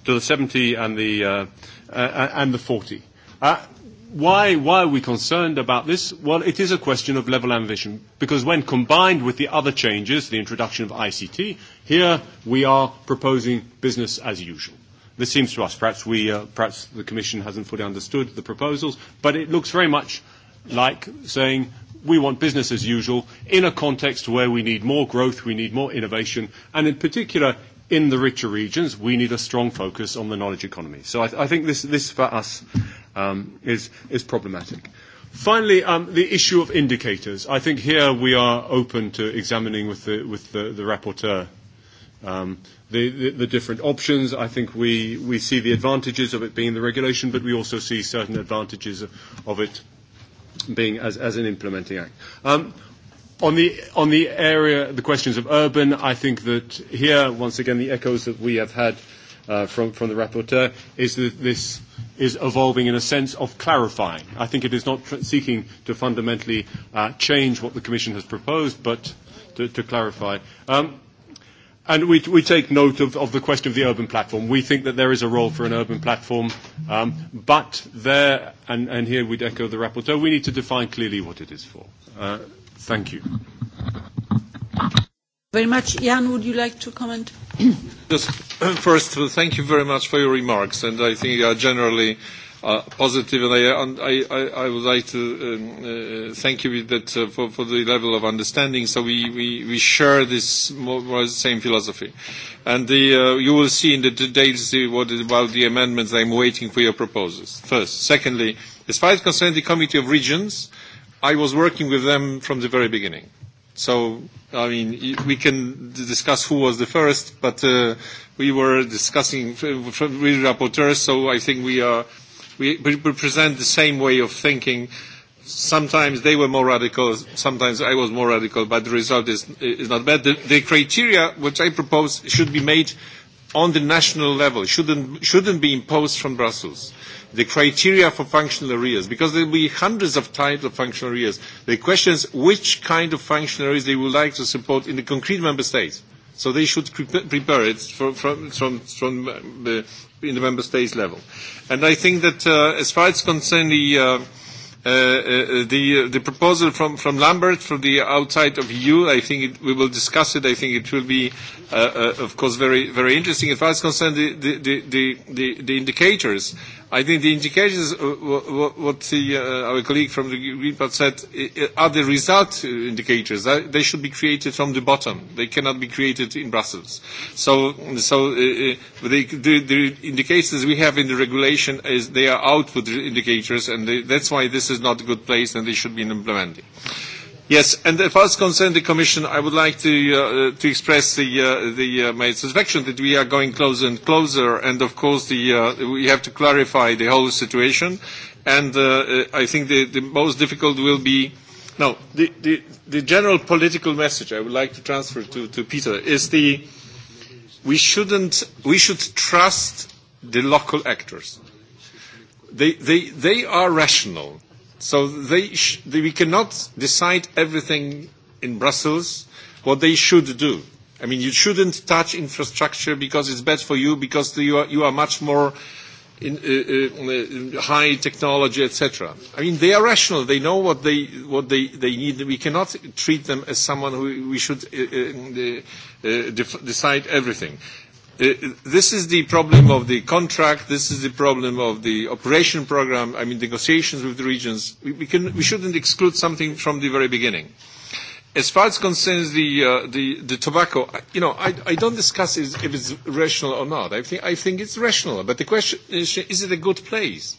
to the 70 and the uh, uh, uh and the 40. Uh, why, why are we concerned about this? Well, it is a question of level ambition, because when combined with the other changes, the introduction of ICT, Here we are proposing business as usual. This seems to us, perhaps, we, uh, perhaps the Commission hasn't fully understood the proposals, but it looks very much like saying we want business as usual in a context where we need more growth, we need more innovation, and in particular, in the richer regions, we need a strong focus on the knowledge economy. So I, th- I think this, this for us um, is, is problematic. Finally, um, the issue of indicators. I think here we are open to examining with the, with the, the rapporteur um, the, the, the different options. I think we, we see the advantages of it being the regulation, but we also see certain advantages of, of it being as, as an implementing act. Um, on the, on the area, the questions of urban, I think that here, once again, the echoes that we have had uh, from, from the rapporteur is that this is evolving in a sense of clarifying. I think it is not tr- seeking to fundamentally uh, change what the Commission has proposed, but to, to clarify. Um, And we, we take note of, of the question of the urban platform. We think that there is a role for an urban platform, um, but there, and, and here we'd echo the rapporteur, we need to define clearly what it is for. Uh, thank you. Very much. Jan, would you like to comment? Just first, thank you very much for your remarks, and I think you are generally uh, positive, and I, I, I would like to um, uh, uh, thank you with that, uh, for, for the level of understanding. So we, we, we share this more, more the same philosophy. And the, uh, you will see in the details what is about the amendments. I'm waiting for your proposals, first. Secondly, as far as concerns the Committee of Regions, I was working with them from the very beginning. So, I mean, we can discuss who was the first, but uh, we were discussing with rapporteurs, so I think we are we, we present the same way of thinking. Sometimes they were more radical, sometimes I was more radical, but the result is, is not bad. The, the criteria which I propose should be made on the national level, shouldn't, shouldn't be imposed from Brussels. The criteria for functional areas, because there will be hundreds of types of functional areas. The question is which kind of functional areas they would like to support in the concrete member states. So they should prepare it from, from, from, from uh, the in the member states level. And I think that uh, as far as concerns the, uh, uh, uh the, uh, the proposal from, from Lambert from the outside of EU, I think it, we will discuss it. I think it will be, uh, uh, of course, very, very interesting. As far as concerns the, the, the, the, the indicators, uh, I think the indications, uh, what the, uh, our colleague from the Green Party said, are the result indicators. They should be created from the bottom. They cannot be created in Brussels. So, so uh, uh, the, the, the indicators we have in the regulation is they are output indicators, and they, that's why this is not a good place, and they should be implemented. Uh, Yes, and as far as concerns the Commission, I would like to, uh, to express the, uh, the, uh, my satisfaction that we are going closer and closer, and of course the, uh, we have to clarify the whole situation. And uh, uh I think the, the most difficult will be, no, the, the, the general political message I would like to transfer to, to Peter is the, we shouldn't, we should trust the local actors. They, they, they are rational So they sh- we cannot decide everything in Brussels what they should do. I mean, you shouldn't touch infrastructure because it's bad for you, because you, are, you are much more in, uh, uh, high technology, etc. I mean, they are rational. They know what they, what they, they need. We cannot treat them as someone who we should uh, uh, uh, uh decide everything. Uh, this is the problem of the contract. This is the problem of the operation program. I mean, negotiations with the regions. We, we, can, we shouldn't exclude something from the very beginning. As far as concerns the, uh, the, the tobacco, you know, I, I don't discuss if it's rational or not. I think, I think it's rational. But the question is, is it a good place?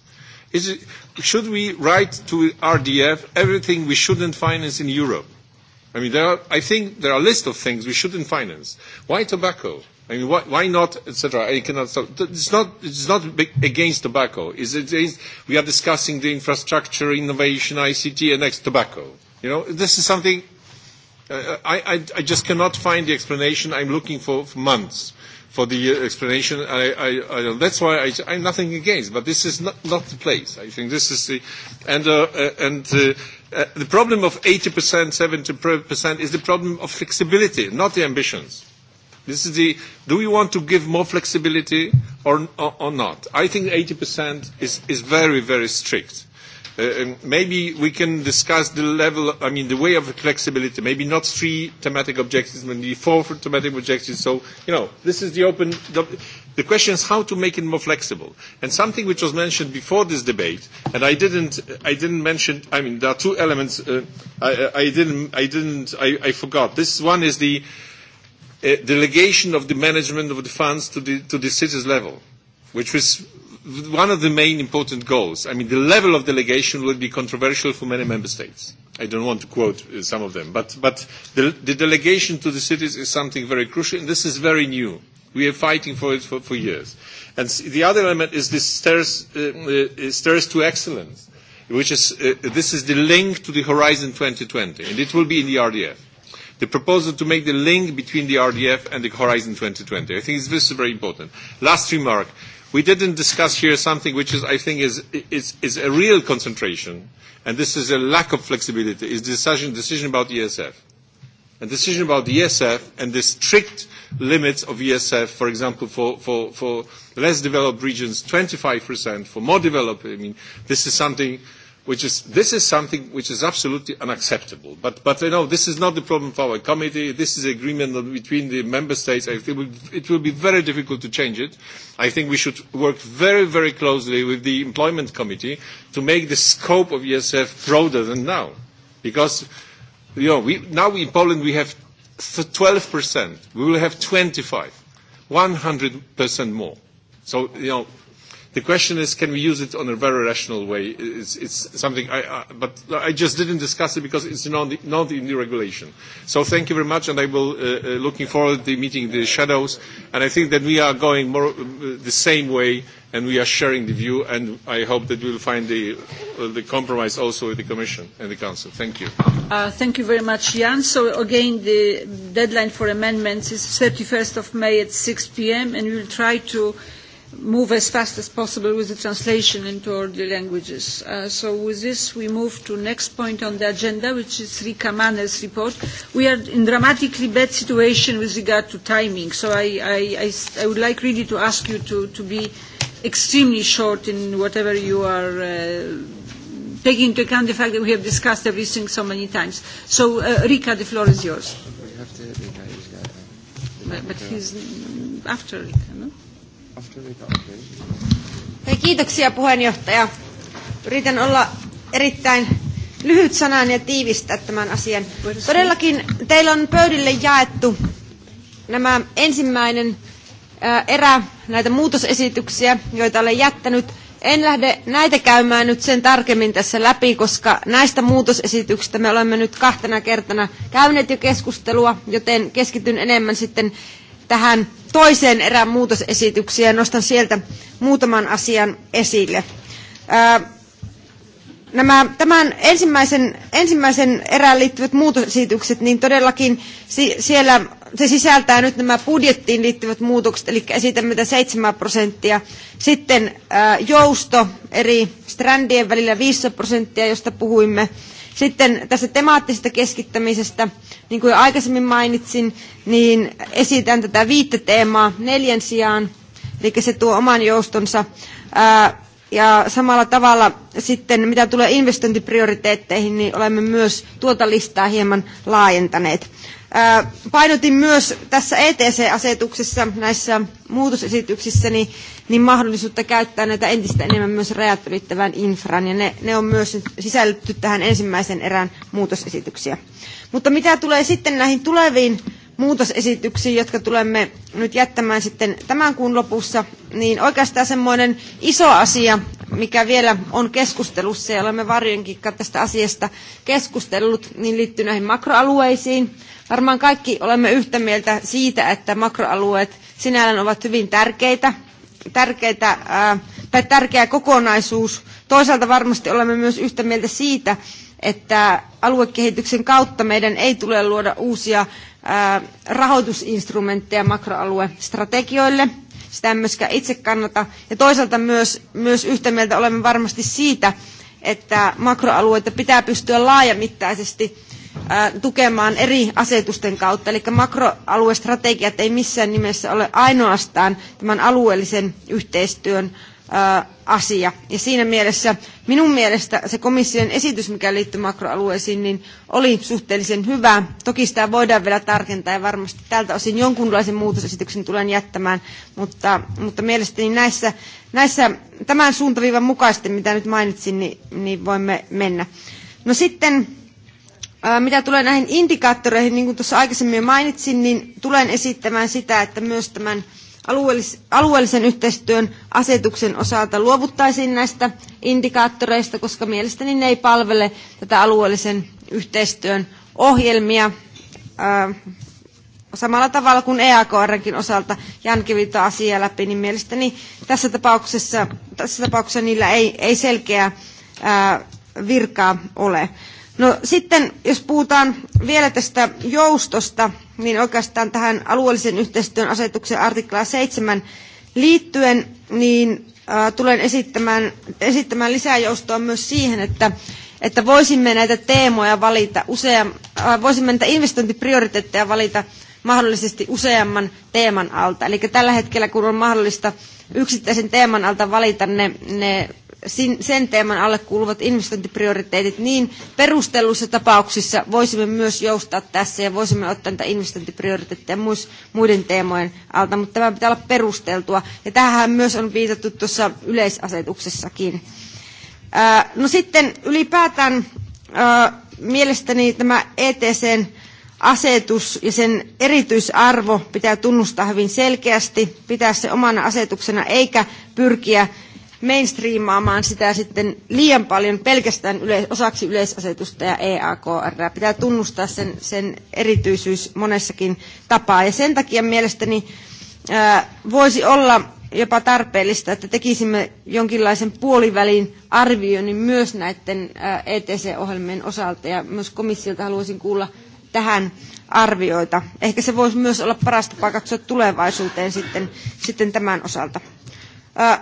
Is it, should we write to RDF everything we shouldn't finance in Europe? I mean, there are, I think there are a list of things we shouldn't finance. Why tobacco? I mean, why, why not, etc. I cannot stop. It's not, it's not against tobacco. It's against, we are discussing the infrastructure, innovation, ICT, and next tobacco. You know, this is something uh, I, I, I just cannot find the explanation. I'm looking for, for months for the uh, explanation. I, I, I, that's why I, I'm nothing against, but this is not, not the place. I think this is the, and, uh, uh, and uh, uh, the problem of 80%, 70% is the problem of flexibility, not the ambitions. This is the, do you want to give more flexibility or, or, or not? I think 80% is, is very, very strict. Uh, maybe we can discuss the level, I mean, the way of flexibility, maybe not three thematic objectives, maybe four thematic objectives. So, you know, this is the open, the, the question is how to make it more flexible. And something which was mentioned before this debate, and I didn't, I didn't mention, I mean, there are two elements, uh, I, I didn't, I didn't, I, I forgot. This one is the, uh, uh, delegation of the management of the funds to the, to the cities level, which was one of the main important goals. I mean, the level of delegation will be controversial for many member states. I don't want to quote uh, some of them, but, but the, the delegation to the cities is something very crucial, and this is very new. We are fighting for it for, for years. And the other element is this stairs, uh, uh, uh, stairs to excellence, which is, uh, this is the link to the Horizon 2020, and it will be in the RDF the proposal to make the link between the RDF and the Horizon 2020. I think this is very important. Last remark. We didn't discuss here something which is, I think is, is, is a real concentration, and this is a lack of flexibility, is decision, decision about ESF. E a decision about the ESF and the strict limits of ESF, for example, for, for, for less developed regions, 25%, for more developed, I mean, this is something which is, this is something which is absolutely unacceptable. But, but you know, this is not the problem for our committee. This is agreement between the member states. I think it will, be very difficult to change it. I think we should work very, very closely with the employment committee to make the scope of ESF broader than now. Because, you know, we, now in Poland we have 12%. percent. We will have 25, 100% percent more. So, you know, The question is, can we use it on a very rational way? It's, it's something I, I, but I just didn't discuss it because it's not, the, not in the regulation. So thank you very much, and I will uh, uh, looking forward to meeting the shadows. And I think that we are going more uh, the same way, and we are sharing the view. And I hope that we will find the, uh, the compromise also with the Commission and the Council. Thank you. Uh, thank you very much, Jan. So again, the deadline for amendments is 31st of May at 6 p.m., and we will try to move as fast as possible with the translation into all the languages. Uh, so with this, we move to next point on the agenda, which is Rika Manel's report. We are in dramatically bad situation with regard to timing, so I, I, I, I would like really to ask you to, to be extremely short in whatever you are uh, taking into account the fact that we have discussed everything so many times. So, uh, Rika, the floor is yours. but, uh, but he's after Rika, no? Kiitoksia puheenjohtaja. Yritän olla erittäin lyhyt sanan ja tiivistää tämän asian. Todellakin teillä on pöydille jaettu nämä ensimmäinen äh, erä näitä muutosesityksiä, joita olen jättänyt. En lähde näitä käymään nyt sen tarkemmin tässä läpi, koska näistä muutosesityksistä me olemme nyt kahtena kertana käyneet jo keskustelua, joten keskityn enemmän sitten tähän toiseen erään muutosesityksiä ja nostan sieltä muutaman asian esille. nämä, tämän ensimmäisen, ensimmäisen erään liittyvät muutosesitykset, niin todellakin si, siellä se sisältää nyt nämä budjettiin liittyvät muutokset, eli esitämme tätä 7 prosenttia. Sitten ää, jousto eri strändien välillä 5 prosenttia, josta puhuimme Sitten tästä temaattisesta keskittämisestä, niin kuin aikaisemmin mainitsin, niin esitän tätä viittä teemaa neljän sijaan, eli se tuo oman joustonsa. ja samalla tavalla sitten, mitä tulee investointiprioriteetteihin, niin olemme myös tuota listaa hieman laajentaneet painotin myös tässä ETC-asetuksessa näissä muutosesityksissä niin, niin mahdollisuutta käyttää näitä entistä enemmän myös rajat ylittävään infraan, ja ne, ne on myös sisällytty tähän ensimmäisen erään muutosesityksiä. Mutta mitä tulee sitten näihin tuleviin muutosesityksiin, jotka tulemme nyt jättämään sitten tämän kuun lopussa, niin oikeastaan semmoinen iso asia, mikä vielä on keskustelussa ja olemme varjonkin tästä asiasta keskustellut, niin liittyy näihin makroalueisiin. Varmaan kaikki olemme yhtä mieltä siitä, että makroalueet sinällään ovat hyvin tärkeitä, tärkeitä ää, tai tärkeä kokonaisuus. Toisaalta varmasti olemme myös yhtä mieltä siitä, että aluekehityksen kautta meidän ei tule luoda uusia ää, rahoitusinstrumentteja makroaluestrategioille. Sitä en myöskään itse kannata. Ja toisaalta myös, myös yhtä mieltä olemme varmasti siitä, että makroalueita pitää pystyä laajamittaisesti tukemaan eri asetusten kautta. Eli makroaluestrategiat ei missään nimessä ole ainoastaan tämän alueellisen yhteistyön asia. Ja siinä mielessä minun mielestä se komission esitys, mikä liittyy makroalueisiin, niin oli suhteellisen hyvä. Toki sitä voidaan vielä tarkentaa ja varmasti tältä osin jonkunlaisen muutosesityksen tulen jättämään, mutta, mutta mielestäni näissä, näissä tämän suuntaviivan mukaisesti, mitä nyt mainitsin, niin, niin voimme mennä. No sitten Mitä tulee näihin indikaattoreihin, niin kuin tuossa aikaisemmin jo mainitsin, niin tulen esittämään sitä, että myös tämän alueellisen yhteistyön asetuksen osalta luovuttaisiin näistä indikaattoreista, koska mielestäni ne ei palvele tätä alueellisen yhteistyön ohjelmia. samalla tavalla kuin EAKRnkin osalta Jan Kiviltä asiaa läpi, niin mielestäni tässä tapauksessa, tässä tapauksessa niillä ei, ei selkeää virkaa ole. No sitten, jos puhutaan vielä tästä joustosta, niin oikeastaan tähän alueellisen yhteistyön asetuksen artiklaa 7 liittyen, niin äh, tulen esittämään, esittämään lisää joustoa myös siihen, että, että voisimme näitä teemoja valita useam, äh, voisimme näitä investointiprioriteetteja valita mahdollisesti useamman teeman alta. Eli tällä hetkellä, kun on mahdollista yksittäisen teeman alta valita ne, ne sen teeman alle kuuluvat investointiprioriteetit, niin perustelluissa tapauksissa voisimme myös joustaa tässä ja voisimme ottaa niitä investointiprioriteetteja myös muiden teemojen alta, mutta tämä pitää olla perusteltua. Ja tähän myös on viitattu tuossa yleisasetuksessakin. No sitten ylipäätään mielestäni tämä ETCn asetus ja sen erityisarvo pitää tunnustaa hyvin selkeästi, pitää se omana asetuksena eikä pyrkiä mainstreamaamaan sitä sitten liian paljon pelkästään yle, osaksi yleisasetusta ja EAKR. Pitää tunnustaa sen, sen erityisyys monessakin tapaa. Ja sen takia mielestäni ää, voisi olla jopa tarpeellista, että tekisimme jonkinlaisen puolivälin arvioinnin myös näiden ETC-ohjelmien osalta ja myös komissiolta haluaisin kuulla tähän arvioita. Ehkä se voisi myös olla paras tapa katsoa tulevaisuuteen sitten, sitten tämän osalta.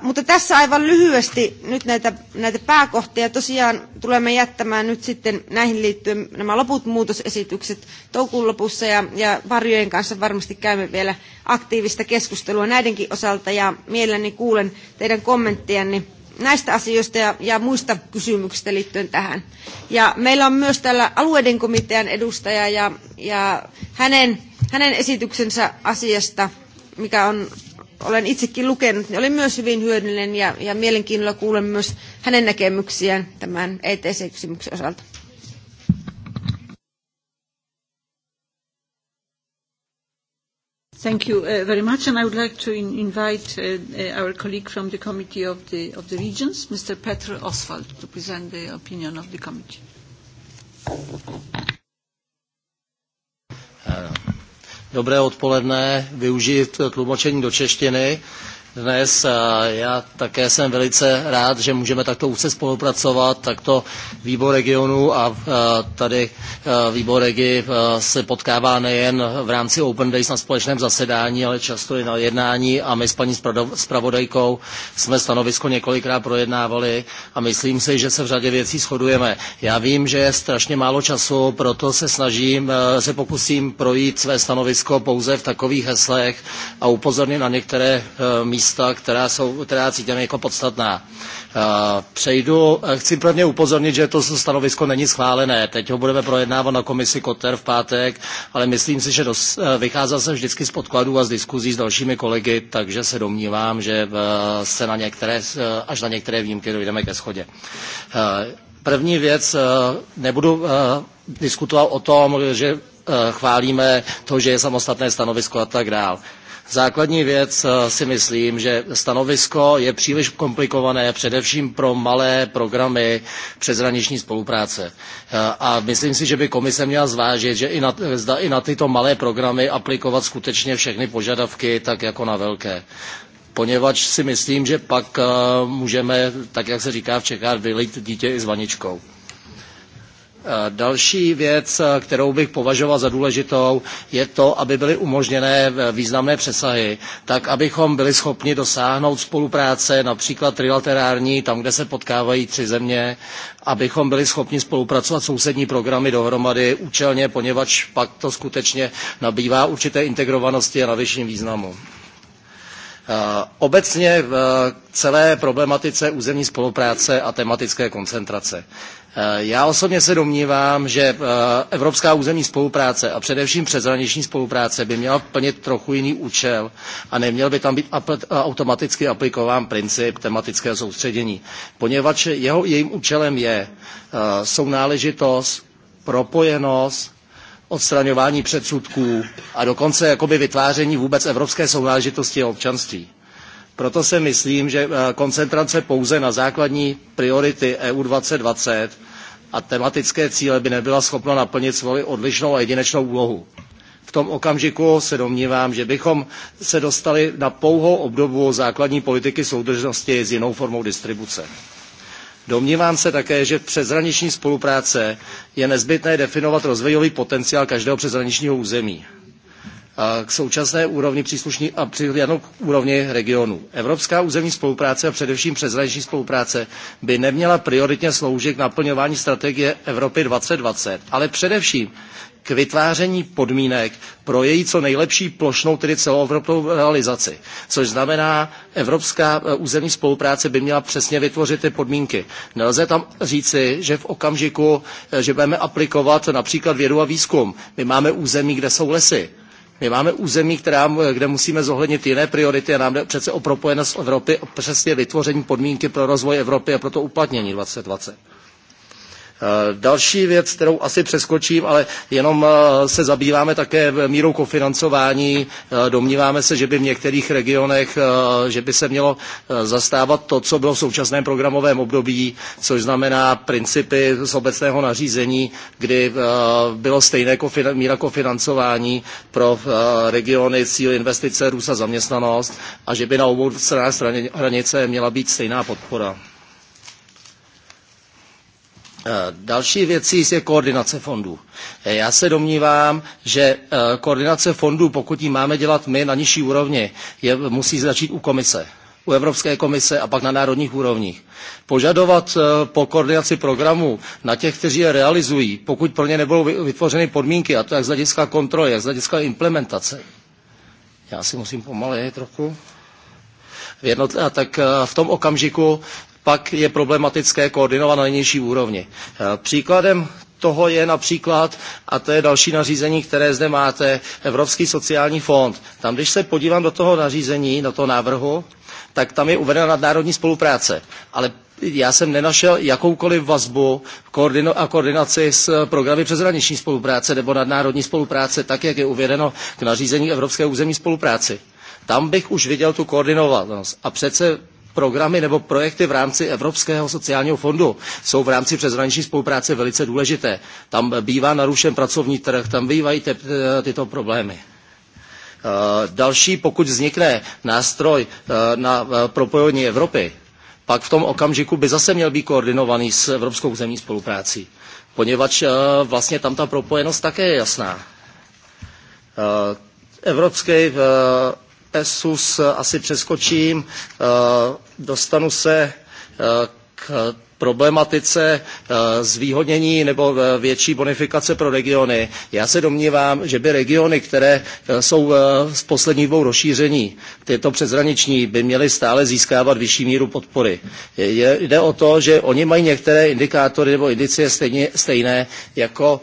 Mutta tässä aivan lyhyesti nyt näitä, näitä pääkohtia. Tosiaan tulemme jättämään nyt sitten näihin liittyen nämä loput muutosesitykset toukokuun lopussa ja, ja varjojen kanssa varmasti käymme vielä aktiivista keskustelua näidenkin osalta ja mielelläni kuulen teidän kommenttianne näistä asioista ja, ja muista kysymyksistä liittyen tähän. Ja meillä on myös täällä alueiden komitean edustaja ja, ja hänen, hänen esityksensä asiasta, mikä on olen itsekin lukenut, niin oli myös hyvin hyödyllinen ja, ja mielenkiinnolla kuulen myös hänen näkemyksiään tämän ETC-kysymyksen osalta. Thank you uh, very much, and I would like to in invite uh, uh our colleague from the Committee of the, of the Regions, Mr. Petr Oswald, to present the opinion of the committee. Uh, Dobré odpoledne, využít tlumočení do češtiny dnes. Já také jsem velice rád, že můžeme takto úzce spolupracovat, takto výbor regionu a tady výbor regi se potkává nejen v rámci Open Days na společném zasedání, ale často i na jednání a my s paní spravodajkou jsme stanovisko několikrát projednávali a myslím si, že se v řadě věcí shodujeme. Já vím, že je strašně málo času, proto se snažím, se pokusím projít své stanovisko pouze v takových heslech a upozornit na některé místa, místa, která, jsou, která cítím jako podstatná. Eh, přejdu, eh, chci prvně upozornit, že to stanovisko není schválené. Teď ho budeme projednávat na komisi Koter v pátek, ale myslím si, že eh, vycházel jsem vždycky z podkladů a z diskuzí s dalšími kolegy, takže se domnívám, že se na některé, až na některé výjimky dojdeme ke schodě. První věc, nebudu diskutovat o tom, že chválíme to, že je samostatné stanovisko a tak dál. Základní věc eh, si myslím, že stanovisko je příliš komplikované především pro malé programy přeshraniční spolupráce. Eh, a myslím si, že by komise měla zvážit, že i na, zda i na tyto malé programy aplikovat skutečně všechny požadavky, tak jako na velké poněvadž si myslím, že pak eh, můžeme, tak jak se říká v Čechách, vylít dítě i s vaničkou. Další věc, eh, kterou bych považoval za důležitou, je to, aby byly umožněné eh, významné přesahy, tak abychom byli schopni dosáhnout spolupráce, například trilaterární, tam, kde se potkávají tři země, abychom byli schopni spolupracovat sousední programy dohromady účelně, poněvadž pak to skutečně nabývá určité integrovanosti a na vyšším významu. Eh, obecně v celé problematice územní spolupráce a tematické koncentrace. Eh, já osobně se domnívám, že eh, evropská územní spolupráce a především přeshraniční spolupráce by měla plnit trochu jiný účel a neměl by tam být eh, automaticky aplikován princip tematického soustředění, poněvadž jeho, jejím účelem je sounáležitost, propojenost, odstraňování předsudků a dokonce jakoby vytváření vůbec evropské sounáležitosti a občanství. Proto si myslím, že koncentrace pouze na základní priority EU 2020 a tematické cíle by nebyla schopna naplnit svoji odlišnou a jedinečnou úlohu. V tom okamžiku se domnívám, že bychom se dostali na pouhou obdobu základní politiky soudržnosti s jinou formou distribuce. Domnívám se také, že v přeshraniční spolupráce je nezbytné definovat rozvojový potenciál každého přeshraničního území k současné úrovni příslušní a přihlédnout k úrovni regionu. Evropská územní spolupráce a především přeshraniční spolupráce by neměla prioritně sloužit k naplňování strategie Evropy 2020, ale především k vytváření podmínek pro její co nejlepší plošnou, tedy celoevropskou realizaci. Což znamená, evropská e, územní spolupráce by měla přesně vytvořit ty podmínky. Nelze tam říci, že v okamžiku, e, že budeme aplikovat například vědu a výzkum, my máme území, kde jsou lesy My máme území, která, kde musíme zohlednit jiné priority a nám jde přece o propojenost Evropy, o přesně vytvoření podmínky pro rozvoj Evropy a pro to uplatnění 2020. Eh, další věc, kterou asi přeskočím, ale jenom eh, se zabýváme také mírou kofinancování. Eh, domníváme se, že by v některých regionech, že by se mělo zastávat to, co bylo v současném programovém období, což znamená principy z obecného nařízení, kdy bylo stejné míra kofinancování pro regiony cíl investice, růst a zaměstnanost a že by na obou stranách hranice měla být stejná podpora. Eh, další věcí je koordinace fondů. Eh, já se domnívám, že eh, koordinace fondů, pokud ji máme dělat my na nižší úrovni, je, musí začít u komise u Evropské komise a pak na národních úrovních. Požadovat po koordinaci programů na těch, kteří je realizují, pokud pro ně nebudou vytvořeny podmínky, a to jak z hlediska kontroly, jak z hlediska implementace. Já si musím pomalej trochu. Jednotl- a tak v tom okamžiku pak je problematické koordinovat na nejnižší úrovni. E, příkladem toho je například, a to je další nařízení, které zde máte, Evropský sociální fond. Tam, když se podívám do toho nařízení, do toho návrhu, tak tam je uvedena nadnárodní spolupráce. Ale já jsem nenašel jakoukoliv vazbu a koordinaci s programy přeshraniční spolupráce nebo nadnárodní spolupráce, tak jak je uvedeno k nařízení Evropské územní spolupráci. Tam bych už viděl tu koordinovanost. A přece programy nebo projekty v rámci Evropského sociálního fondu jsou v rámci přeshraniční spolupráce velice důležité. Tam bývá narušen pracovní trh, tam bývají te, eh, tyto problémy. Eh, další, pokud vznikne nástroj eh, na propojení Evropy, pak v tom okamžiku by zase měl být koordinovaný s Evropskou zemí spoluprácí, poněvadž vlastně tam ta propojenost také je jasná. Evropský ESUS eh, asi přeskočím, eh, dostanu se eh, k problematice zvýhodnění nebo větší bonifikace pro regiony. Já se domnívám, že by regiony, které jsou z poslední dvou rozšíření, tyto přezraniční, by měly stále získávat vyšší míru podpory. jde o to, že oni mají některé indikátory nebo indicie stejně, stejné jako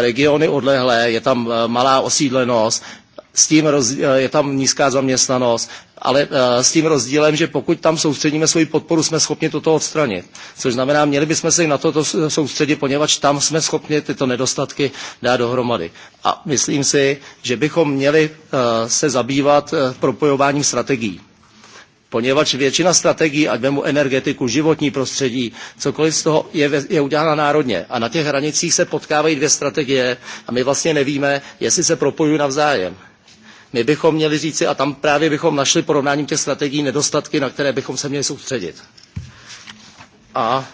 regiony odlehlé. Je tam malá osídlenost, s tím eh, je tam nízká zaměstnanost, ale eh, s tím rozdílem, že pokud tam soustředíme svoji podporu, jsme schopni toto odstranit. Což znamená, měli bychom se i na toto soustředit, poněvadž tam jsme schopni tyto nedostatky dát dohromady. A myslím si, že bychom měli eh, se zabývat propojováním strategií poněvadž většina strategií, ať vemu energetiku, životní prostředí, cokoliv z toho je, je udělána národně. A na těch hranicích se potkávají dvě strategie a my vlastně nevíme, jestli se propojují navzájem. My bychom měli říci, a tam právě bychom našli porovnáním těch strategií nedostatky, na které bychom se měli soustředit. A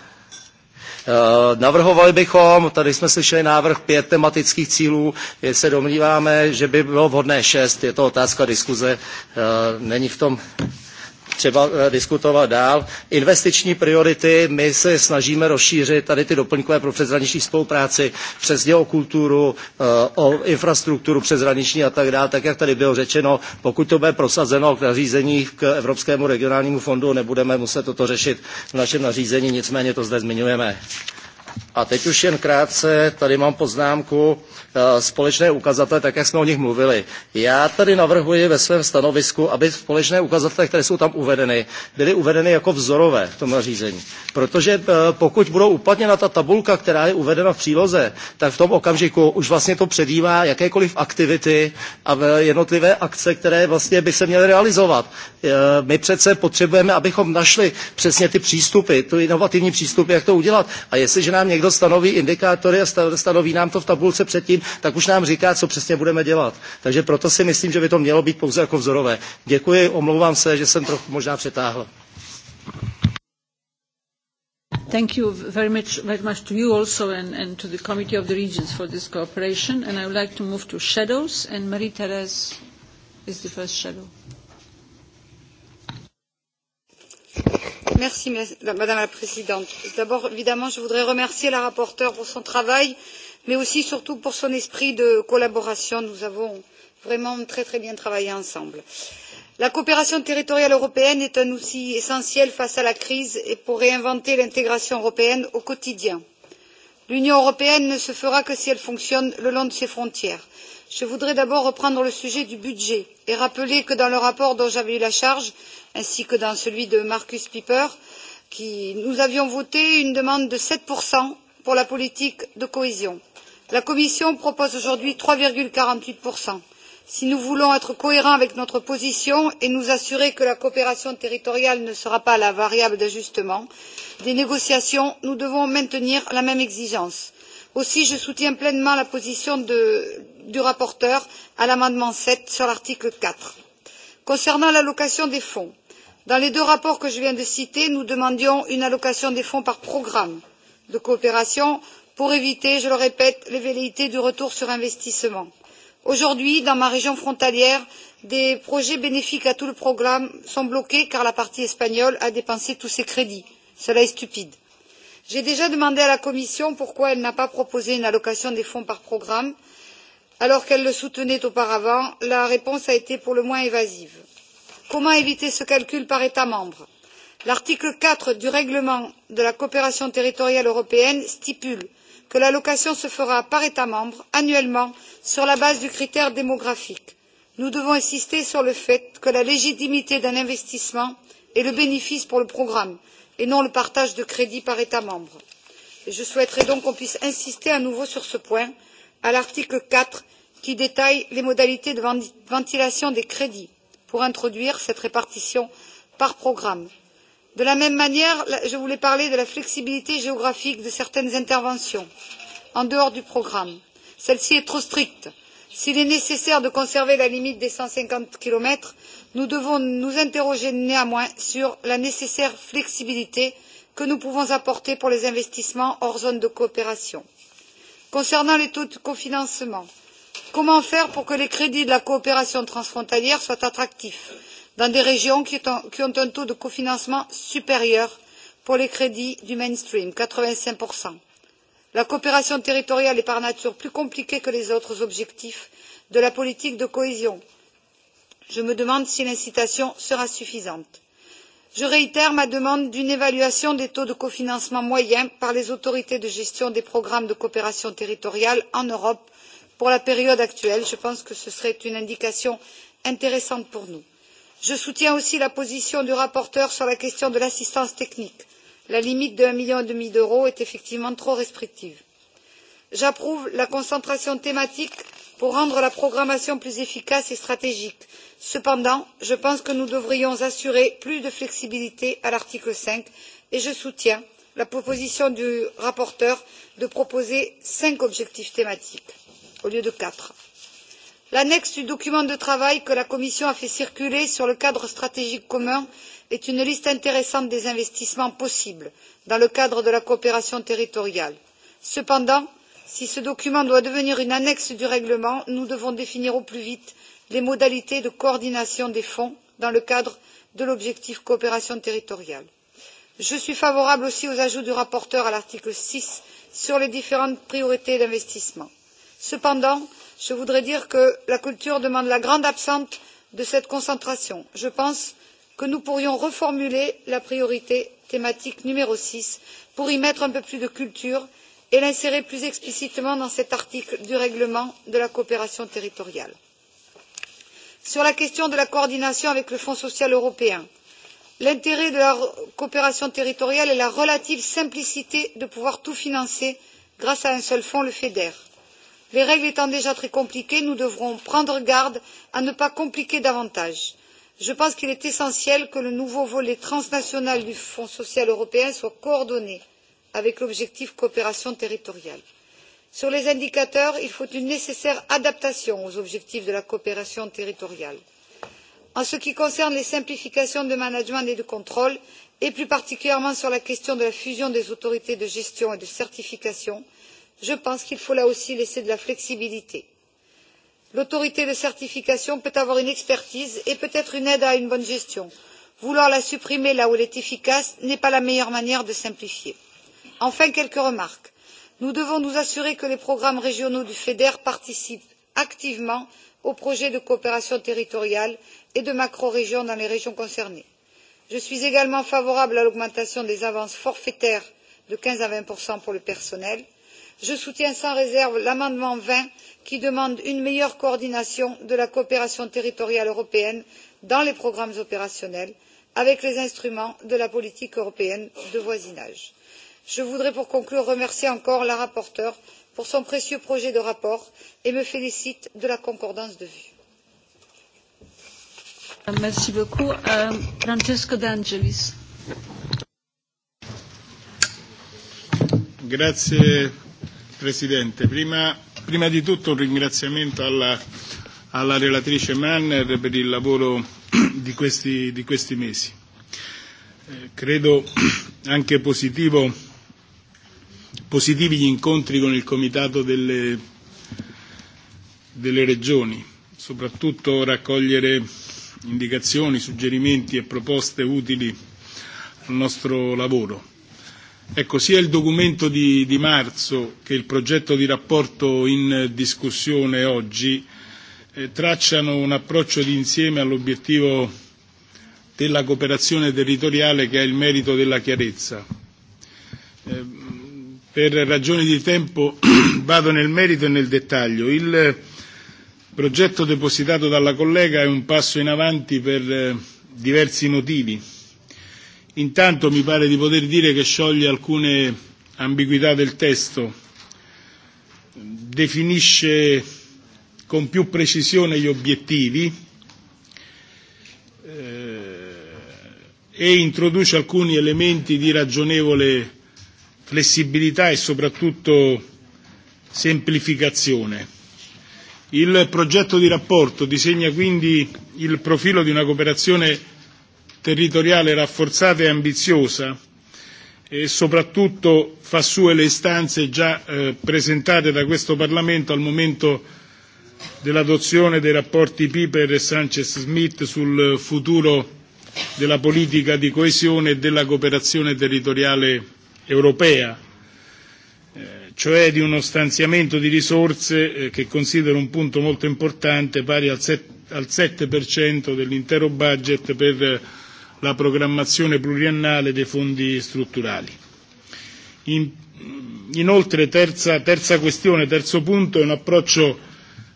e, Navrhovali bychom, tady jsme slyšeli návrh pět tematických cílů, se domníváme, že by bylo vhodné šest, je to otázka diskuze, e, není v tom třeba eh, diskutovat dál. Investiční priority, my se snažíme rozšířit tady ty doplňkové pro přeshraniční spolupráci přes geokulturu, eh, o infrastrukturu přeshraniční a tak dále, tak jak tady bylo řečeno, pokud to bude prosazeno k nařízení k Evropskému regionálnímu fondu, nebudeme muset toto řešit v našem nařízení, nicméně to zde zmiňujeme. A teď už jen krátce, tady mám poznámku, eh, společné ukazatele, tak jak jsme o nich mluvili. Já tady navrhuji ve svém stanovisku, aby společné ukazatele, které jsou tam uvedeny, byly uvedeny jako vzorové v tom nařízení. Protože eh, pokud budou uplatněna ta tabulka, která je uvedena v příloze, tak v tom okamžiku už vlastně to předjímá jakékoliv aktivity a jednotlivé akce, které vlastně by se měly realizovat. Eh, my přece potřebujeme, abychom našli přesně ty přístupy, tu inovativní přístupy, jak to udělat. A jestliže nám nám někdo stanoví indikátory a stanoví nám to v tabulce předtím, tak už nám říká, co přesně budeme dělat. Takže proto si myslím, že by to mělo být pouze jako vzorové. Děkuji, omlouvám se, že jsem trochu možná přetáhl. Thank you very much, very much to you also and, and to the Committee of the Regions for this cooperation. And I would like to move to shadows. And Marie-Thérèse is the first shadow madame la présidente d'abord évidemment je voudrais remercier la rapporteure pour son travail mais aussi et surtout pour son esprit de collaboration nous avons vraiment très très bien travaillé ensemble. la coopération territoriale européenne est un outil essentiel face à la crise et pour réinventer l'intégration européenne au quotidien. l'union européenne ne se fera que si elle fonctionne le long de ses frontières. je voudrais d'abord reprendre le sujet du budget et rappeler que dans le rapport dont j'avais eu la charge nous ainsi que dans celui de markus pieper qui nous avions voté une demande de sept pour la politique de cohésion. la commission propose aujourd'hui trois quarante huit si nous voulons être cohérents avec notre position et nous assurer que la coopération territoriale ne sera pas la variable d'ajustement des négociations nous devons maintenir la même exigence. aussi je soutiens pleinement la position de, du rapporteur à l'amendement sept sur l'article. quatre concernant l'allocation des fonds dans les deux rapports que je viens de citer nous demandions une allocation des fonds par programme de coopération pour éviter je le répète les velléités du retour sur investissement. aujourd'hui dans ma région frontalière des projets bénéfiques à tout le programme sont bloqués car la partie espagnole a dépensé tous ses crédits. cela est stupide. j'ai déjà demandé à la commission pourquoi elle n'a pas proposé une allocation des fonds par programme alors qu'elle le soutenait auparavant. la réponse a été pour le moins évasive comment éviter ce calcul par état membre? l'article quatre du règlement de la coopération territoriale européenne stipule que l'allocation se fera par état membre annuellement sur la base du critère démographique. nous devons insister sur le fait que la légitimité d'un investissement est le bénéfice pour le programme et non le partage de crédits par état membre. je souhaiterais donc qu'on puisse insister à nouveau sur ce point à l'article quatre qui détaille les modalités de ventilation des crédits pour introduire cette répartition par programme. de la même manière je voulais parler de la flexibilité géographique de certaines interventions en dehors du programme. celle ci est trop stricte. s'il est nécessaire de conserver la limite des cent cinquante km nous devons nous interroger néanmoins sur la nécessaire flexibilité que nous pouvons apporter pour les investissements hors zone de coopération. concernant les taux de cofinancement comment faire pour que les crédits de la coopération transfrontalière soient attractifs dans des régions qui ont un taux de cofinancement supérieur pour les crédits du mainstream quatre vingt cinq la coopération territoriale est par nature plus compliquée que les autres objectifs de la politique de cohésion. je me demande si l'incitation sera suffisante. je réitère ma demande d'une évaluation des taux de cofinancement moyens par les autorités de gestion des programmes de coopération territoriale en europe pour la période actuelle je pense que ce serait une indication intéressante pour nous. je soutiens aussi la position du rapporteur sur la question de l'assistance technique la limite d'un million et demi d'euros est effectivement trop restrictive. j'approuve la concentration thématique pour rendre la programmation plus efficace et stratégique. cependant je pense que nous devrions assurer plus de flexibilité à l'article cinq et je soutiens la proposition du rapporteur de proposer cinq objectifs thématiques au lieu de quatre. L'annexe du document de travail que la Commission a fait circuler sur le cadre stratégique commun est une liste intéressante des investissements possibles dans le cadre de la coopération territoriale. Cependant, si ce document doit devenir une annexe du règlement, nous devons définir au plus vite les modalités de coordination des fonds dans le cadre de l'objectif coopération territoriale. Je suis favorable aussi aux ajouts du rapporteur à l'article six sur les différentes priorités d'investissement cependant je voudrais dire que la culture demande la grande absente de cette concentration. je pense que nous pourrions reformuler la priorité thématique n six pour y mettre un peu plus de culture et l'insérer plus explicitement dans cet article du règlement de la coopération territoriale. sur la question de la coordination avec le fonds social européen l'intérêt de la coopération territoriale est la relative simplicité de pouvoir tout financer grâce à un seul fonds le feder les règles étant déjà très compliquées nous devrons prendre garde à ne pas compliquer davantage. je pense qu'il est essentiel que le nouveau volet transnational du fonds social européen soit coordonné avec l'objectif de coopération territoriale. sur les indicateurs il faut une nécessaire adaptation aux objectifs de la coopération territoriale. en ce qui concerne les simplifications de management et de contrôle et plus particulièrement sur la question de la fusion des autorités de gestion et de certification je pense qu'il faut là aussi laisser de la flexibilité. l'autorité de certification peut avoir une expertise et peut être une aide à une bonne gestion. vouloir la supprimer là où elle est efficace n'est pas la meilleure manière de simplifier. enfin quelques remarques. nous devons nous assurer que les programmes régionaux du feder participent activement aux projets de coopération territoriale et de macrorégions dans les régions concernées. je suis également favorable à l'augmentation des avances forfaitaires de quinze à vingt pour le personnel je soutiens sans réserve l'amendement vingt qui demande une meilleure coordination de la coopération territoriale européenne dans les programmes opérationnels avec les instruments de la politique européenne de voisinage. je voudrais pour conclure remercier encore la rapporteure pour son précieux projet de rapport et me félicite de la concordance de vues. Presidente. Prima, prima di tutto un ringraziamento alla, alla relatrice Manner per il lavoro di questi, di questi mesi. Eh, credo anche positivo, positivi gli incontri con il Comitato delle, delle Regioni, soprattutto raccogliere indicazioni, suggerimenti e proposte utili al nostro lavoro Ecco, sia il documento di, di marzo che il progetto di rapporto in discussione oggi eh, tracciano un approccio di insieme all'obiettivo della cooperazione territoriale che ha il merito della chiarezza. Eh, per ragioni di tempo vado nel merito e nel dettaglio. Il progetto depositato dalla collega è un passo in avanti per eh, diversi motivi Intanto mi pare di poter dire che scioglie alcune ambiguità del testo, definisce con più precisione gli obiettivi eh, e introduce alcuni elementi di ragionevole flessibilità e soprattutto semplificazione. Il progetto di rapporto disegna quindi il profilo di una cooperazione territoriale rafforzata e ambiziosa e soprattutto fa sue le istanze già eh, presentate da questo Parlamento al momento dell'adozione dei rapporti Piper e Sanchez-Smith sul futuro della politica di coesione e della cooperazione territoriale europea, eh, cioè di uno stanziamento di risorse eh, che considero un punto molto importante pari al 7% dell'intero budget per la programmazione pluriennale dei fondi strutturali. In, inoltre, terza, terza questione, terzo punto, è un approccio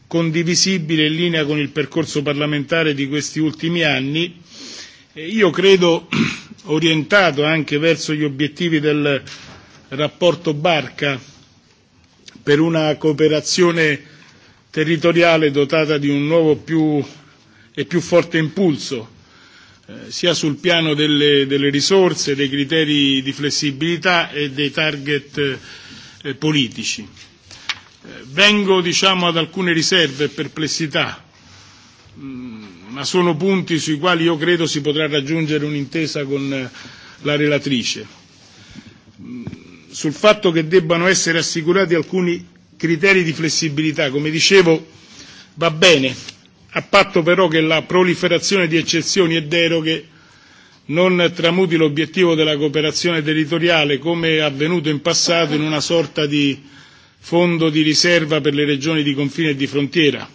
condivisibile in linea con il percorso parlamentare di questi ultimi anni. E io credo orientato anche verso gli obiettivi del rapporto Barca per una cooperazione territoriale dotata di un nuovo più, e più forte impulso Eh, sia sul piano delle, delle risorse, dei criteri di flessibilità e dei target eh, politici. Eh, Vengo diciamo, ad alcune riserve e perplessità, mh, mm, ma sono punti sui quali io credo si potrà raggiungere un'intesa con eh, la relatrice. Mh, mm, sul fatto che debbano essere assicurati alcuni criteri di flessibilità, come dicevo, va bene, a patto però che la proliferazione di eccezioni e deroghe non tramuti l'obiettivo della cooperazione territoriale, come è avvenuto in passato, in una sorta di fondo di riserva per le regioni di confine e di frontiera.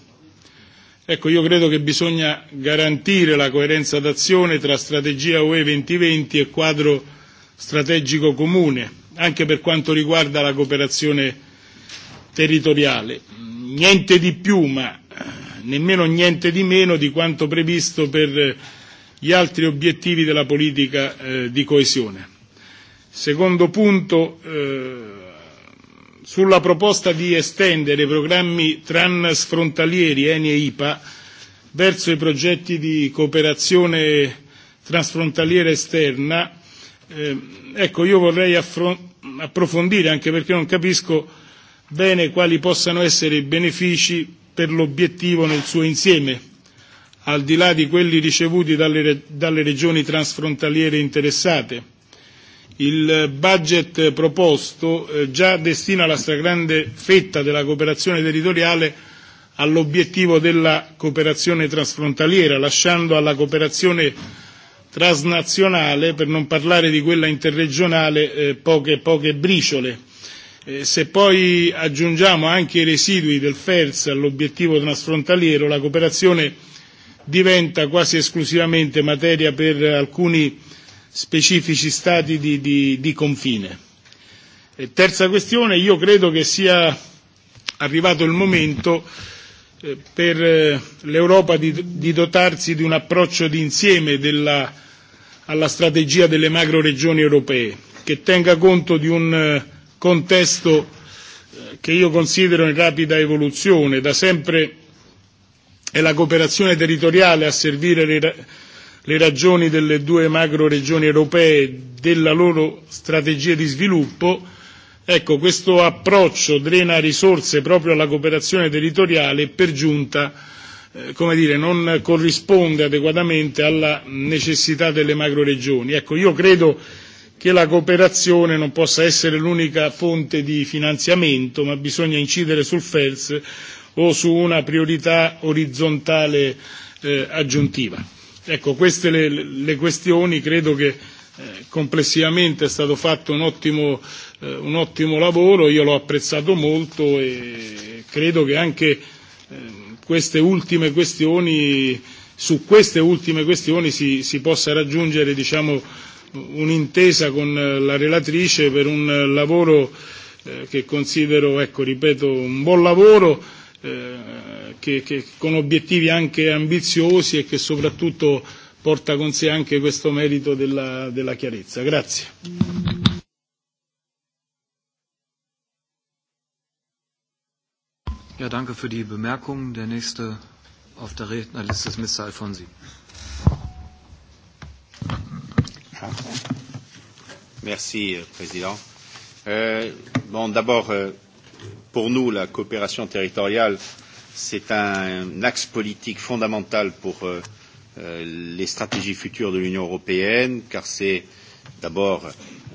Ecco, io credo che bisogna garantire la coerenza d'azione tra strategia UE 2020 e quadro strategico comune, anche per quanto riguarda la cooperazione territoriale. Niente di più, ma nemmeno niente di meno di quanto previsto per eh, gli altri obiettivi della politica eh, di coesione. Secondo punto, eh, sulla proposta di estendere i programmi transfrontalieri ENI e IPA verso i progetti di cooperazione transfrontaliera esterna, eh, ecco io vorrei approfondire anche perché non capisco bene quali possano essere i benefici per l'obiettivo nel suo insieme, al di là di quelli ricevuti dalle, dalle regioni transfrontaliere interessate. Il budget proposto eh, già destina la stragrande fetta della cooperazione territoriale all'obiettivo della cooperazione transfrontaliera, lasciando alla cooperazione transnazionale, per non parlare di quella interregionale, eh, poche, poche briciole. Eh, se poi aggiungiamo anche i residui del FERS all'obiettivo trasfrontaliero, la cooperazione diventa quasi esclusivamente materia per alcuni specifici stati di, di, di confine. E terza questione, io credo che sia arrivato il momento eh, per eh, l'Europa di, di dotarsi di un approccio d'insieme della, alla strategia delle macro regioni europee, che tenga conto di un eh, contesto eh, che io considero in rapida evoluzione. Da sempre è la cooperazione territoriale a servire le, le ragioni delle due macro regioni europee della loro strategia di sviluppo. Ecco, questo approccio drena risorse proprio alla cooperazione territoriale e per giunta eh, come dire, non corrisponde adeguatamente alla necessità delle macroregioni. Ecco, io credo che la cooperazione non possa essere l'unica fonte di finanziamento, ma bisogna incidere sul FELS o su una priorità orizzontale eh, aggiuntiva. Ecco, queste le, le questioni, credo che eh, complessivamente è stato fatto un ottimo, eh, un ottimo lavoro, io l'ho apprezzato molto e credo che anche eh, queste ultime questioni, su queste ultime questioni si, si possa raggiungere diciamo, eh, un'intesa con eh, la relatrice per un eh, lavoro eh, che considero, ecco, ripeto, un buon lavoro eh, che, che, con obiettivi anche ambiziosi e che soprattutto porta con sé anche questo merito della, della chiarezza. Grazie. Ja, danke für die Bemerkung. Der nächste auf der Rednerliste ist Mr. Alfonsi. Merci, euh, Président. Euh, bon, d'abord, euh, pour nous, la coopération territoriale, c'est un, axe politique fondamental pour euh, euh, les stratégies futures de l'Union européenne, car c'est d'abord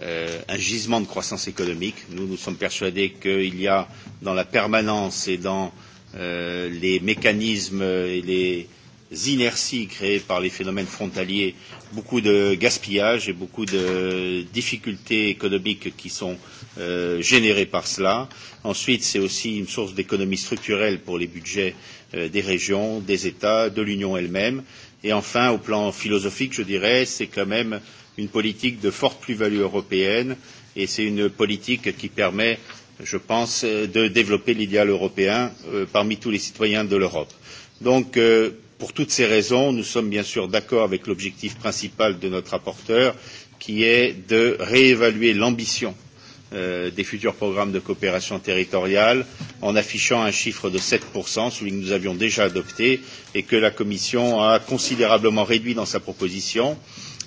euh, un gisement de croissance économique. Nous, nous sommes persuadés qu'il y a dans la permanence et dans euh, les mécanismes et les inerties créées par les phénomènes frontaliers, beaucoup de gaspillage et beaucoup de difficultés économiques qui sont euh, générées par cela. Ensuite, c'est aussi une source d'économie structurelle pour les budgets euh, des régions, des États, de l'Union elle-même. Et enfin, au plan philosophique, je dirais, c'est quand même une politique de forte plus-value européenne et c'est une politique qui permet, je pense, euh, de développer l'idéal européen euh, parmi tous les citoyens de l'Europe. Donc, euh, Pour toutes ces raisons, nous sommes bien sûr d'accord avec l'objectif principal de notre rapporteur, qui est de réévaluer l'ambition euh, des futurs programmes de coopération territoriale en affichant un chiffre de 7%, celui que nous avions déjà adopté et que la Commission a considérablement réduit dans sa proposition.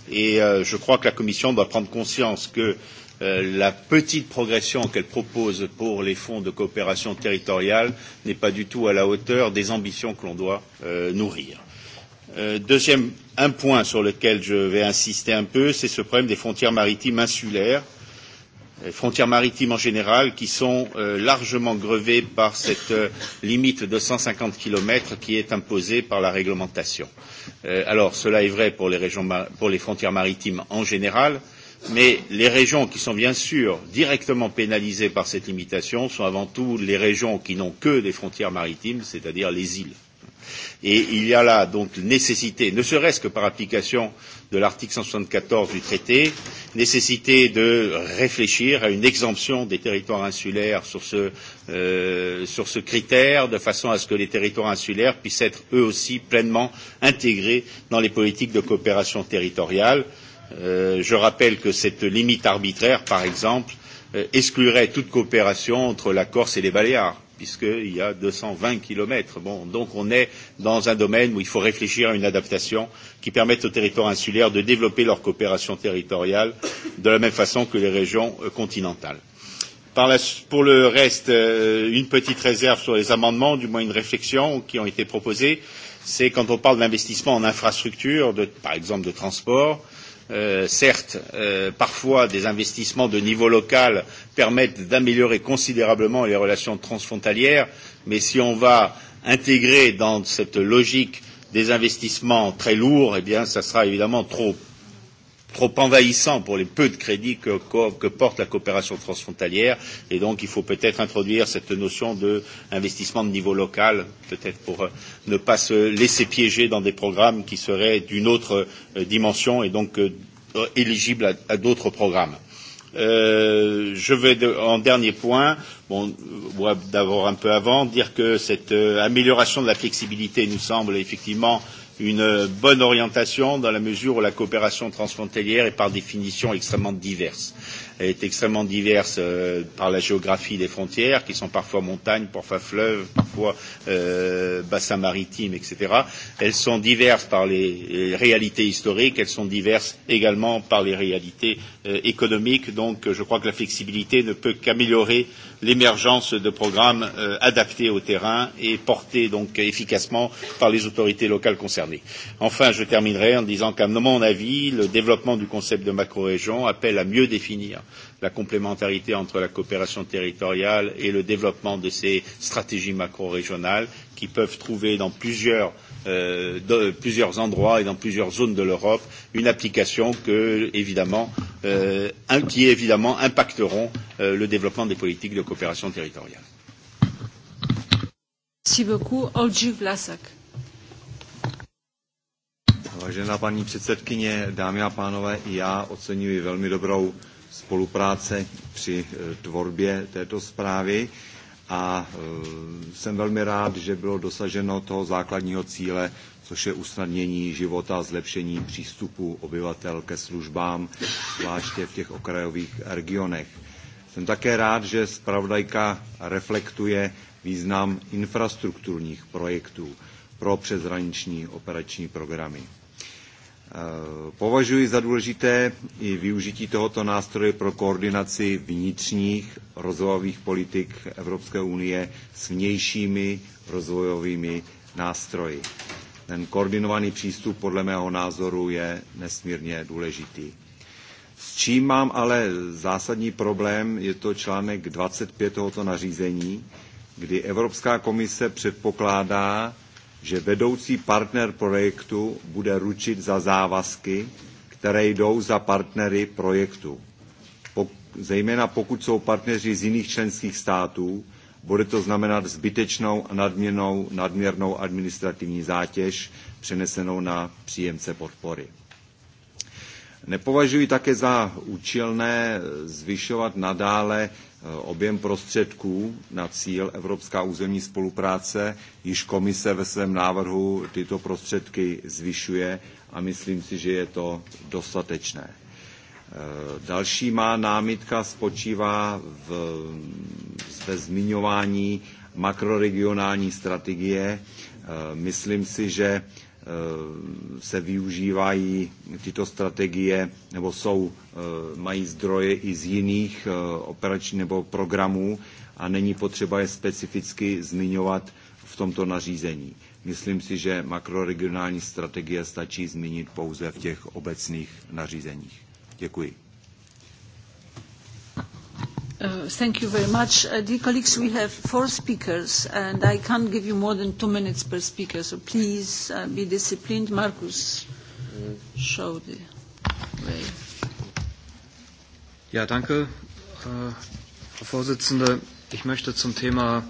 Et euh, je crois que la Commission doit prendre conscience que Euh, la petite progression qu'elle propose pour les fonds de coopération territoriale n'est pas du tout à la hauteur des ambitions que l'on doit euh, nourrir. Euh, deuxième, un point sur lequel je vais insister un peu, c'est ce problème des frontières maritimes insulaires, les euh, frontières maritimes en général, qui sont euh, largement grevées par cette euh, limite de 150 km qui est imposée par la réglementation. Euh, alors, cela est vrai pour les, régions, pour les frontières maritimes en général, euh, mais les régions qui sont bien sûr directement pénalisées par cette limitation sont avant tout les régions qui n'ont que des frontières maritimes, c'est-à-dire les îles. Et il y a là donc nécessité, ne serait-ce que par application de l'article 174 du traité, nécessité de réfléchir à une exemption des territoires insulaires sur ce, euh, sur ce critère, de façon à ce que les territoires insulaires puissent être eux aussi pleinement intégrés dans les politiques de coopération territoriale. Euh, Euh, je rappelle que cette limite arbitraire, par exemple, euh, exclurait toute coopération entre la Corse et les Baléares puisqu'il y a 220 kilomètres. Bon, donc on est dans un domaine où il faut réfléchir à une adaptation qui permette aux territoires insulaires de développer leur coopération territoriale de la même façon que les régions euh, continentales. Par la, pour le reste, une petite réserve sur les amendements, du moins une réflexion qui ont été proposées, c'est quand on parle d'investissement en infrastructure, de, par exemple de transport, Euh, certes, euh, parfois des investissements de niveau local permettent d'améliorer considérablement les relations transfrontalières, mais si on va intégrer dans cette logique des investissements très lourds, eh bien, ça sera évidemment trop trop envahissant pour les peu de crédits que, que porte la coopération transfrontalière. Et donc, il faut peut-être introduire cette notion d'investissement de, de niveau local, peut-être pour euh, ne pas se laisser piéger dans des programmes qui seraient d'une autre euh, dimension et donc euh, éligibles à, à d'autres programmes. Euh, je vais de, en dernier point, bon, euh, d'abord un peu avant, dire que cette euh, amélioration de la flexibilité nous semble effectivement euh, une bonne orientation dans la mesure où la coopération transfrontalière est par définition extrêmement diverse. Elle est extrêmement diverse euh, par la géographie des frontières, qui sont parfois montagnes, parfois fleuves, parfois euh, bassins maritimes, etc. Elles sont diverses par les, les réalités historiques, elles sont diverses également par les réalités Euh, économique. Donc je crois que la flexibilité ne peut qu'améliorer l'émergence de programmes euh, adaptés au terrain et portés donc efficacement par les autorités locales concernées. Enfin, je terminerai en disant qu'à mon avis, le développement du concept de macro-région appelle à mieux définir la complémentarité entre la coopération territoriale et le développement de ces stratégies macro-régionales qui peuvent trouver dans plusieurs, euh, de, plusieurs endroits et dans plusieurs zones de l'Europe une application que, évidemment, euh, un, qui évidemment impacteront euh, le développement des politiques de coopération territoriale. Merci beaucoup. Olgi Vlasak. Vážená paní předsedkyně, dámy a pánové, já oceňuji velmi dobrou spolupráce při eh, tvorbě této zprávy a eh, jsem velmi rád, že bylo dosaženo toho základního cíle, což je usnadnění života, zlepšení přístupu obyvatel ke službám, zvláště v těch okrajových regionech. Jsem také rád, že zpravodajka reflektuje význam infrastrukturních projektů pro přeshraniční operační programy. Eh, považuji za důležité i využití tohoto nástroje pro koordinaci vnitřních rozvojových politik Evropské unie s vnějšími rozvojovými nástroji. Ten koordinovaný přístup podle mého názoru je nesmírně důležitý. S čím mám ale zásadní problém, je to článek 25 tohoto nařízení, kdy Evropská komise předpokládá, že vedoucí partner projektu bude ručit za závazky, které jdou za partnery projektu. Pok, zejména pokud jsou partneři z jiných členských států, bude to znamenat zbytečnou a nadměrnou, nadměrnou administrativní zátěž přenesenou na příjemce podpory. Nepovažuji také za účelné zvyšovat nadále Eh, objem prostředků na cíl Evropská územní spolupráce již komise ve svém návrhu tyto prostředky zvyšuje a myslím si, že je to dostatečné. Eh, další má námitka spočívá v, ve zmiňování makroregionální strategie. Eh, myslím si, že se využívají tyto strategie nebo jsou, e, mají zdroje i z jiných e, operačních nebo programů a není potřeba je specificky zmiňovat v tomto nařízení. Myslím si, že makroregionální strategie stačí zmínit pouze v těch obecných nařízeních. Děkuji. Uh, thank you very much. Uh, dear colleagues, we have four speakers, and I can't give you more than two minutes per speaker, so please uh, be disciplined. Markus, show the way. Ja, danke, äh, Frau Vorsitzende. Ich möchte zum Thema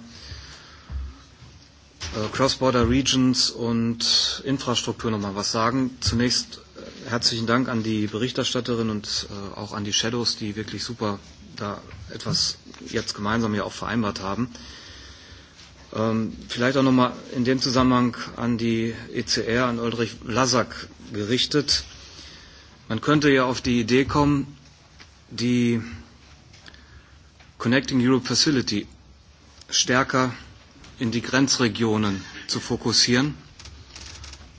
äh, Cross-Border Regions und Infrastruktur noch mal was sagen. Zunächst herzlichen Dank an die Berichterstatterin und äh, auch an die Shadows, die wirklich super da etwas jetzt gemeinsam ja auch vereinbart haben. Ähm, vielleicht auch nochmal in dem Zusammenhang an die ECR, an Ulrich Lasak gerichtet. Man könnte ja auf die Idee kommen, die Connecting Europe Facility stärker in die Grenzregionen zu fokussieren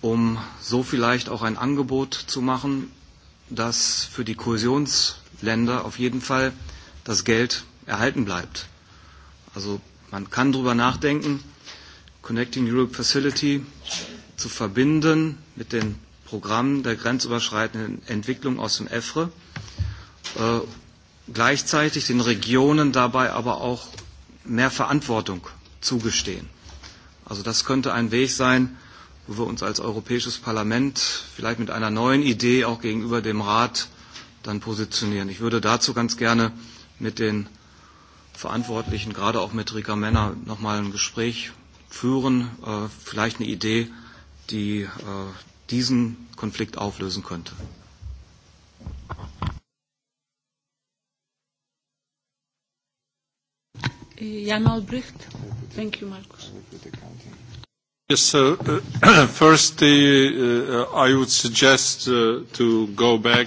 um so vielleicht auch ein Angebot zu machen, dass für die Kohäsionsländer auf jeden Fall das Geld erhalten bleibt. Also man kann darüber nachdenken, Connecting Europe Facility zu verbinden mit den Programmen der grenzüberschreitenden Entwicklung aus dem EFRE, äh, gleichzeitig den Regionen dabei aber auch mehr Verantwortung zugestehen. Also das könnte ein Weg sein, wo wir uns als Europäisches Parlament vielleicht mit einer neuen Idee auch gegenüber dem Rat dann positionieren. Ich würde dazu ganz gerne mit den Verantwortlichen, gerade auch mit Rika Männer, nochmal ein Gespräch führen, äh, vielleicht eine Idee, die äh, diesen Konflikt auflösen könnte. Jan Albrecht. Thank you, Markus. Yes, so uh, first, uh, I would suggest uh, to go back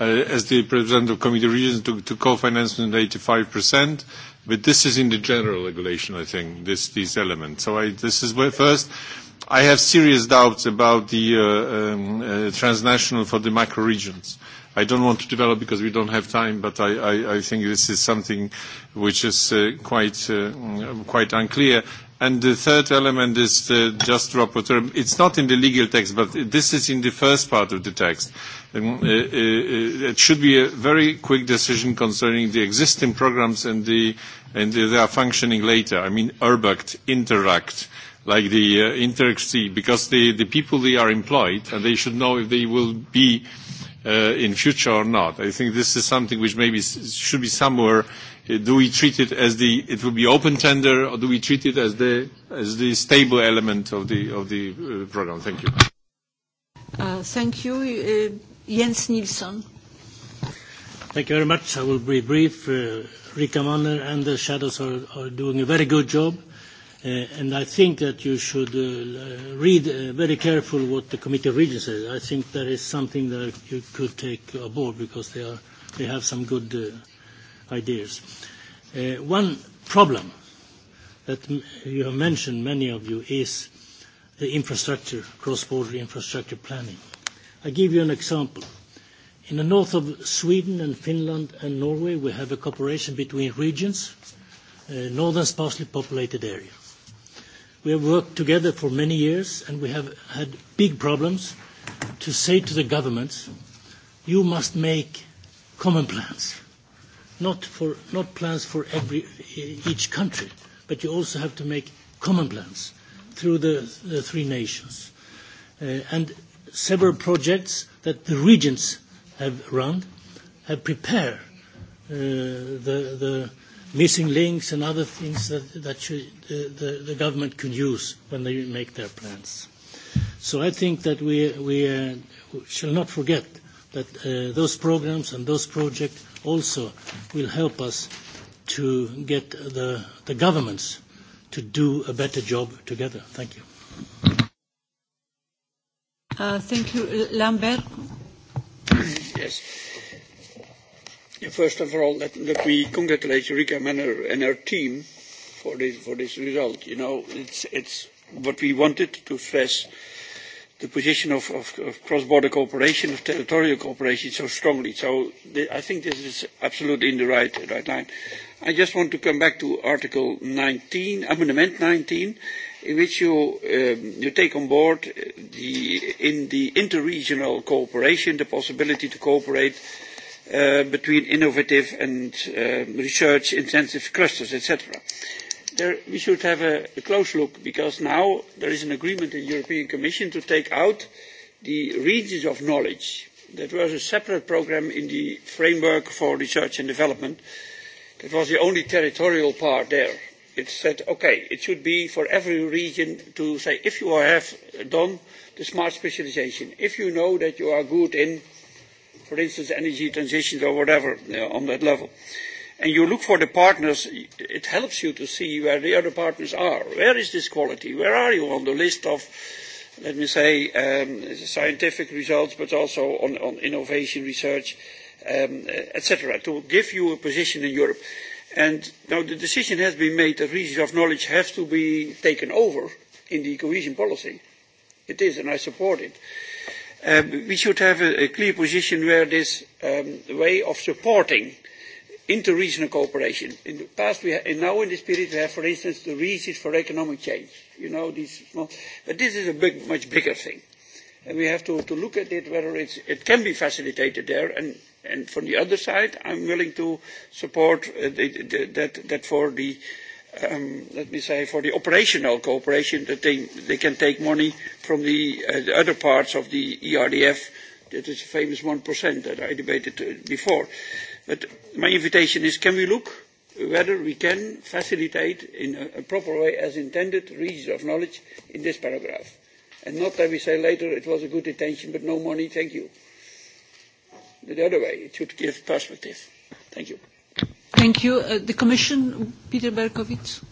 as the President of Committee of Regions to, co co-financement 85%, but this is in the general regulation, I think, this, element. So this is where first, I have serious doubts about the um, transnational for the macro regions. I don't want to develop because we don't have time, but I, think this is something which is quite unclear. And the third element is the just rapporteur. It's not in the legal text, but this is in the first part of the text. Um, uh, uh, it should be a very quick decision concerning the existing programs and, the, and the, they are functioning later. I mean, Urbact, Interact, like the uh, Interact because the, the people they are employed, and they should know if they will be uh, in future or not. I think this is something which maybe should be somewhere Uh, do we treat it as the it will be open tender or do we treat it as the as the stable element of the of the uh, program thank you uh, thank you uh, Jens Nilsson thank you very much i will be brief uh, Rika Manner and the shadows are, are doing a very good job uh, and i think that you should uh, read uh, very careful what the committee of regions says i think that is something that you could take aboard because they are they have some good uh, ideas. Uh, one problem that you have mentioned, many of you, is the infrastructure, cross-border infrastructure planning. I give you an example. In the north of Sweden and Finland and Norway, we have a cooperation between regions, uh, northern sparsely populated area. We have worked together for many years, and we have had big problems to say to the governments, "You must make common plans not, for, not plans for every, each country, but you also have to make common plans through the, the three nations. Uh, and several projects that the regions have run have prepared uh, the, the missing links and other things that, that should, uh, the, the government can use when they make their plans. So I think that we, we uh, shall not forget that uh, those programs and those projects also will help us to get the, the governments to do a better job together. Thank you. Uh, thank you. Lambert? yes. First of all, let, let me congratulate Rika Manner and her team for this, for this result. You know, it's, it's what we wanted to stress the position of, of, of cross-border cooperation, of territorial cooperation so strongly. So th I think this is absolutely in the right, right line. I just want to come back to Article 19, Amendment 19, in which you, um, you take on board the, in the inter-regional cooperation the possibility to cooperate uh, between innovative and uh, research-intensive clusters, etc there, we should have a, a close look because now there is an agreement in the European Commission to take out the regions of knowledge. That was a separate programme in the framework for research and development. That was the only territorial part there. It said, okay, it should be for every region to say, if you have done the smart specialisation, if you know that you are good in, for instance, energy transitions or whatever you know, on that level. Uh, and you look for the partners, it helps you to see where the other partners are. Where is this quality? Where are you on the list of, let me say, um, scientific results, but also on, on innovation research, um, eh, etc., to give you a position in Europe. And now the decision has been made that regions of knowledge have to be taken over in the cohesion policy. It is, and I support it. Um, we should have a, a clear position where this um, way of supporting interregional cooperation. In the past, we ha- and now in this period, we have, for instance, the regions for economic change. You know, these small, but this is a big, much bigger thing, and we have to, to look at it whether it's, it can be facilitated there. And, and from the other side, I'm willing to support uh, the, the, that, that for the um, let me say, for the operational cooperation that they, they can take money from the, uh, the other parts of the ERDF. That is the famous 1% that I debated uh, before. Uh, But my invitation is can we look whether we can facilitate in a, a proper way as intended reaches of knowledge in this paragraph and not that we say later it was a good intention but no money thank you the other way it should give perspective thank you thank you uh, the commission peter Berkowitz.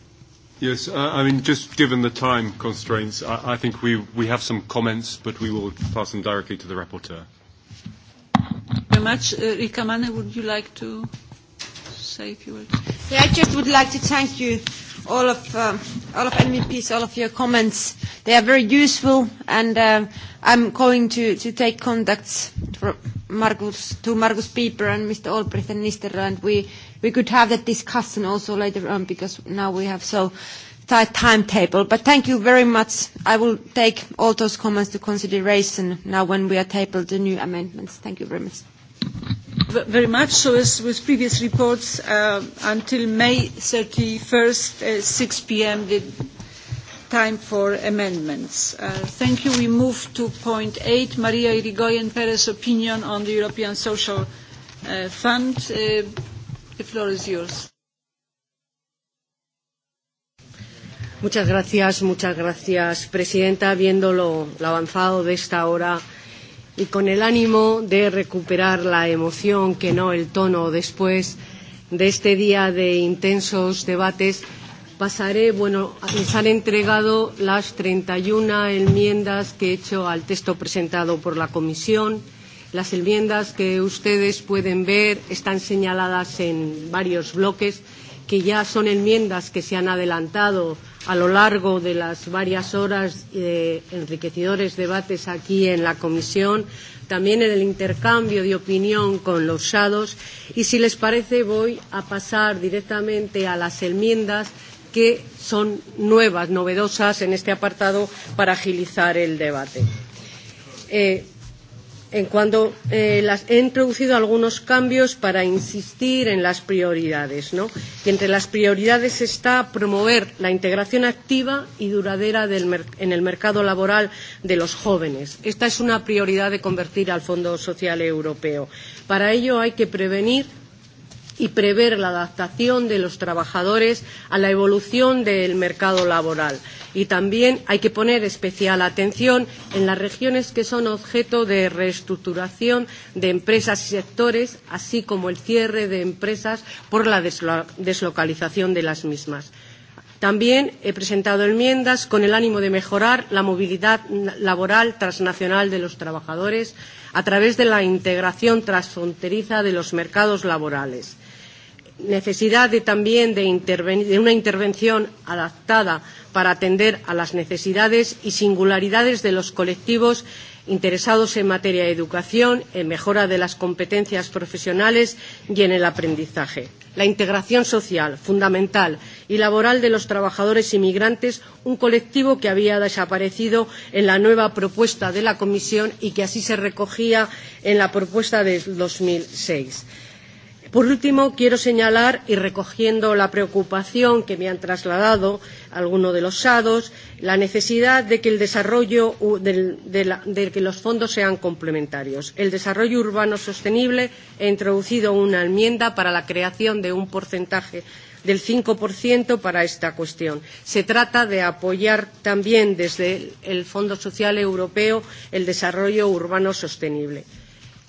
Yes, uh, I mean, just given the time constraints, I, I think we, we have some comments, but we will pass them directly to the rapporteur very much. Uh, Rika Mane, would you like to say a few words? Yeah, I just would like to thank you all of uh, all of MEPs, all of your comments. They are very useful, and uh, I'm going to, to take contacts from Markus to Markus Pieper and Mr. Olbrich and Mr. and we we could have that discussion also later on because now we have so tight timetable. But thank you very much. I will take all those comments to consideration now when we are tabled the new amendments. Thank you very much very much. So as with previous reports, uh, until May 31st, uh, 6 p.m., the time for amendments. Uh, thank you. We move to point 8, Maria irigoyen perezs opinion on the European Social uh, Fund. Uh, the floor is yours. Muchas gracias, muchas gracias, Presidenta. Viendo lo, lo avanzado de esta hora, y con el ánimo de recuperar la emoción, que no el tono después de este día de intensos debates, pasaré, bueno, les han entregado las 31 enmiendas que he hecho al texto presentado por la comisión. Las enmiendas que ustedes pueden ver están señaladas en varios bloques, que ya son enmiendas que se han adelantado a lo largo de las varias horas de enriquecedores debates aquí en la comisión, también en el intercambio de opinión con los shadows y si les parece voy a pasar directamente a las enmiendas que son nuevas, novedosas en este apartado para agilizar el debate. Eh, en cuando eh, las, he introducido algunos cambios para insistir en las prioridades, ¿no? Y entre las prioridades está promover la integración activa y duradera del en el mercado laboral de los jóvenes. Esta es una prioridad de convertir al Fondo Social Europeo. Para ello hay que prevenir y prever la adaptación de los trabajadores a la evolución del mercado laboral. Y también hay que poner especial atención en las regiones que son objeto de reestructuración de empresas y sectores, así como el cierre de empresas por la deslocalización de las mismas. También he presentado enmiendas con el ánimo de mejorar la movilidad laboral transnacional de los trabajadores a través de la integración transfronteriza de los mercados laborales necesidad de, también de, de una intervención adaptada para atender a las necesidades y singularidades de los colectivos interesados en materia de educación, en mejora de las competencias profesionales y en el aprendizaje. La integración social, fundamental, y laboral de los trabajadores inmigrantes, un colectivo que había desaparecido en la nueva propuesta de la Comisión y que así se recogía en la propuesta de 2006. Por último, quiero señalar, y recogiendo la preocupación que me han trasladado algunos de los SADOS, la necesidad de que el desarrollo de, de, la, de que los fondos sean complementarios. El desarrollo urbano sostenible he introducido una enmienda para la creación de un porcentaje del 5% para esta cuestión. Se trata de apoyar también desde el Fondo Social Europeo el desarrollo urbano sostenible.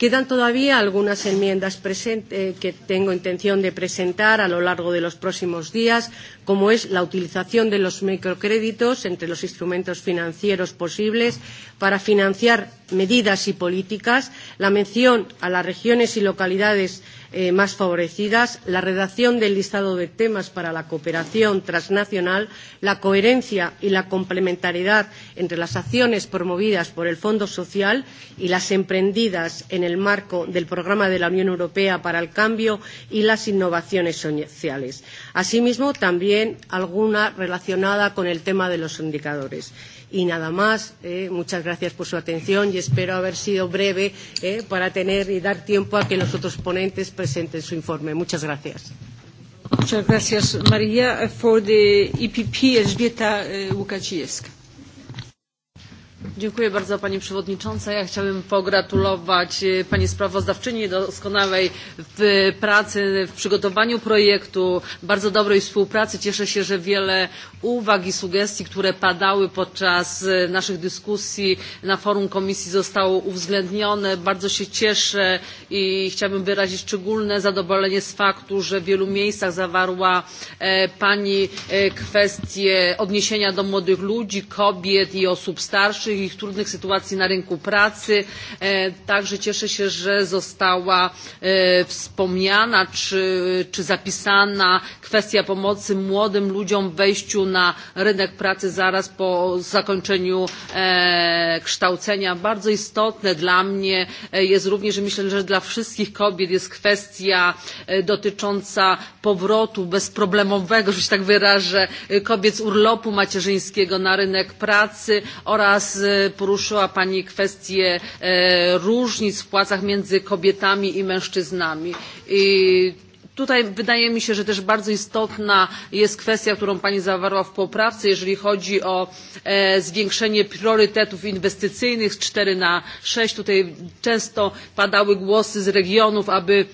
Quedan todavía algunas enmiendas presente, eh, que tengo intención de presentar a lo largo de los próximos días, como es la utilización de los microcréditos entre los instrumentos financieros posibles para financiar medidas y políticas, la mención a las regiones y localidades eh, más favorecidas, la redacción del listado de temas para la cooperación transnacional, la coherencia y la complementariedad entre las acciones promovidas por el Fondo Social y las emprendidas en el marco del Programa de la Unión Europea para el Cambio y las innovaciones sociales. Asimismo, también alguna relacionada con el tema de los indicadores. Y nada más, eh, muchas gracias por su atención y espero haber sido breve eh, para tener y dar tiempo a que los otros ponentes presenten su informe. Muchas gracias. Muchas gracias, María. Eh, for the EPP, Elżbieta eh, Łukacijewska. Dziękuję Pani Przewodnicząca. Ja chciałbym pogratulować e, Pani sprawozdawczyni doskonałej pracy w przygotowaniu projektu, bardzo dobrej współpracy. Cieszę się, że wiele uwag i sugestii, które padały podczas e, naszych dyskusji na forum komisji zostało uwzględnionych. Bardzo się cieszę i chciałabym wyrazić szczególne zadowolenie z faktu, że w wielu miejscach zawarła e, Pani kwestię odniesienia do młodych ludzi, kobiet i osób starszych ich trudnych sytuacji na rynku pracy. E, także cieszę się, że została e, wspomniana czy, czy zapisana kwestia pomocy młodym ludziom w wejściu na rynek pracy zaraz po zakończeniu e, kształcenia. Bardzo istotne dla mnie jest również, i myślę, że dla wszystkich kobiet jest kwestia dotycząca powrotu bezproblemowego, że się tak wyrażę, kobiet z urlopu macierzyńskiego na rynek pracy oraz poruszyła Pani kwestię e, różnic w płacach między kobietami i mężczyznami. I tutaj wydaje mi się że też bardzo istotna jest kwestia którą pani zawarła w poprawce jeżeli chodzi o e, zwiększenie priorytetów inwestycyjnych z cztery na sześć tutaj często padały głosy z regionów aby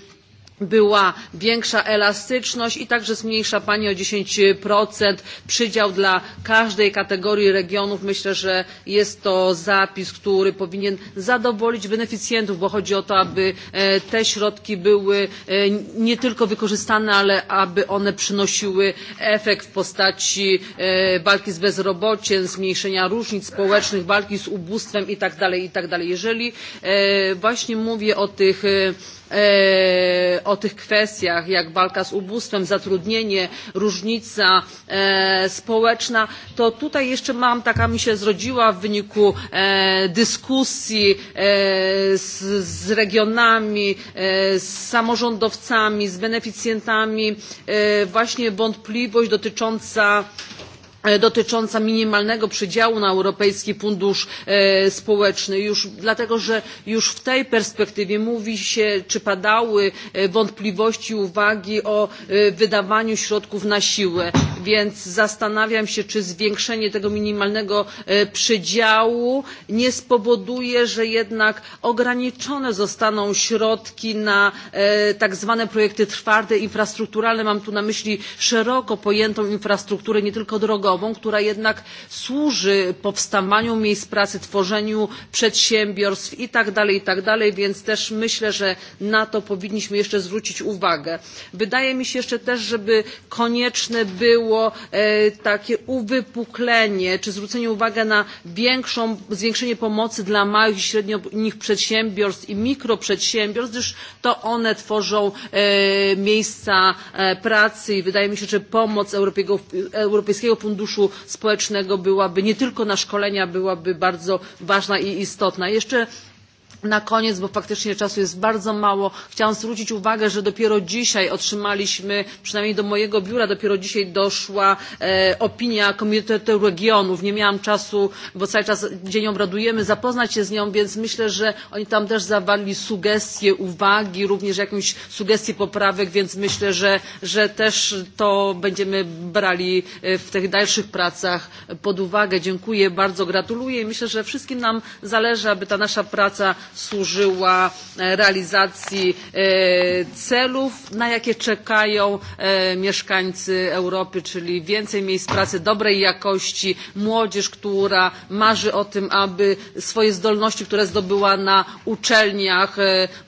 była większa elastyczność i także zmniejsza Pani o 10% przydział dla każdej kategorii regionów. Myślę, że jest to zapis, który powinien zadowolić beneficjentów, bo chodzi o to, aby e, te środki były e, nie tylko wykorzystane, ale aby one przynosiły efekt w postaci e, walki z bezrobociem, zmniejszenia różnic społecznych, walki z ubóstwem itd. itd. Jeżeli właśnie mówię o tych E, o tych kwestiach jak walka z ubóstwem zatrudnienie różnica e, społeczna to tutaj jeszcze mam taka mi się zrodziła w wyniku e, dyskusji z, z regionami z samorządowcami z beneficjentami właśnie wątpliwość dotycząca E, dotycząca minimalnego przydziału na europejski fundusz e, społeczny dlatego że już w tej perspektywie mówi się czy padały e, wątpliwości uwagi o wydawaniu środków na siłę więc zastanawiam się czy zwiększenie tego minimalnego przydziału nie spowoduje że jednak ograniczone zostaną środki na tak zwane projekty twarde infrastrukturalne mam tu na myśli szeroko pojętą infrastrukturę nie tylko drogową osobom, która jednak służy powstawaniu miejsc pracy, tworzeniu przedsiębiorstw itd. itd. Więc też myślę, że na to powinniśmy jeszcze zwrócić uwagę. Wydaje mi się jeszcze też, żeby konieczne było e, takie uwypuklenie czy zwrócenie uwagi na większą, zwiększenie pomocy dla małych i średnich przedsiębiorstw i mikroprzedsiębiorstw, gdyż to one tworzą e, miejsca e, pracy i wydaje mi się, że pomoc Europejskiego Funduszu Funduszu Społecznego byłaby nie tylko na szkolenia byłaby bardzo ważna i istotna. Jeszcze na koniec bo faktycznie czasu jest bardzo mało chciałam zwrócić uwagę że dopiero dzisiaj otrzymaliśmy przynajmniej do mojego biura dopiero dzisiaj doszła e, opinia komitetu regionów nie miałam czasu bo cały czas dzień obradujemy zapoznać się z nią więc myślę że oni tam też zawarli sugestie uwagi również jakąś sugestie poprawek więc myślę że, że też to będziemy brali e, w tych dalszych pracach pod uwagę dziękuję bardzo gratuluję i myślę że wszystkim nam zależy aby ta nasza praca służyła e, realizacji e, celów, na jakie czekają e, mieszkańcy Europy, czyli więcej miejsc pracy dobrej jakości, młodzież, która marzy o tym, aby swoje zdolności, które zdobyła na uczelniach,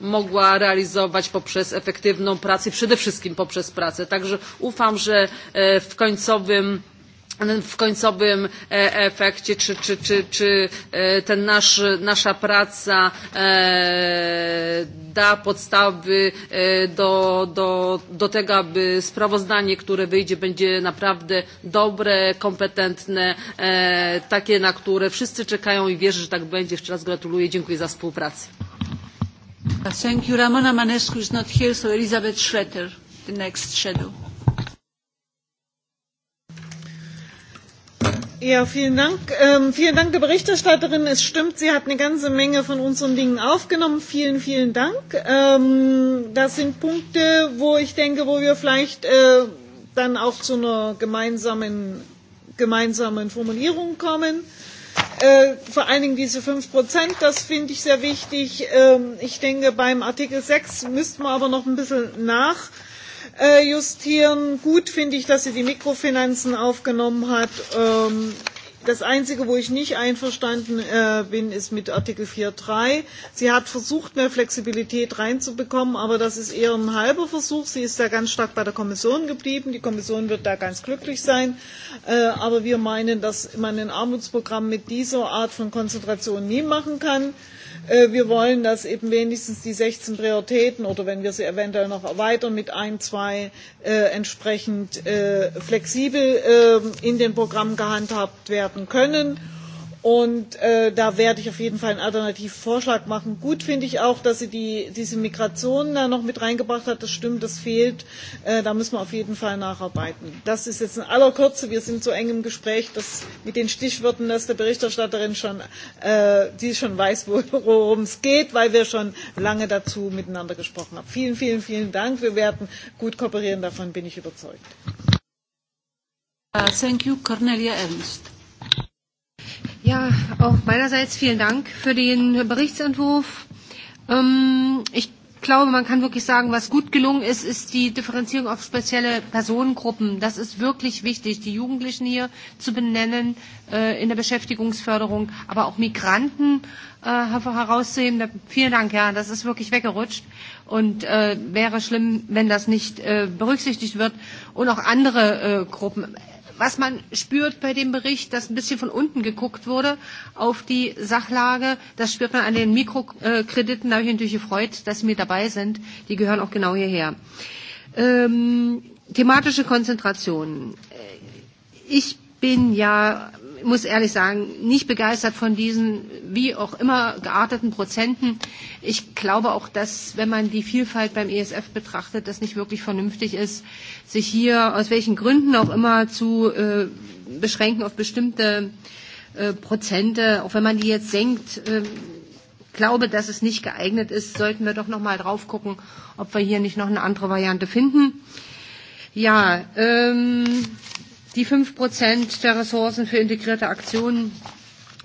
mogła realizować poprzez efektywną pracę, przede wszystkim poprzez pracę. Także ufam, że w końcowym w końcowym e, efekcie, czy, czy, czy, czy e, ten nasz, nasza praca e, da podstawy do, do, do tego, aby sprawozdanie, które wyjdzie, będzie naprawdę dobre, kompetentne, takie, na które wszyscy czekają i wierzę, że tak będzie. Jeszcze raz gratuluję. Dziękuję za współpracę. Thank you. Ramona Manescu is not here, so Elizabeth Schroeder, the next shadow. Ja, vielen Dank. Ähm, vielen Dank der Berichterstatterin. Es stimmt, sie hat eine ganze Menge von unseren Dingen aufgenommen. Vielen, vielen Dank. Ähm, das sind Punkte, wo ich denke, wo wir vielleicht äh, dann auch zu einer gemeinsamen, gemeinsamen Formulierung kommen. Äh, vor allen Dingen diese 5 Prozent, das finde ich sehr wichtig. Ähm, ich denke, beim Artikel 6 müssten wir aber noch ein bisschen nach äh, justieren. Gut finde ich, dass sie die Mikrofinanzen aufgenommen hat. Ähm, das Einzige, wo ich nicht einverstanden äh, bin, ist mit Artikel 4.3. Sie hat versucht, mehr Flexibilität reinzubekommen, aber das ist eher ein halber Versuch. Sie ist da ganz stark bei der Kommission geblieben. Die Kommission wird da ganz glücklich sein. Äh, aber wir meinen, dass man ein Armutsprogramm mit dieser Art von Konzentration nie machen kann. Äh, Äh, wir wollen, dass eben wenigstens die 16 Prioritäten oder wenn wir sie eventuell noch erweitern mit ein, zwei äh, entsprechend äh, flexibel äh, in den Programmen gehandhabt werden können Und äh, da werde ich auf jeden Fall einen Alternativvorschlag machen. Gut finde ich auch, dass sie die, diese Migration da noch mit reingebracht hat. Das stimmt, das fehlt. Äh, da müssen wir auf jeden Fall nacharbeiten. Das ist jetzt in aller Kürze. Wir sind so eng im Gespräch dass mit den Stichworten, dass der Berichterstatterin schon, äh, die schon weiß, worum es geht, weil wir schon lange dazu miteinander gesprochen haben. Vielen, vielen, vielen Dank. Wir werden gut kooperieren. Davon bin ich überzeugt. Uh, thank you, Cornelia Ernst. Ja, auch meinerseits vielen Dank für den Berichtsentwurf. Ähm, ich glaube, man kann wirklich sagen, was gut gelungen ist, ist die Differenzierung auf spezielle Personengruppen. Das ist wirklich wichtig, die Jugendlichen hier zu benennen äh, in der Beschäftigungsförderung, aber auch Migranten äh, herauszuheben. Da, vielen Dank, ja, das ist wirklich weggerutscht und äh, wäre schlimm, wenn das nicht äh, berücksichtigt wird und auch andere äh, Gruppen. Was man spürt bei dem Bericht, dass ein bisschen von unten geguckt wurde auf die Sachlage, das spürt man an den Mikrokrediten. Da habe ich natürlich gefreut, dass Sie mit dabei sind. Die gehören auch genau hierher. Ähm, thematische Konzentration. Ich bin ja muss ehrlich sagen, nicht begeistert von diesen wie auch immer gearteten Prozenten. Ich glaube auch, dass, wenn man die Vielfalt beim ESF betrachtet, das nicht wirklich vernünftig ist, sich hier aus welchen Gründen auch immer zu äh, beschränken auf bestimmte äh, Prozente, auch wenn man die jetzt senkt. Äh, ich glaube, dass es nicht geeignet ist, sollten wir doch noch mal drauf gucken, ob wir hier nicht noch eine andere Variante finden. Ja, ähm, Die fünf Prozent der Ressourcen für integrierte Aktionen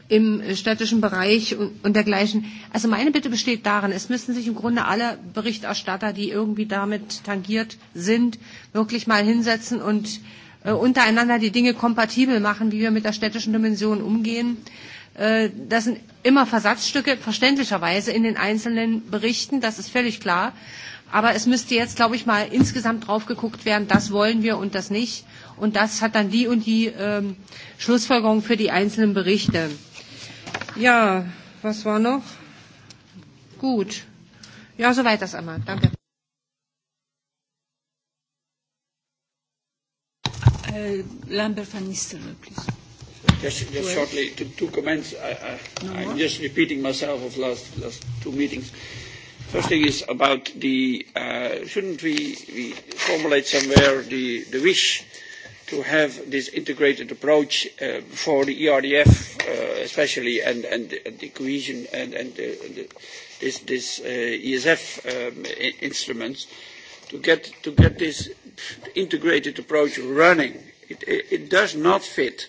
im städtischen Bereich und, und dergleichen. Also meine Bitte besteht darin, es müssen sich im Grunde alle Berichterstatter, die irgendwie damit tangiert sind, wirklich mal hinsetzen und äh, untereinander die Dinge kompatibel machen, wie wir mit der städtischen Dimension umgehen. Äh, das sind immer Versatzstücke, verständlicherweise in den einzelnen Berichten, das ist völlig klar. Aber es müsste jetzt, glaube ich, mal insgesamt drauf geguckt werden, das wollen wir und das nicht Und das hat dann die und die ähm, Schlussfolgerung für die einzelnen Berichte. Ja, was war noch? Gut. Ja, soweit das einmal. Danke. Uh, Lambert van Nistelrooy, please. Just, just shortly, two, two comments. I, I, no I'm more? just repeating myself of last, last two meetings. First thing is about the, uh, shouldn't we, we formulate somewhere the, the wish to have this integrated approach uh, for the ERDF uh, especially and, and, and the cohesion and, and the, uh, the, this, this uh, ESF um, instruments to get, to get this integrated approach running. It, it, it does not fit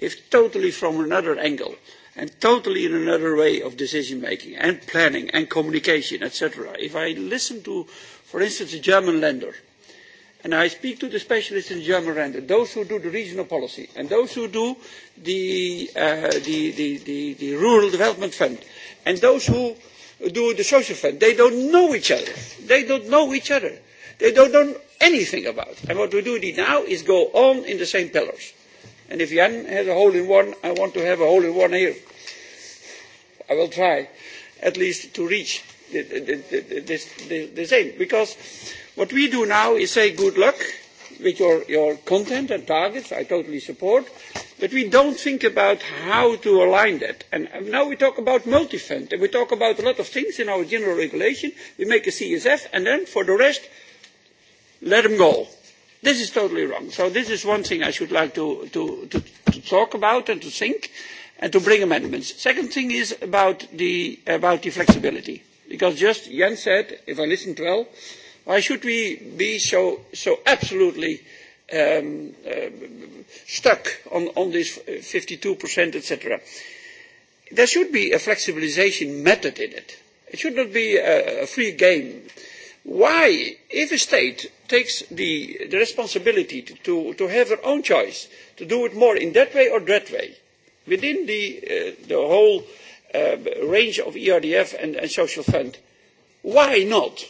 if totally from another angle and totally in another way of decision making and planning and communication, etc. If I listen to, for instance, a German lender – And I speak to the specialists in German Rand, those who do the regional policy, and those who do uh, the, rural development fund, and those who do the social fund. They don't know each other. They don't know each other. They don't know anything about. And what we do now is go on in the same pillars. And if Jan has a hole in one, I want to have a hole in one here. I will try, at least, to reach the, the, the same. Because what we do now is say good luck with your, your content and targets, I totally support, but we don't think about how to align that. And now we talk about multifund, and we talk about a lot of things in our general regulation. We make a CSF, and then for the rest, let them go. This is totally wrong. So this is one thing I should like to, to, to, to talk about and to think and to bring amendments. Second thing is about the, about the flexibility Because just Jan said, if I listened well, why should we be so, so absolutely um, uh, stuck on, on this 52%, etc.? There should be a flexibilization method in it. It should not be a, a free game. Why, if a state takes the, the responsibility to, to, to have their own choice, to do it more in that way or that way, within the, uh, the whole uh, Uh, range of ERDF and, and social fund. Why not?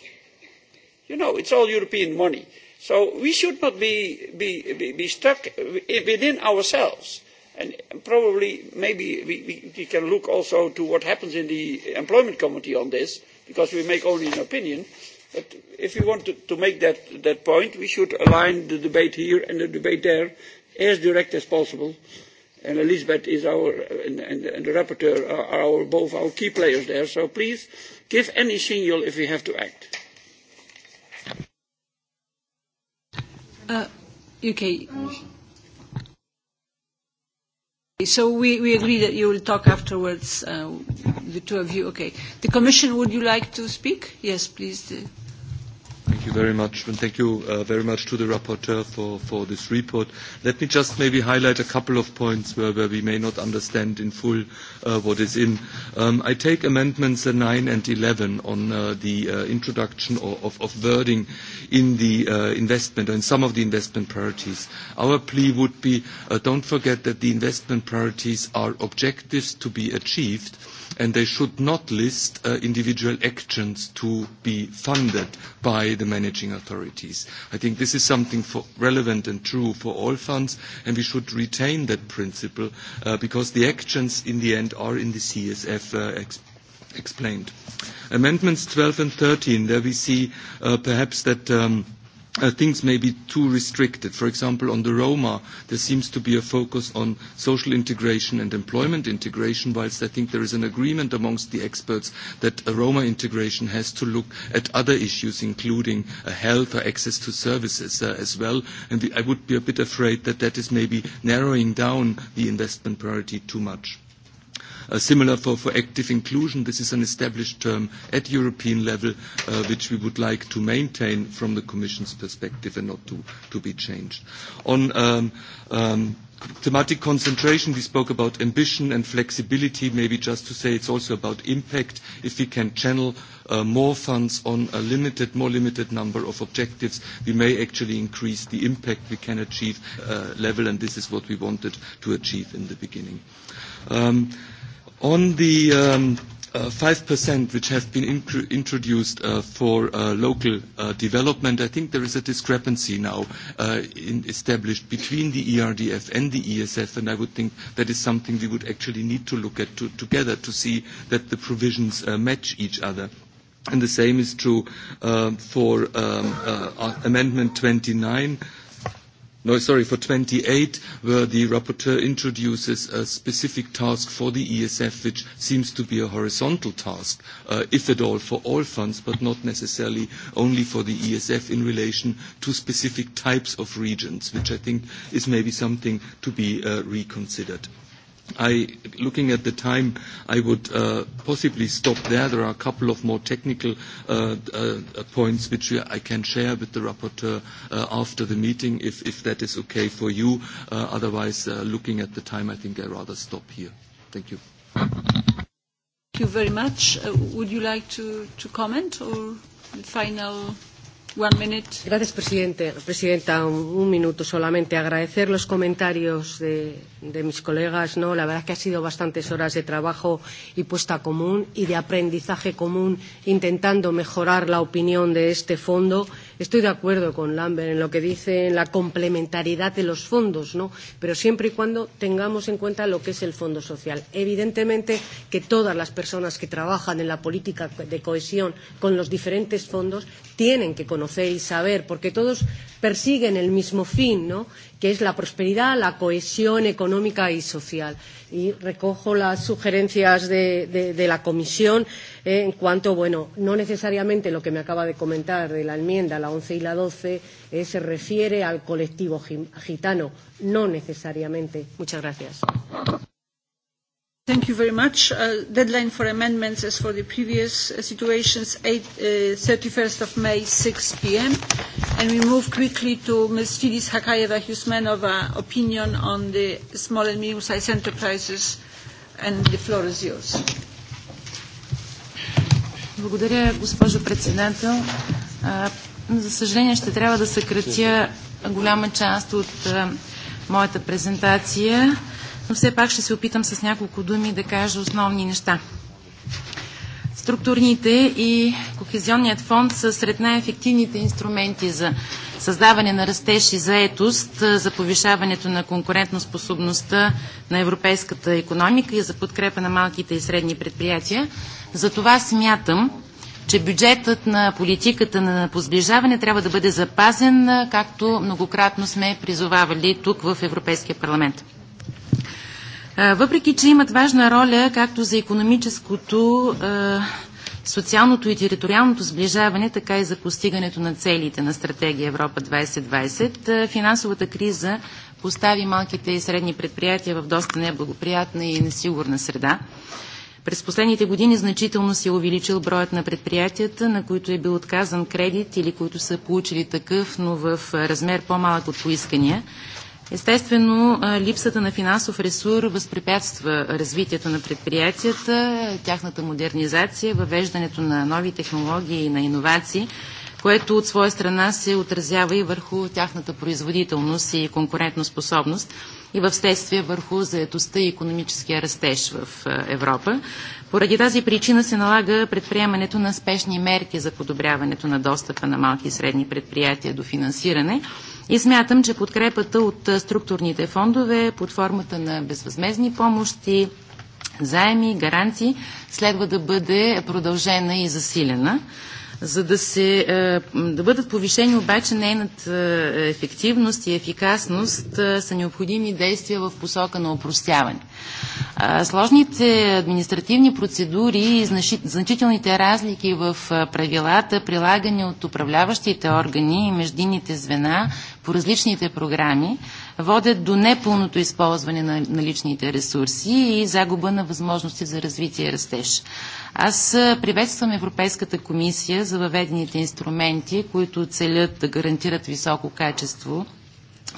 You know, it's all European money. So we should not be, be, be, be stuck within ourselves. And probably, maybe we, we, we can look also to what happens in the employment committee on this, because we make only an opinion. But if you want to, to make that, that point, we should align the debate here and the debate there as direct as possible and Elizabeth is our, and, and, and the rapporteur are, are our, both our key players there. So please give any signal if we have to act. Uh, okay. So we, we agree that you will talk afterwards, uh, the two of you. Okay. The Commission, would you like to speak? Yes, please. Uh, Thank you very much, and thank you uh, very much to the rapporteur for, for this report. Let me just maybe highlight a couple of points where, where we may not understand in full uh, what is in. Um, I take amendments 9 uh, and 11 on uh, the uh, introduction of, of of wording in the uh, investment, in some of the investment priorities. Our plea would be, uh, don't forget that the investment priorities are objectives to be achieved, uh, and they should not list uh, individual actions to be funded by the managing authorities. I think this is something for, relevant and true for all funds, and we should retain that principle uh, because the actions in the end are in the CSF uh, ex explained. Amendments 12 and 13, there we see uh, perhaps that. Um, uh, things may be too restricted. For example, on the Roma, there seems to be a focus on social integration and employment integration, whilst I think there is an agreement amongst the experts that Roma integration has to look at other issues, including uh, health or access to services uh, as well. And the, I would be a bit afraid that that is maybe narrowing down the investment priority too much. Uh, similar for, for active inclusion, this is an established term at European level, uh, which we would like to maintain from the Commission's perspective and not to, to be changed. On um, um, thematic concentration, we spoke about ambition and flexibility. Maybe just to say it's also about impact. If we can channel uh, more funds on a limited, more limited number of objectives, we may actually increase the impact we can achieve uh, level, and this is what we wanted to achieve in the beginning. Um, On the um, uh, 5% which have been introduced uh, for uh, local uh, development, I think there is a discrepancy now uh, in, established between the ERDF and the ESF, and I would think that is something we would actually need to look at to, together to see that the provisions uh, match each other. And the same is true um, for um, Amendment 29, no, sorry, for 28, where the rapporteur introduces a specific task for the ESF, which seems to be a horizontal task, uh, if at all, for all funds, but not necessarily only for the ESF in relation to specific types of regions, which I think is maybe something to be uh, reconsidered. I, looking at the time, I would uh, possibly stop there. There are a couple of more technical uh, uh, points which I can share with the rapporteur after the meeting, if, that is okay for you. Otherwise, looking at the time, I think I'd rather stop here. Thank you. Thank you very much. Would you like to, to comment or final Gracias, presidente. Presidenta, un, un minuto solamente. Agradecer los comentarios de, de mis colegas. ¿no? La verdad es que ha sido bastantes horas de trabajo y puesta común y de aprendizaje común intentando mejorar la opinión de este fondo. Estoy de acuerdo con Lambert en lo que dice en la complementariedad de los fondos, ¿no? pero siempre y cuando tengamos en cuenta lo que es el Fondo Social. Evidentemente que todas las personas que trabajan en la política de cohesión con los diferentes fondos tienen que conocer y saber, porque todos persiguen el mismo fin, ¿no? que es la prosperidad, la cohesión económica y social. Y recojo las sugerencias de, de, de la Comisión eh, en cuanto, bueno, no necesariamente lo que me acaba de comentar de la enmienda, la 11 y la 12, eh, se refiere al colectivo gitano, no necesariamente. Muchas gracias. Thank you very much. Uh, deadline for amendments, as for the previous uh, situations, 8, uh, 31st of May, 6 p.m. And we move quickly to Ms. Fidis Hakaeva-Husmanova opinion on the small and medium-sized enterprises. And the floor is yours. Благодаря, госпожо председател. Uh, за съжаление ще трябва да съкратя голяма част от моята презентация но все пак ще се опитам с няколко думи да кажа основни неща. Структурните и Кохезионният фонд са сред най-ефективните инструменти за създаване на растеж и заетост, за повишаването на конкурентоспособността на европейската економика и за подкрепа на малките и средни предприятия. За това смятам, че бюджетът на политиката на позближаване трябва да бъде запазен, както многократно сме призовавали тук в Европейския парламент. Въпреки, че имат важна роля както за економическото, социалното и териториалното сближаване, така и за постигането на целите на стратегия Европа 2020, финансовата криза постави малките и средни предприятия в доста неблагоприятна и несигурна среда. През последните години значително се е увеличил броят на предприятията, на които е бил отказан кредит или които са получили такъв, но в размер по-малък от поискания. Естествено, липсата на финансов ресурс възпрепятства развитието на предприятията, тяхната модернизация, въвеждането на нови технологии и на иновации, което от своя страна се отразява и върху тяхната производителност и конкурентоспособност и в следствие върху заетостта и економическия растеж в Европа. Поради тази причина се налага предприемането на спешни мерки за подобряването на достъпа на малки и средни предприятия до финансиране – И смятам, че подкрепата от структурните фондове под формата на безвъзмезни помощи, заеми, гаранции следва да бъде продължена и засилена. За да, се, да бъдат повишени обаче нейната ефективност и ефикасност са необходими действия в посока на опростяване. Сложните административни процедури и значителните разлики в правилата, прилагани от управляващите органи и междинните звена по различните програми, водят до непълното използване на наличните ресурси и загуба на възможности за развитие и растеж. Аз приветствам Европейската комисия за въведените инструменти, които целят да гарантират високо качество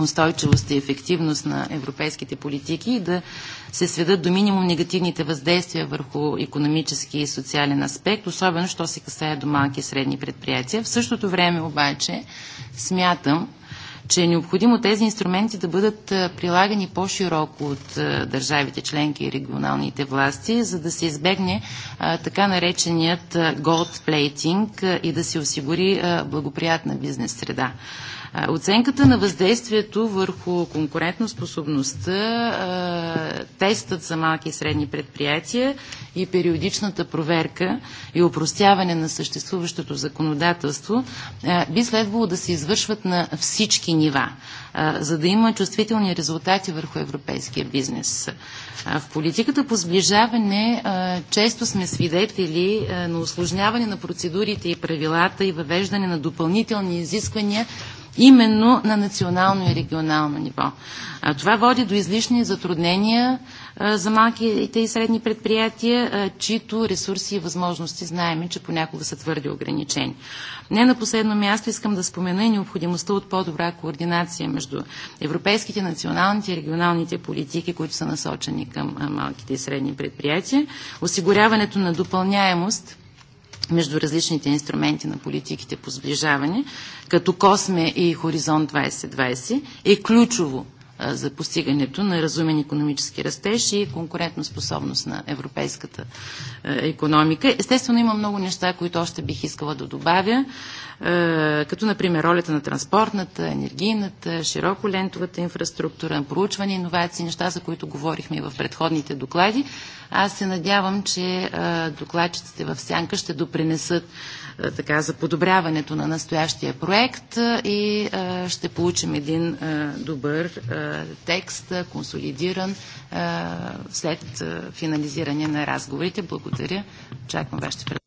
устойчивост и ефективност на европейските политики и да се сведат до минимум негативните въздействия върху економически и социален аспект, особено що се касае до малки и средни предприятия. В същото време обаче смятам, че е необходимо тези инструменти да бъдат прилагани по-широко от държавите членки и регионалните власти, за да се избегне така нареченият gold plating и да се осигури благоприятна бизнес среда. Оценката на въздействието върху конкурентоспособността, тестът за малки и средни предприятия и периодичната проверка и упростяване на съществуващото законодателство би следвало да се извършват на всички нива, за да има чувствителни резултати върху европейския бизнес. В политиката по сближаване често сме свидетели на осложняване на процедурите и правилата и въвеждане на допълнителни изисквания именно на национално и регионално ниво. Това води до излишни затруднения за малките и средни предприятия, чието ресурси и възможности знаем, че понякога са твърде ограничени. Не на последно място искам да спомена и необходимостта от по-добра координация между европейските, националните и регионалните политики, които са насочени към малките и средни предприятия, осигуряването на допълняемост между различните инструменти на политиките по сближаване, като Косме и Хоризонт 2020, е ключово за постигането на разумен економически растеж и конкурентоспособност на европейската економика. Естествено, има много неща, които още бих искала да добавя, като например ролята на транспортната, енергийната, широколентовата инфраструктура, проучване, иновации, неща, за които говорихме и в предходните доклади. Аз се надявам, че докладчиците в Сянка ще допринесат така, за подобряването на настоящия проект и ще получим един добър текст, консолидиран, след финализиране на разговорите. Благодаря. Очаквам вашите предложения.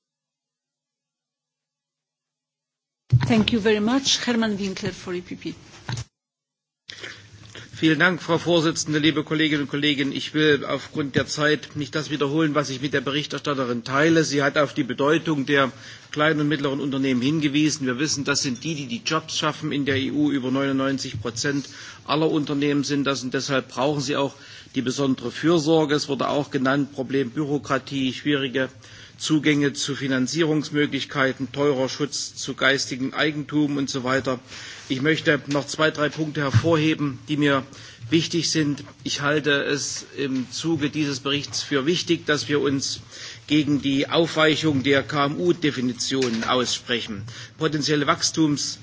Thank you very much. Herman Winkler for EPP. Vielen Dank, Frau Vorsitzende, liebe Kolleginnen und Kollegen. Ich will aufgrund der Zeit nicht das wiederholen, was ich mit der Berichterstatterin teile. Sie hat auf die Bedeutung der kleinen und mittleren Unternehmen hingewiesen. Wir wissen, das sind die, die die Jobs schaffen in der EU. Über 99 Prozent aller Unternehmen sind das und deshalb brauchen sie auch die besondere Fürsorge. Es wurde auch genannt, Problem Bürokratie, schwierige äh, Zugänge zu Finanzierungsmöglichkeiten, teurer Schutz zu geistigem Eigentum und so weiter. Ich möchte noch zwei, drei Punkte hervorheben, die mir wichtig sind. Ich halte es im Zuge dieses Berichts für wichtig, dass wir uns gegen die Aufweichung der KMU-Definition aussprechen. Potenzielle Wachstums-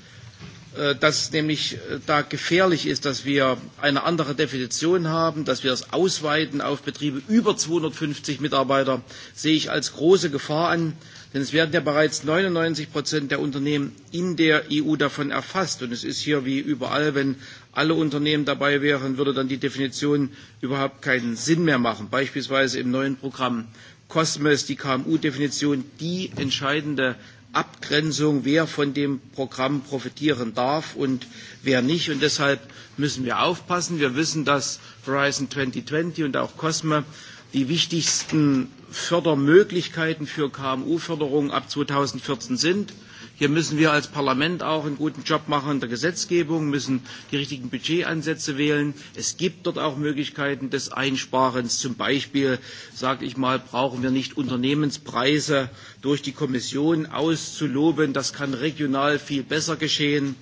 Äh, dass es nämlich äh, da gefährlich ist, dass wir eine andere Definition haben, dass wir es ausweiten auf Betriebe über 250 Mitarbeiter, sehe ich als große Gefahr an. Denn es werden ja bereits 99 Prozent der Unternehmen in der EU davon erfasst. Und es ist hier wie überall, wenn alle Unternehmen dabei wären, würde dann die Definition überhaupt keinen Sinn mehr machen. Beispielsweise im neuen Programm COSMES, die KMU-Definition, die entscheidende Abgrenzung, wer von dem Programm profitieren darf und wer nicht. Und deshalb müssen wir aufpassen. Wir wissen, dass Horizon 2020 und auch COSME die wichtigsten Fördermöglichkeiten für KMU-Förderung ab 2014 sind. Hier müssen wir als Parlament auch einen guten Job machen in der Gesetzgebung, müssen die richtigen Budgetansätze wählen. Es gibt dort auch Möglichkeiten des Einsparens. Zum Beispiel, sage ich mal, brauchen wir nicht Unternehmenspreise durch die Kommission auszuloben. Das kann regional viel besser geschehen.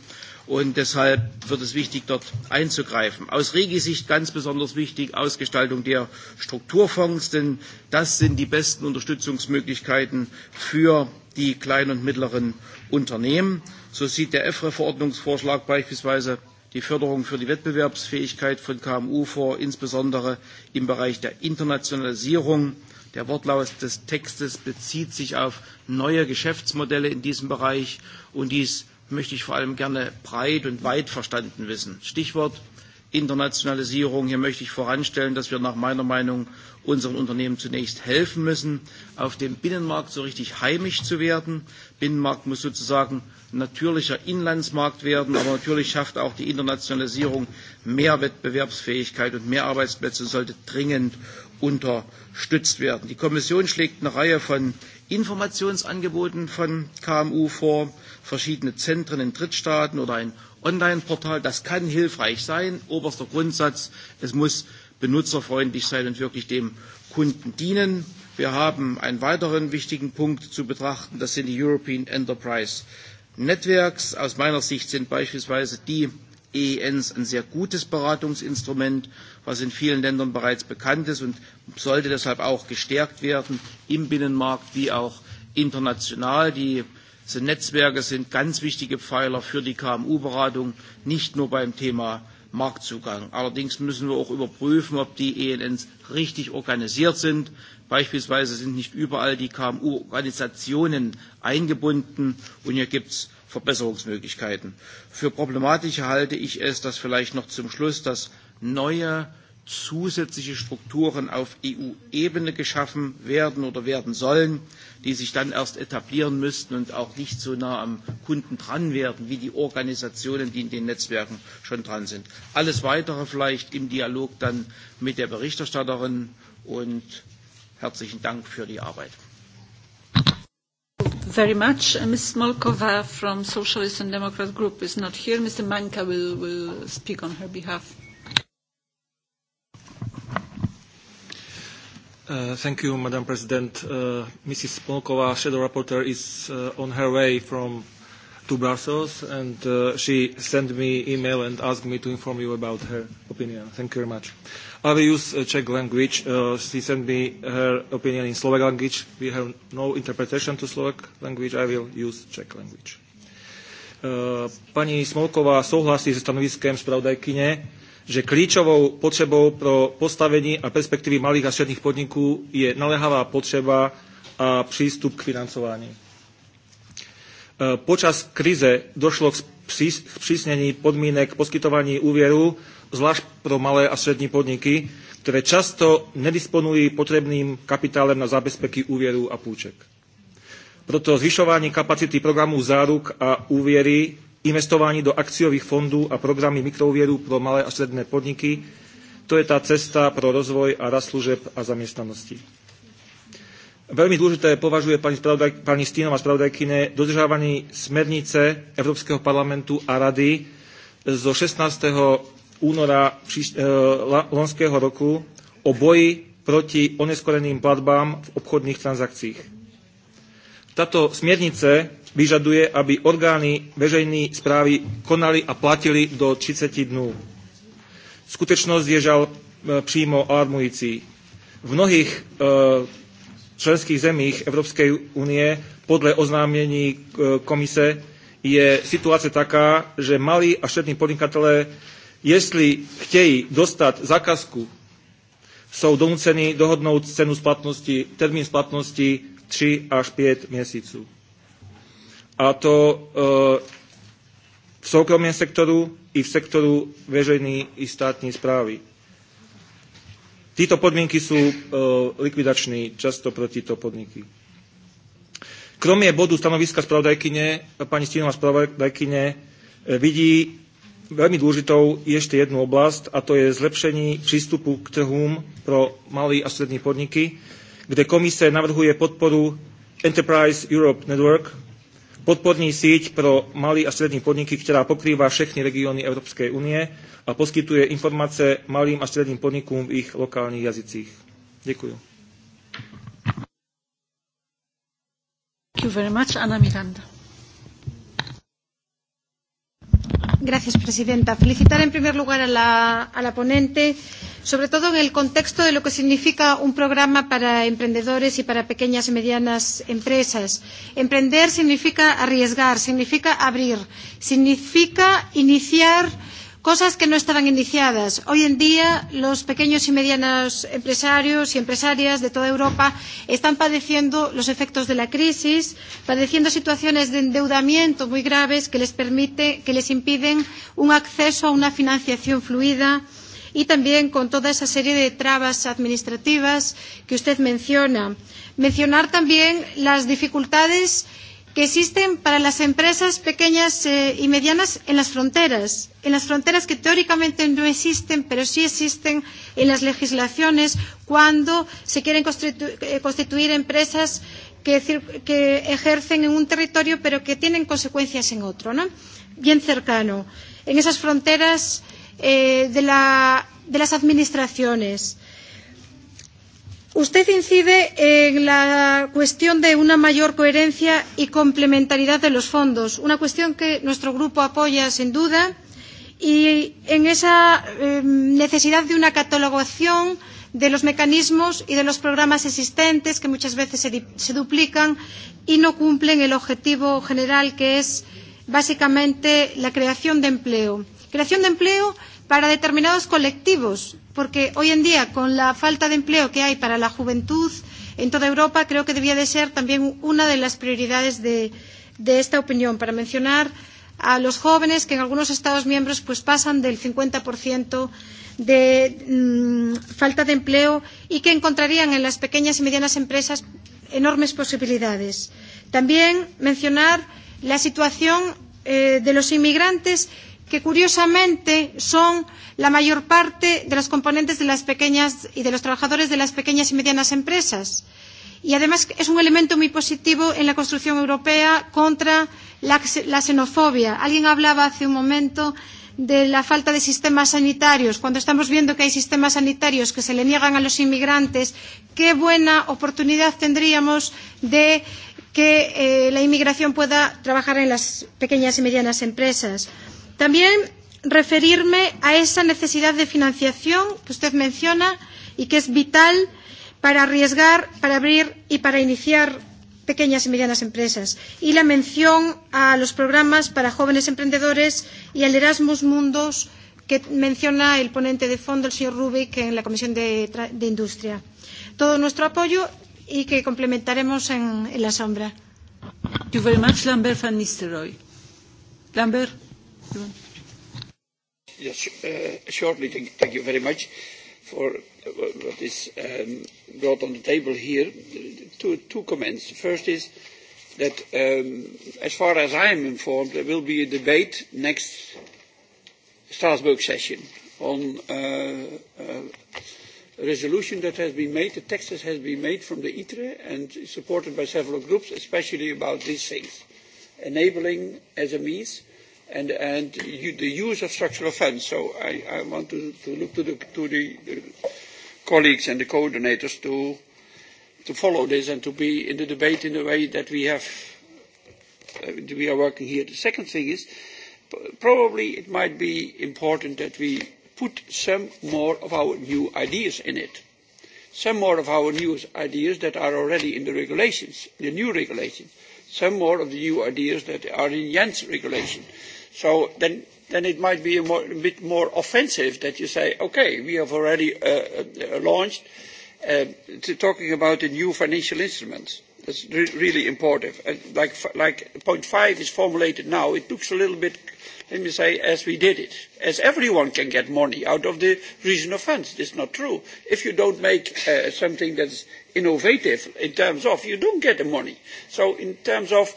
Und deshalb wird es wichtig, dort einzugreifen. Aus Regisicht ganz besonders wichtig Ausgestaltung der Strukturfonds, denn das sind die besten Unterstützungsmöglichkeiten für die kleinen und mittleren Unternehmen. So sieht der EFRE-Verordnungsvorschlag beispielsweise die Förderung für die Wettbewerbsfähigkeit von KMU vor, insbesondere im Bereich der Internationalisierung. Der Wortlaut des Textes bezieht sich auf neue Geschäftsmodelle in diesem Bereich und dies möchte ich vor allem gerne breit und weit verstanden wissen. Stichwort Internationalisierung. Hier möchte ich voranstellen, dass wir nach meiner Meinung unseren Unternehmen zunächst helfen müssen, auf dem Binnenmarkt so richtig heimisch zu werden, Binnenmarkt muss sozusagen natürlicher Inlandsmarkt werden, aber natürlich schafft auch die Internationalisierung mehr Wettbewerbsfähigkeit und mehr Arbeitsplätze sollte dringend unterstützt werden. Die Kommission schlägt eine Reihe von Informationsangeboten von KMU vor, verschiedene Zentren in Drittstaaten oder ein Online-Portal. Das kann hilfreich sein. Oberster Grundsatz, es muss benutzerfreundlich sein und wirklich dem Kunden dienen. Wir haben einen weiteren wichtigen Punkt zu betrachten, das sind die European Enterprise Networks. Aus meiner Sicht sind beispielsweise die EENs ein sehr gutes Beratungsinstrument, was in vielen Ländern bereits bekannt ist und sollte deshalb auch gestärkt werden im Binnenmarkt wie auch international. Die Netzwerke sind ganz wichtige Pfeiler für die KMU-Beratung, nicht nur beim Thema Marktzugang. Allerdings müssen wir auch überprüfen, ob die ELNs richtig organisiert sind. Beispielsweise sind nicht überall die KMU-Organisationen eingebunden und hier gibt es Verbesserungsmöglichkeiten. Für problematisch halte ich es, dass vielleicht noch zum Schluss das neue zusätzliche Strukturen auf EU-Ebene geschaffen werden oder werden sollen die sich dann erst etablieren müssten und auch nicht so nah am Kunden dran wären, wie die Organisationen, die in den Netzwerken schon dran sind. Alles Weitere vielleicht im Dialog dann mit der Berichterstatterin und herzlichen Dank für die Arbeit. Very much. Uh, Ms. Molkova from Socialist and Democrat Group is not here. Mr. Manka will, will speak on her behalf. Uh, thank you, Madam President. Uh, Mrs. Polkova, Shadow Rapporteur, is uh, on her way from to Brussels, and uh, she sent me email and asked me to inform you about her opinion. Thank you very much. I will use uh, Czech language. Uh, she sent me her opinion in Slovak language. We have no interpretation to Slovak language. I will use Czech language. Uh, pani Smolková souhlasí se stanoviskem zpravodajkyně že kľúčovou potrebou pro postavenie a perspektívy malých a stredných podnikov je nalehavá potreba a prístup k financování. E, počas krize došlo k sprísnení podmínek poskytovaní úvieru, zvlášť pro malé a strední podniky, ktoré často nedisponujú potrebným kapitálem na zabezpeky úvieru a půjček. Proto zvyšovanie kapacity programu záruk a úvěry investování do akciových fondů a programy mikrouvěrů pro malé a střední podniky, to je ta cesta pro rozvoj a rast služeb a zaměstnanosti. Velmi důležité považuje paní, spravodaj, pani Stínova spravodajkyne dodržávanie smernice Európskeho parlamentu a rady zo 16. února příš, eh, lonského roku o boji proti oneskoreným platbám v obchodních transakcích. Táto smernice vyžaduje, aby orgány veřejnej správy konali a platili do 30 dnů. Skutečnost je žal e, přímo alarmující. V mnohých e, členských zemích Evropskej unie podle oznámení e, komise je situace taká, že malí a střední podnikatelé, jestli chtějí dostat zakazku, jsou donuceni dohodnout cenu splatnosti, termín splatnosti 3 až 5 měsíců a to e, v soukromém sektoru i v sektoru veřejné i státní správy. Tyto podmínky sú e, likvidační často pro tyto podniky. Kromě bodu stanoviska spravodajkyně, paní Stínová spravodajkyně e, vidí velmi důležitou ještě jednu oblast, a to je zlepšení přístupu k trhům pro malé a střední podniky, kde komise navrhuje podporu Enterprise Europe Network podporní sieť pro malé a stredné podniky, ktorá pokrýva všechny regióny Európskej únie a poskytuje informácie malým a stredným podnikom v ich lokálnych jazycích. Ďakujem. Thank you very much, Anna Miranda. Gracias, presidenta. Felicitar en primer lugar a la, a la ponente, sobre todo en el contexto de lo que significa un programa para emprendedores y para pequeñas y medianas empresas. Emprender significa arriesgar, significa abrir, significa iniciar eh, Cosas que no estaban iniciadas. Hoy en día los pequeños y medianos empresarios y empresarias de toda Europa están padeciendo los efectos de la crisis, padeciendo situaciones de endeudamiento muy graves que les, permite, que les impiden un acceso a una financiación fluida y también con toda esa serie de trabas administrativas que usted menciona. Mencionar también las dificultades que existen para las empresas pequeñas eh, y medianas en las fronteras, en las fronteras que teóricamente no existen, pero sí existen en las legislaciones cuando se quieren constitu eh, constituir empresas que, que ejercen en un territorio pero que tienen consecuencias en otro, ¿no? bien cercano, en esas fronteras eh, de, la, de las administraciones Usted incide en la cuestión de una mayor coherencia y complementariedad de los fondos, una cuestión que nuestro grupo apoya sin duda, y en esa eh, necesidad de una catalogación de los mecanismos y de los programas existentes que muchas veces se, se duplican y no cumplen el objetivo general que es básicamente la creación de empleo. Creación de empleo para determinados colectivos, porque hoy en día, con la falta de empleo que hay para la juventud en toda Europa, creo que debía de ser también una de las prioridades de, de esta opinión, para mencionar a los jóvenes que en algunos Estados miembros pues, pasan del 50% de mmm, falta de empleo y que encontrarían en las pequeñas y medianas empresas enormes posibilidades. También mencionar la situación eh, de los inmigrantes que curiosamente son la mayor parte de los componentes de las pequeñas y de los trabajadores de las pequeñas y medianas empresas. Y además es un elemento muy positivo en la construcción europea contra la, la xenofobia. Alguien hablaba hace un momento de la falta de sistemas sanitarios, cuando estamos viendo que hay sistemas sanitarios que se le niegan a los inmigrantes, qué buena oportunidad tendríamos de que eh, la inmigración pueda trabajar en las pequeñas y medianas empresas. También referirme a esa necesidad de financiación que usted menciona y que es vital para arriesgar, para abrir y para iniciar pequeñas y medianas empresas. Y la mención a los programas para jóvenes emprendedores y al Erasmus Mundos que menciona el ponente de fondo, el señor Rubik, en la Comisión de, de Industria. Todo nuestro apoyo y que complementaremos en, en la sombra. Thank you very much, Lambert van Nistelrooy. Lambert. Yes, uh, shortly, thank thank you very much for what is um, brought on the table here. Two, two comments. The first is that, um, as far as I am informed, there will be a debate next Strasbourg session on uh, a resolution that has been made, the text that has been made from the ITRE and supported by several groups, especially about these things, enabling SMEs and, and the use of structural funds. So I, I want to, to look to the, to the colleagues and the coordinators to, to follow this and to be in the debate in the way that we have uh, we are working here. The second thing is probably it might be important that we put some more of our new ideas in it. Some more of our new ideas that are already in the regulations, the new regulations. Some more of the new ideas that are in Jens' regulation. So then, then it might be a, more, a bit more offensive that you say, okay, we have already uh, uh, launched uh, to talking about the new financial instruments. That's re really important. And like, like point five is formulated now, it looks a little bit, let me say, as we did it. As everyone can get money out of the regional funds. It's not true. If you don't make uh, something that's innovative in terms of, you don't get the money. So in terms of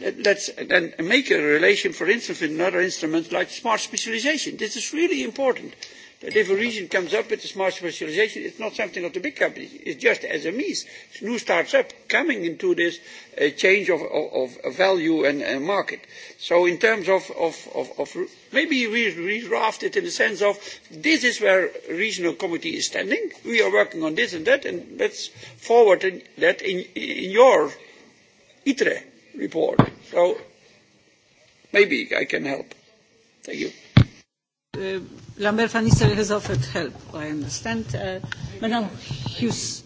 let's and make a relation, for instance, with another instrument like smart specialisation. This is really important. That if a region comes up with a smart specialization, it's not something of the big companies. It's just SMEs, new starts up coming into this uh, change of, of, of value and, and market. So in terms of, of, of, of maybe we redraft it in the sense of this is where regional committee is standing. We are working on this and that, and let's forward in, that in, in your ITRE report. So maybe I can help. Thank you. Uh, Lambert van Nistelrooy has offered help, I understand. Uh, Madam Hughes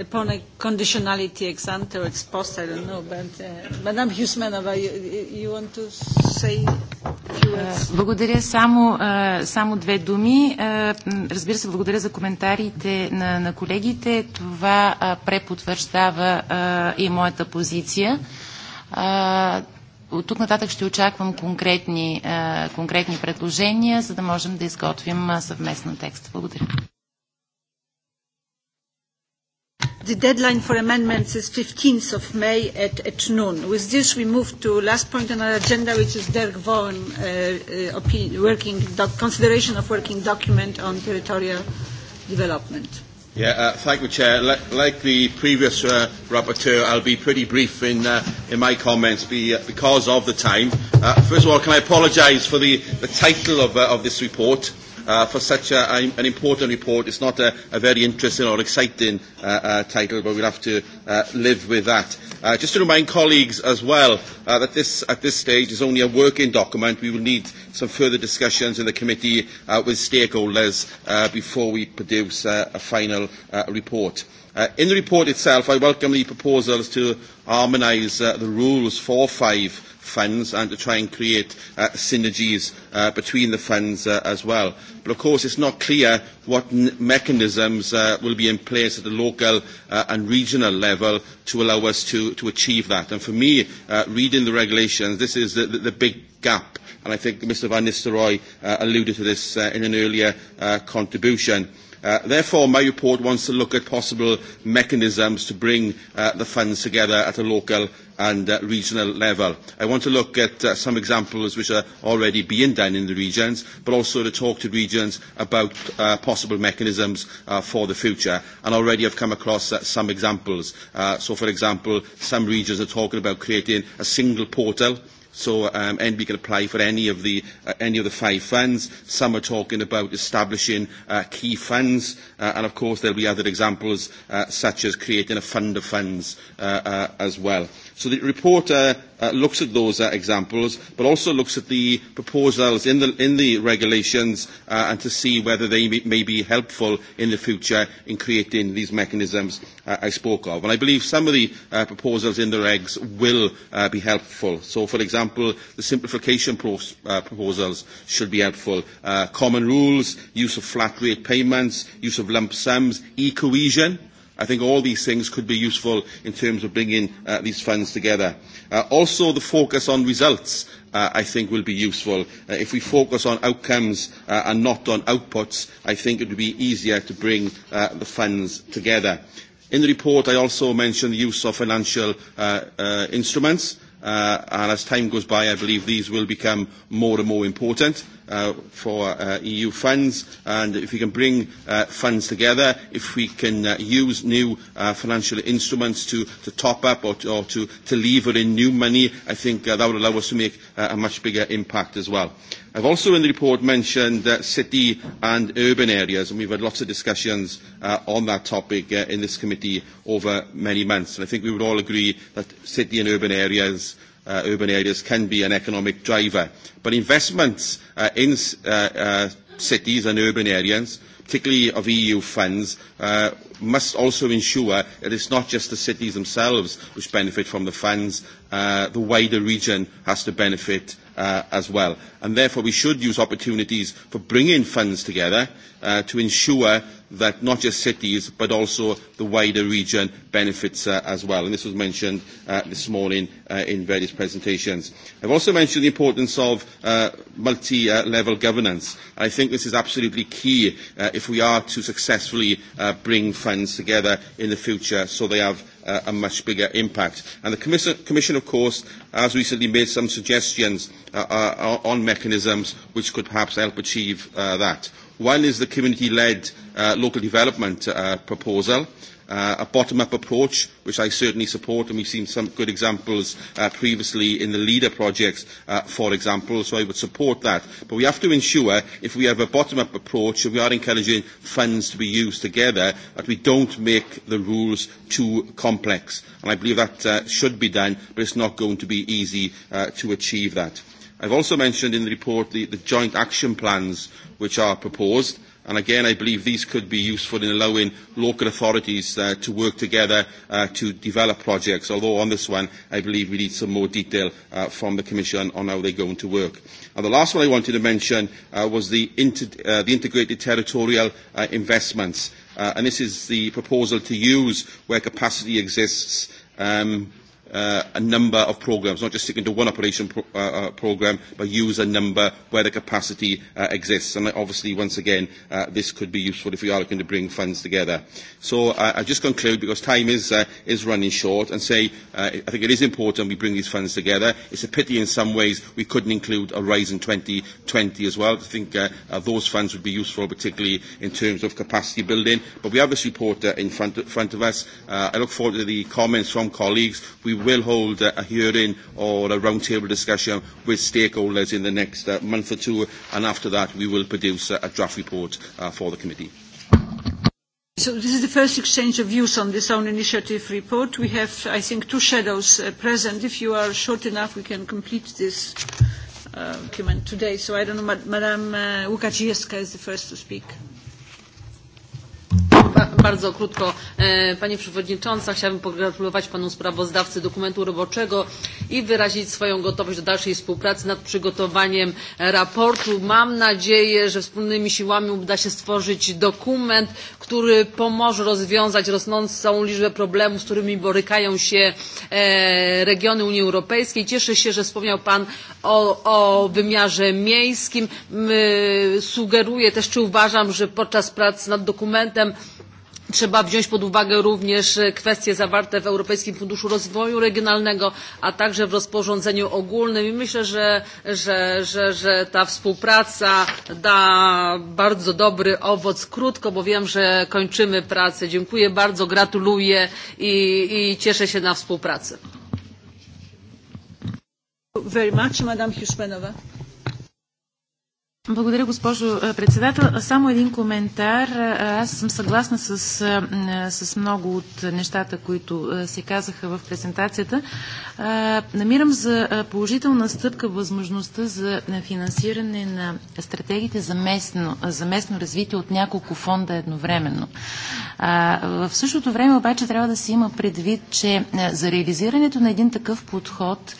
upon a conditionality ex ante or ex post, I don't know, but uh, Madame Husmanova, you, you want to say благодаря. Само, само две думи. Разбира се, благодаря за коментарите на, на колегите. Това препотвърждава и моята позиция. От тук нататък ще очаквам конкретни, конкретни предложения, за да можем да изготвим съвместно текст. Благодаря. The deadline for amendments is 15th of May at, at noon. With this, we move to last point on our agenda, which is Dirk Vaughan, uh, uh, working doc- consideration of working document on territorial development. Yeah, uh, thank you, Chair. L- like the previous uh, rapporteur, I'll be pretty brief in, uh, in my comments be, uh, because of the time. Uh, first of all, can I apologise for the, the title of, uh, of this report? uh, for such a, an important report. It's not a, a very interesting or exciting uh, uh, title, but we'll have to uh, live with that. Uh, just to remind colleagues as well uh, that this, at this stage, is only a working document. We will need some further discussions in the committee uh, with stakeholders uh, before we produce uh, a final uh, report. Uh, in the report itself, I welcome the proposals to harmonise uh, the rules for five funds and to try and create uh, synergies uh, between the funds uh, as well. But of course, it's not clear what mechanisms uh, will be in place at the local uh, and regional level to allow us to, to achieve that. And for me, uh, reading the regulations, this is the, the, the big gap. And I think Mr Van Nistelrooy uh, alluded to this uh, in an earlier uh, contribution Uh, therefore, my report wants to look at possible mechanisms to bring uh, the funds together at a local and uh, regional level. I want to look at uh, some examples which are already being done in the regions, but also to talk to regions about uh, possible mechanisms uh, for the future. And already I've come across uh, some examples. Uh, so, for example, some regions are talking about creating a single portal So um, NB can apply for any of the uh, any of the five funds. Some are talking about establishing uh, key funds, uh, and of course there'll be other examples uh, such as creating a fund of funds uh, uh, as well. So the report uh, uh, looks at those uh, examples, but also looks at the proposals in the, in the regulations uh, and to see whether they may, may be helpful in the future in creating these mechanisms uh, I spoke of. And I believe some of the uh, proposals in the regs will uh, be helpful. So, for example, the simplification pro uh, proposals should be helpful. Uh, common rules, use of flat rate payments, use of lump sums, e-cohesion, I think all these things could be useful in terms of bringing uh, these funds together. Uh, also, the focus on results, uh, I think, will be useful. Uh, if we focus on outcomes uh, and not on outputs, I think it would be easier to bring uh, the funds together. In the report, I also mentioned the use of financial uh, uh, instruments, uh, and as time goes by, I believe these will become more and more important uh, for uh, EU funds, and if we can bring uh, funds together, if we can uh, use new uh, financial instruments to, to top up or, to, or to, to lever in new money, I think uh, that would allow us to make uh, a much bigger impact as well. I've also in the report mentioned uh, city and urban areas, and we've had lots of discussions uh, on that topic uh, in this committee over many months. And I think we would all agree that city and urban areas uh, urban areas can be an economic driver. But investments uh, in uh, uh, cities and urban areas, particularly of EU funds, uh, must also ensure that it's not just the cities themselves which benefit from the funds. Uh, the wider region has to benefit uh, as well. And therefore, we should use opportunities for bringing funds together uh, to ensure that not just cities, but also the wider region benefits uh, as well. And this was mentioned uh, this morning uh, in various presentations. I've also mentioned the importance of uh, multi-level governance. I think this is absolutely key uh, if we are to successfully uh, bring funds together in the future so they have uh, a much bigger impact. And the Commission, commission of course, has recently made some suggestions uh, uh, uh, on mechanisms which could perhaps help achieve uh, that. One is the community-led uh, local development uh, proposal. Uh, uh, a bottom-up approach, which I certainly support, and we've seen some good examples uh, previously in the LEADER projects, uh, for example, so I would support that. But we have to ensure, if we have a bottom-up approach, if we are encouraging funds to be used together, that we don't make the rules too complex. And I believe that uh, should be done, but it's not going to be easy uh, to achieve that. I've also mentioned in the report the, the joint action plans which are proposed. And again, I believe these could be useful in allowing local authorities uh, to work together uh, to develop projects, although on this one, I believe we need some more detail uh, from the Commission on how they're going to work. And the last one I wanted to mention uh, was the, inter uh, the integrated territorial uh, investments. Uh, and this is the proposal to use where capacity exists um, uh, a number of programs, not just sticking to one operation pro uh, uh, program, but use a number where the capacity uh, exists. And obviously, once again, uh, this could be useful if we are looking to bring funds together. So uh, I just conclude because time is, uh, is running short and say uh, I think it is important we bring these funds together. It's a pity in some ways we couldn't include Horizon 2020 as well. I think uh, uh, those funds would be useful, particularly in terms of capacity building. But we have this report uh, in front of, front of us. Uh, I look forward to the comments from colleagues. We will hold a, a hearing or a roundtable discussion with stakeholders in the next uh, month or two, and after that we will produce a, a draft report uh, for the committee. So this is the first exchange of views on this own initiative report. We have, I think, two shadows uh, present. If you are short enough, we can complete this uh, document today. So I don't know, Madam uh, Łukacijewska is the first to speak. Bardzo krótko. E, Pani Przewodnicząca, chciałabym pogratulować Panu sprawozdawcy dokumentu roboczego i wyrazić swoją gotowość do dalszej współpracy nad przygotowaniem raportu. Mam nadzieję, że wspólnymi siłami uda się stworzyć dokument, który pomoże rozwiązać rosnącą liczbę problemów, z którymi borykają się e, regiony Unii Europejskiej. Cieszę się, że wspomniał Pan o, o wymiarze miejskim. Sugeruję też, czy uważam, że podczas prac nad dokumentem Trzeba wziąć pod uwagę również e, kwestie zawarte w Europejskim Funduszu Rozwoju Regionalnego, a także w rozporządzeniu ogólnym i myślę, że, że, że, że ta współpraca da bardzo dobry owoc krótko, bo wiem, że kończymy pracę. Dziękuję bardzo, gratuluję i, i cieszę się na współpracę. Very much, Madame Hiszpanowa. Благодаря, госпожо председател. Само един коментар. Аз съм съгласна с, с много от нещата, които се казаха в презентацията. Намирам за положителна стъпка възможността за финансиране на стратегиите за местно, за местно развитие от няколко фонда едновременно. В същото време обаче трябва да се има предвид, че за реализирането на един такъв подход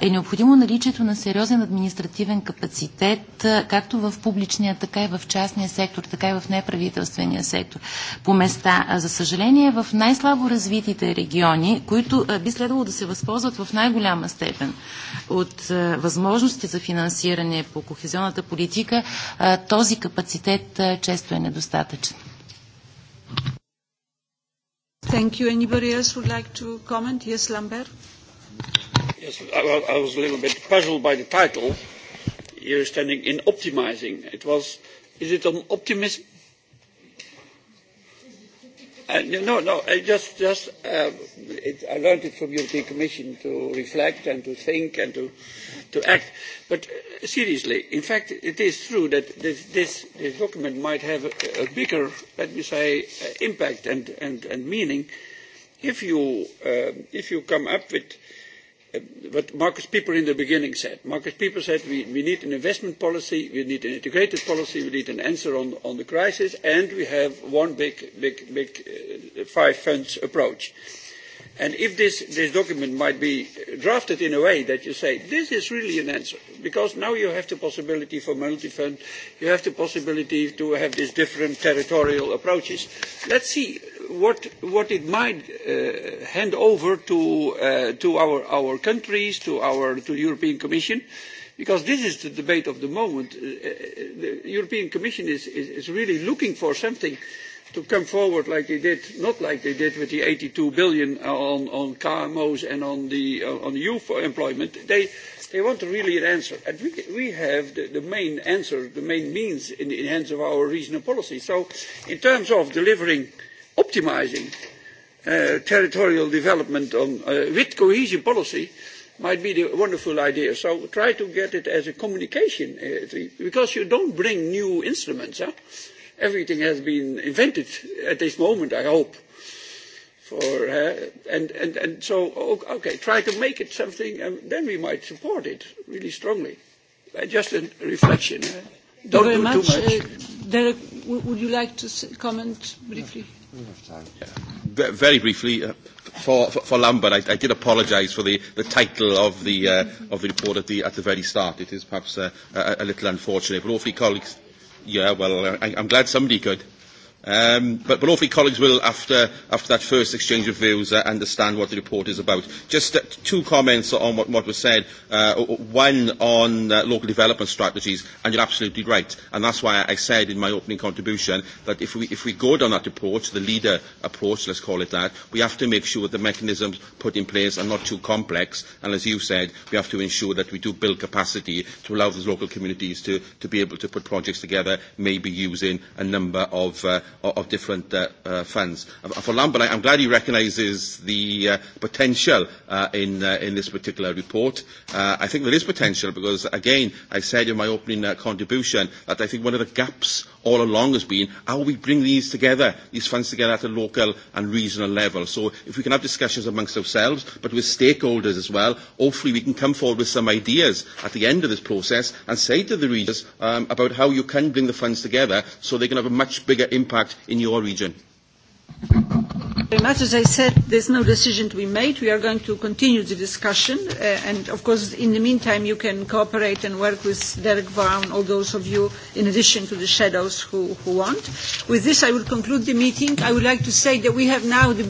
е необходимо наличието на сериозен административен капацитет, както в публичния, така и в частния сектор, така и в неправителствения сектор по места. За съжаление, в най-слабо развитите региони, които би следвало да се възползват в най-голяма степен от възможности за финансиране по кохезионната политика, този капацитет често е недостатъчен. Thank you. Anybody else would like to comment? Yes, Lambert. Yes, I, I was a little bit puzzled by the title. You're standing in optimizing. It was, is it on optimism? Uh, no, no, I just, just uh, it, I learned it from European Commission to reflect and to think and to, to act. But uh, seriously, in fact, it is true that this, this, this document might have a, a bigger, let me say, uh, impact and, and, and meaning if you, uh, if you come up with what Marcus Pieper in the beginning said. Marcus Pieper said we, we need an investment policy, we need an integrated policy, we need an answer on, on the crisis, and we have one big, big, big uh, five funds approach. And if this, this document might be drafted in a way that you say, this is really an answer, because now you have the possibility for multi-fund, you have the possibility to have these different territorial approaches. Let's see what, what it might uh, hand over to, uh, to our, our countries, to, our, to the European Commission, because this is the debate of the moment. Uh, uh the European Commission is, is, is really looking for something uh, to come forward like they did, not like they did with the 82 billion uh, on, on KMOs and on the, uh, on youth employment. They, they want really an answer. And we, we have the, the main answer, the main means in the hands of our regional policy. So in terms of delivering, optimizing uh, territorial development on, uh, with cohesion policy, might be the wonderful idea. So try to get it as a communication, uh, because you don't bring new instruments. Huh? everything has been invented at this moment, I hope. For, uh, and, and, and so, okay, try to make it something, and then we might support it really strongly. Uh, just a reflection. Uh, don't Very do much. too much. Uh, Derek, would you like to comment briefly? Yeah. Yeah. Very briefly, uh, for, for, for Lambert, I, I did apologise for the, the title of the, uh, of the report at the, at the very start. It is perhaps uh, a, a little unfortunate, but hopefully colleagues Yeah, well, I, I'm glad somebody could. Um, but, but hopefully colleagues will, after, after that first exchange of views, uh, understand what the report is about. Just uh, two comments on what, what was said. Uh, one on uh, local development strategies, and you're absolutely right. And that's why I said in my opening contribution that if we, if we go down that approach, the leader approach, let's call it that, we have to make sure that the mechanisms put in place are not too complex. And as you said, we have to ensure that we do build capacity to allow those local communities to, to be able to put projects together, maybe using a number of uh, of different uh, uh, funds. Uh, for Lambert, I'm glad he recognises the uh, potential uh, in, uh, in this particular report. Uh, I think there is potential because, again, I said in my opening uh, contribution that I think one of the gaps all along has been how we bring these together, these funds together at a local and regional level. So if we can have discussions amongst ourselves, but with stakeholders as well, hopefully we can come forward with some ideas at the end of this process and say to the regions um, about how you can bring the funds together so they can have a much bigger impact impact in your region? Very much. As I said, there's no decision to be made. We are going to continue the discussion. Uh, and of course, in the meantime, you can cooperate and work with Derek Vaughan, all those of you, in addition to the shadows who, who want. With this, I will conclude the meeting. I would like to say that we have now the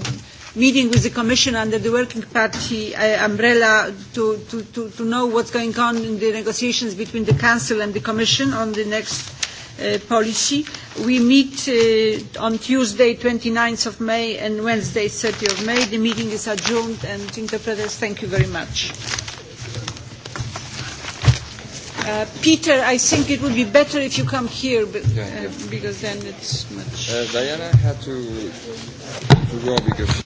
meeting with the Commission under the Working Party uh, umbrella to, to, to, to know what's going on in the negotiations between the Council and the Commission on the next Uh, policy. We meet uh, on Tuesday, 29th of May, and Wednesday, 30th of May. The meeting is adjourned, and interpreters, thank you very much. Uh, Peter, I think it would be better if you come here, but, uh, because then it's much. Uh, Diana had to, to go because.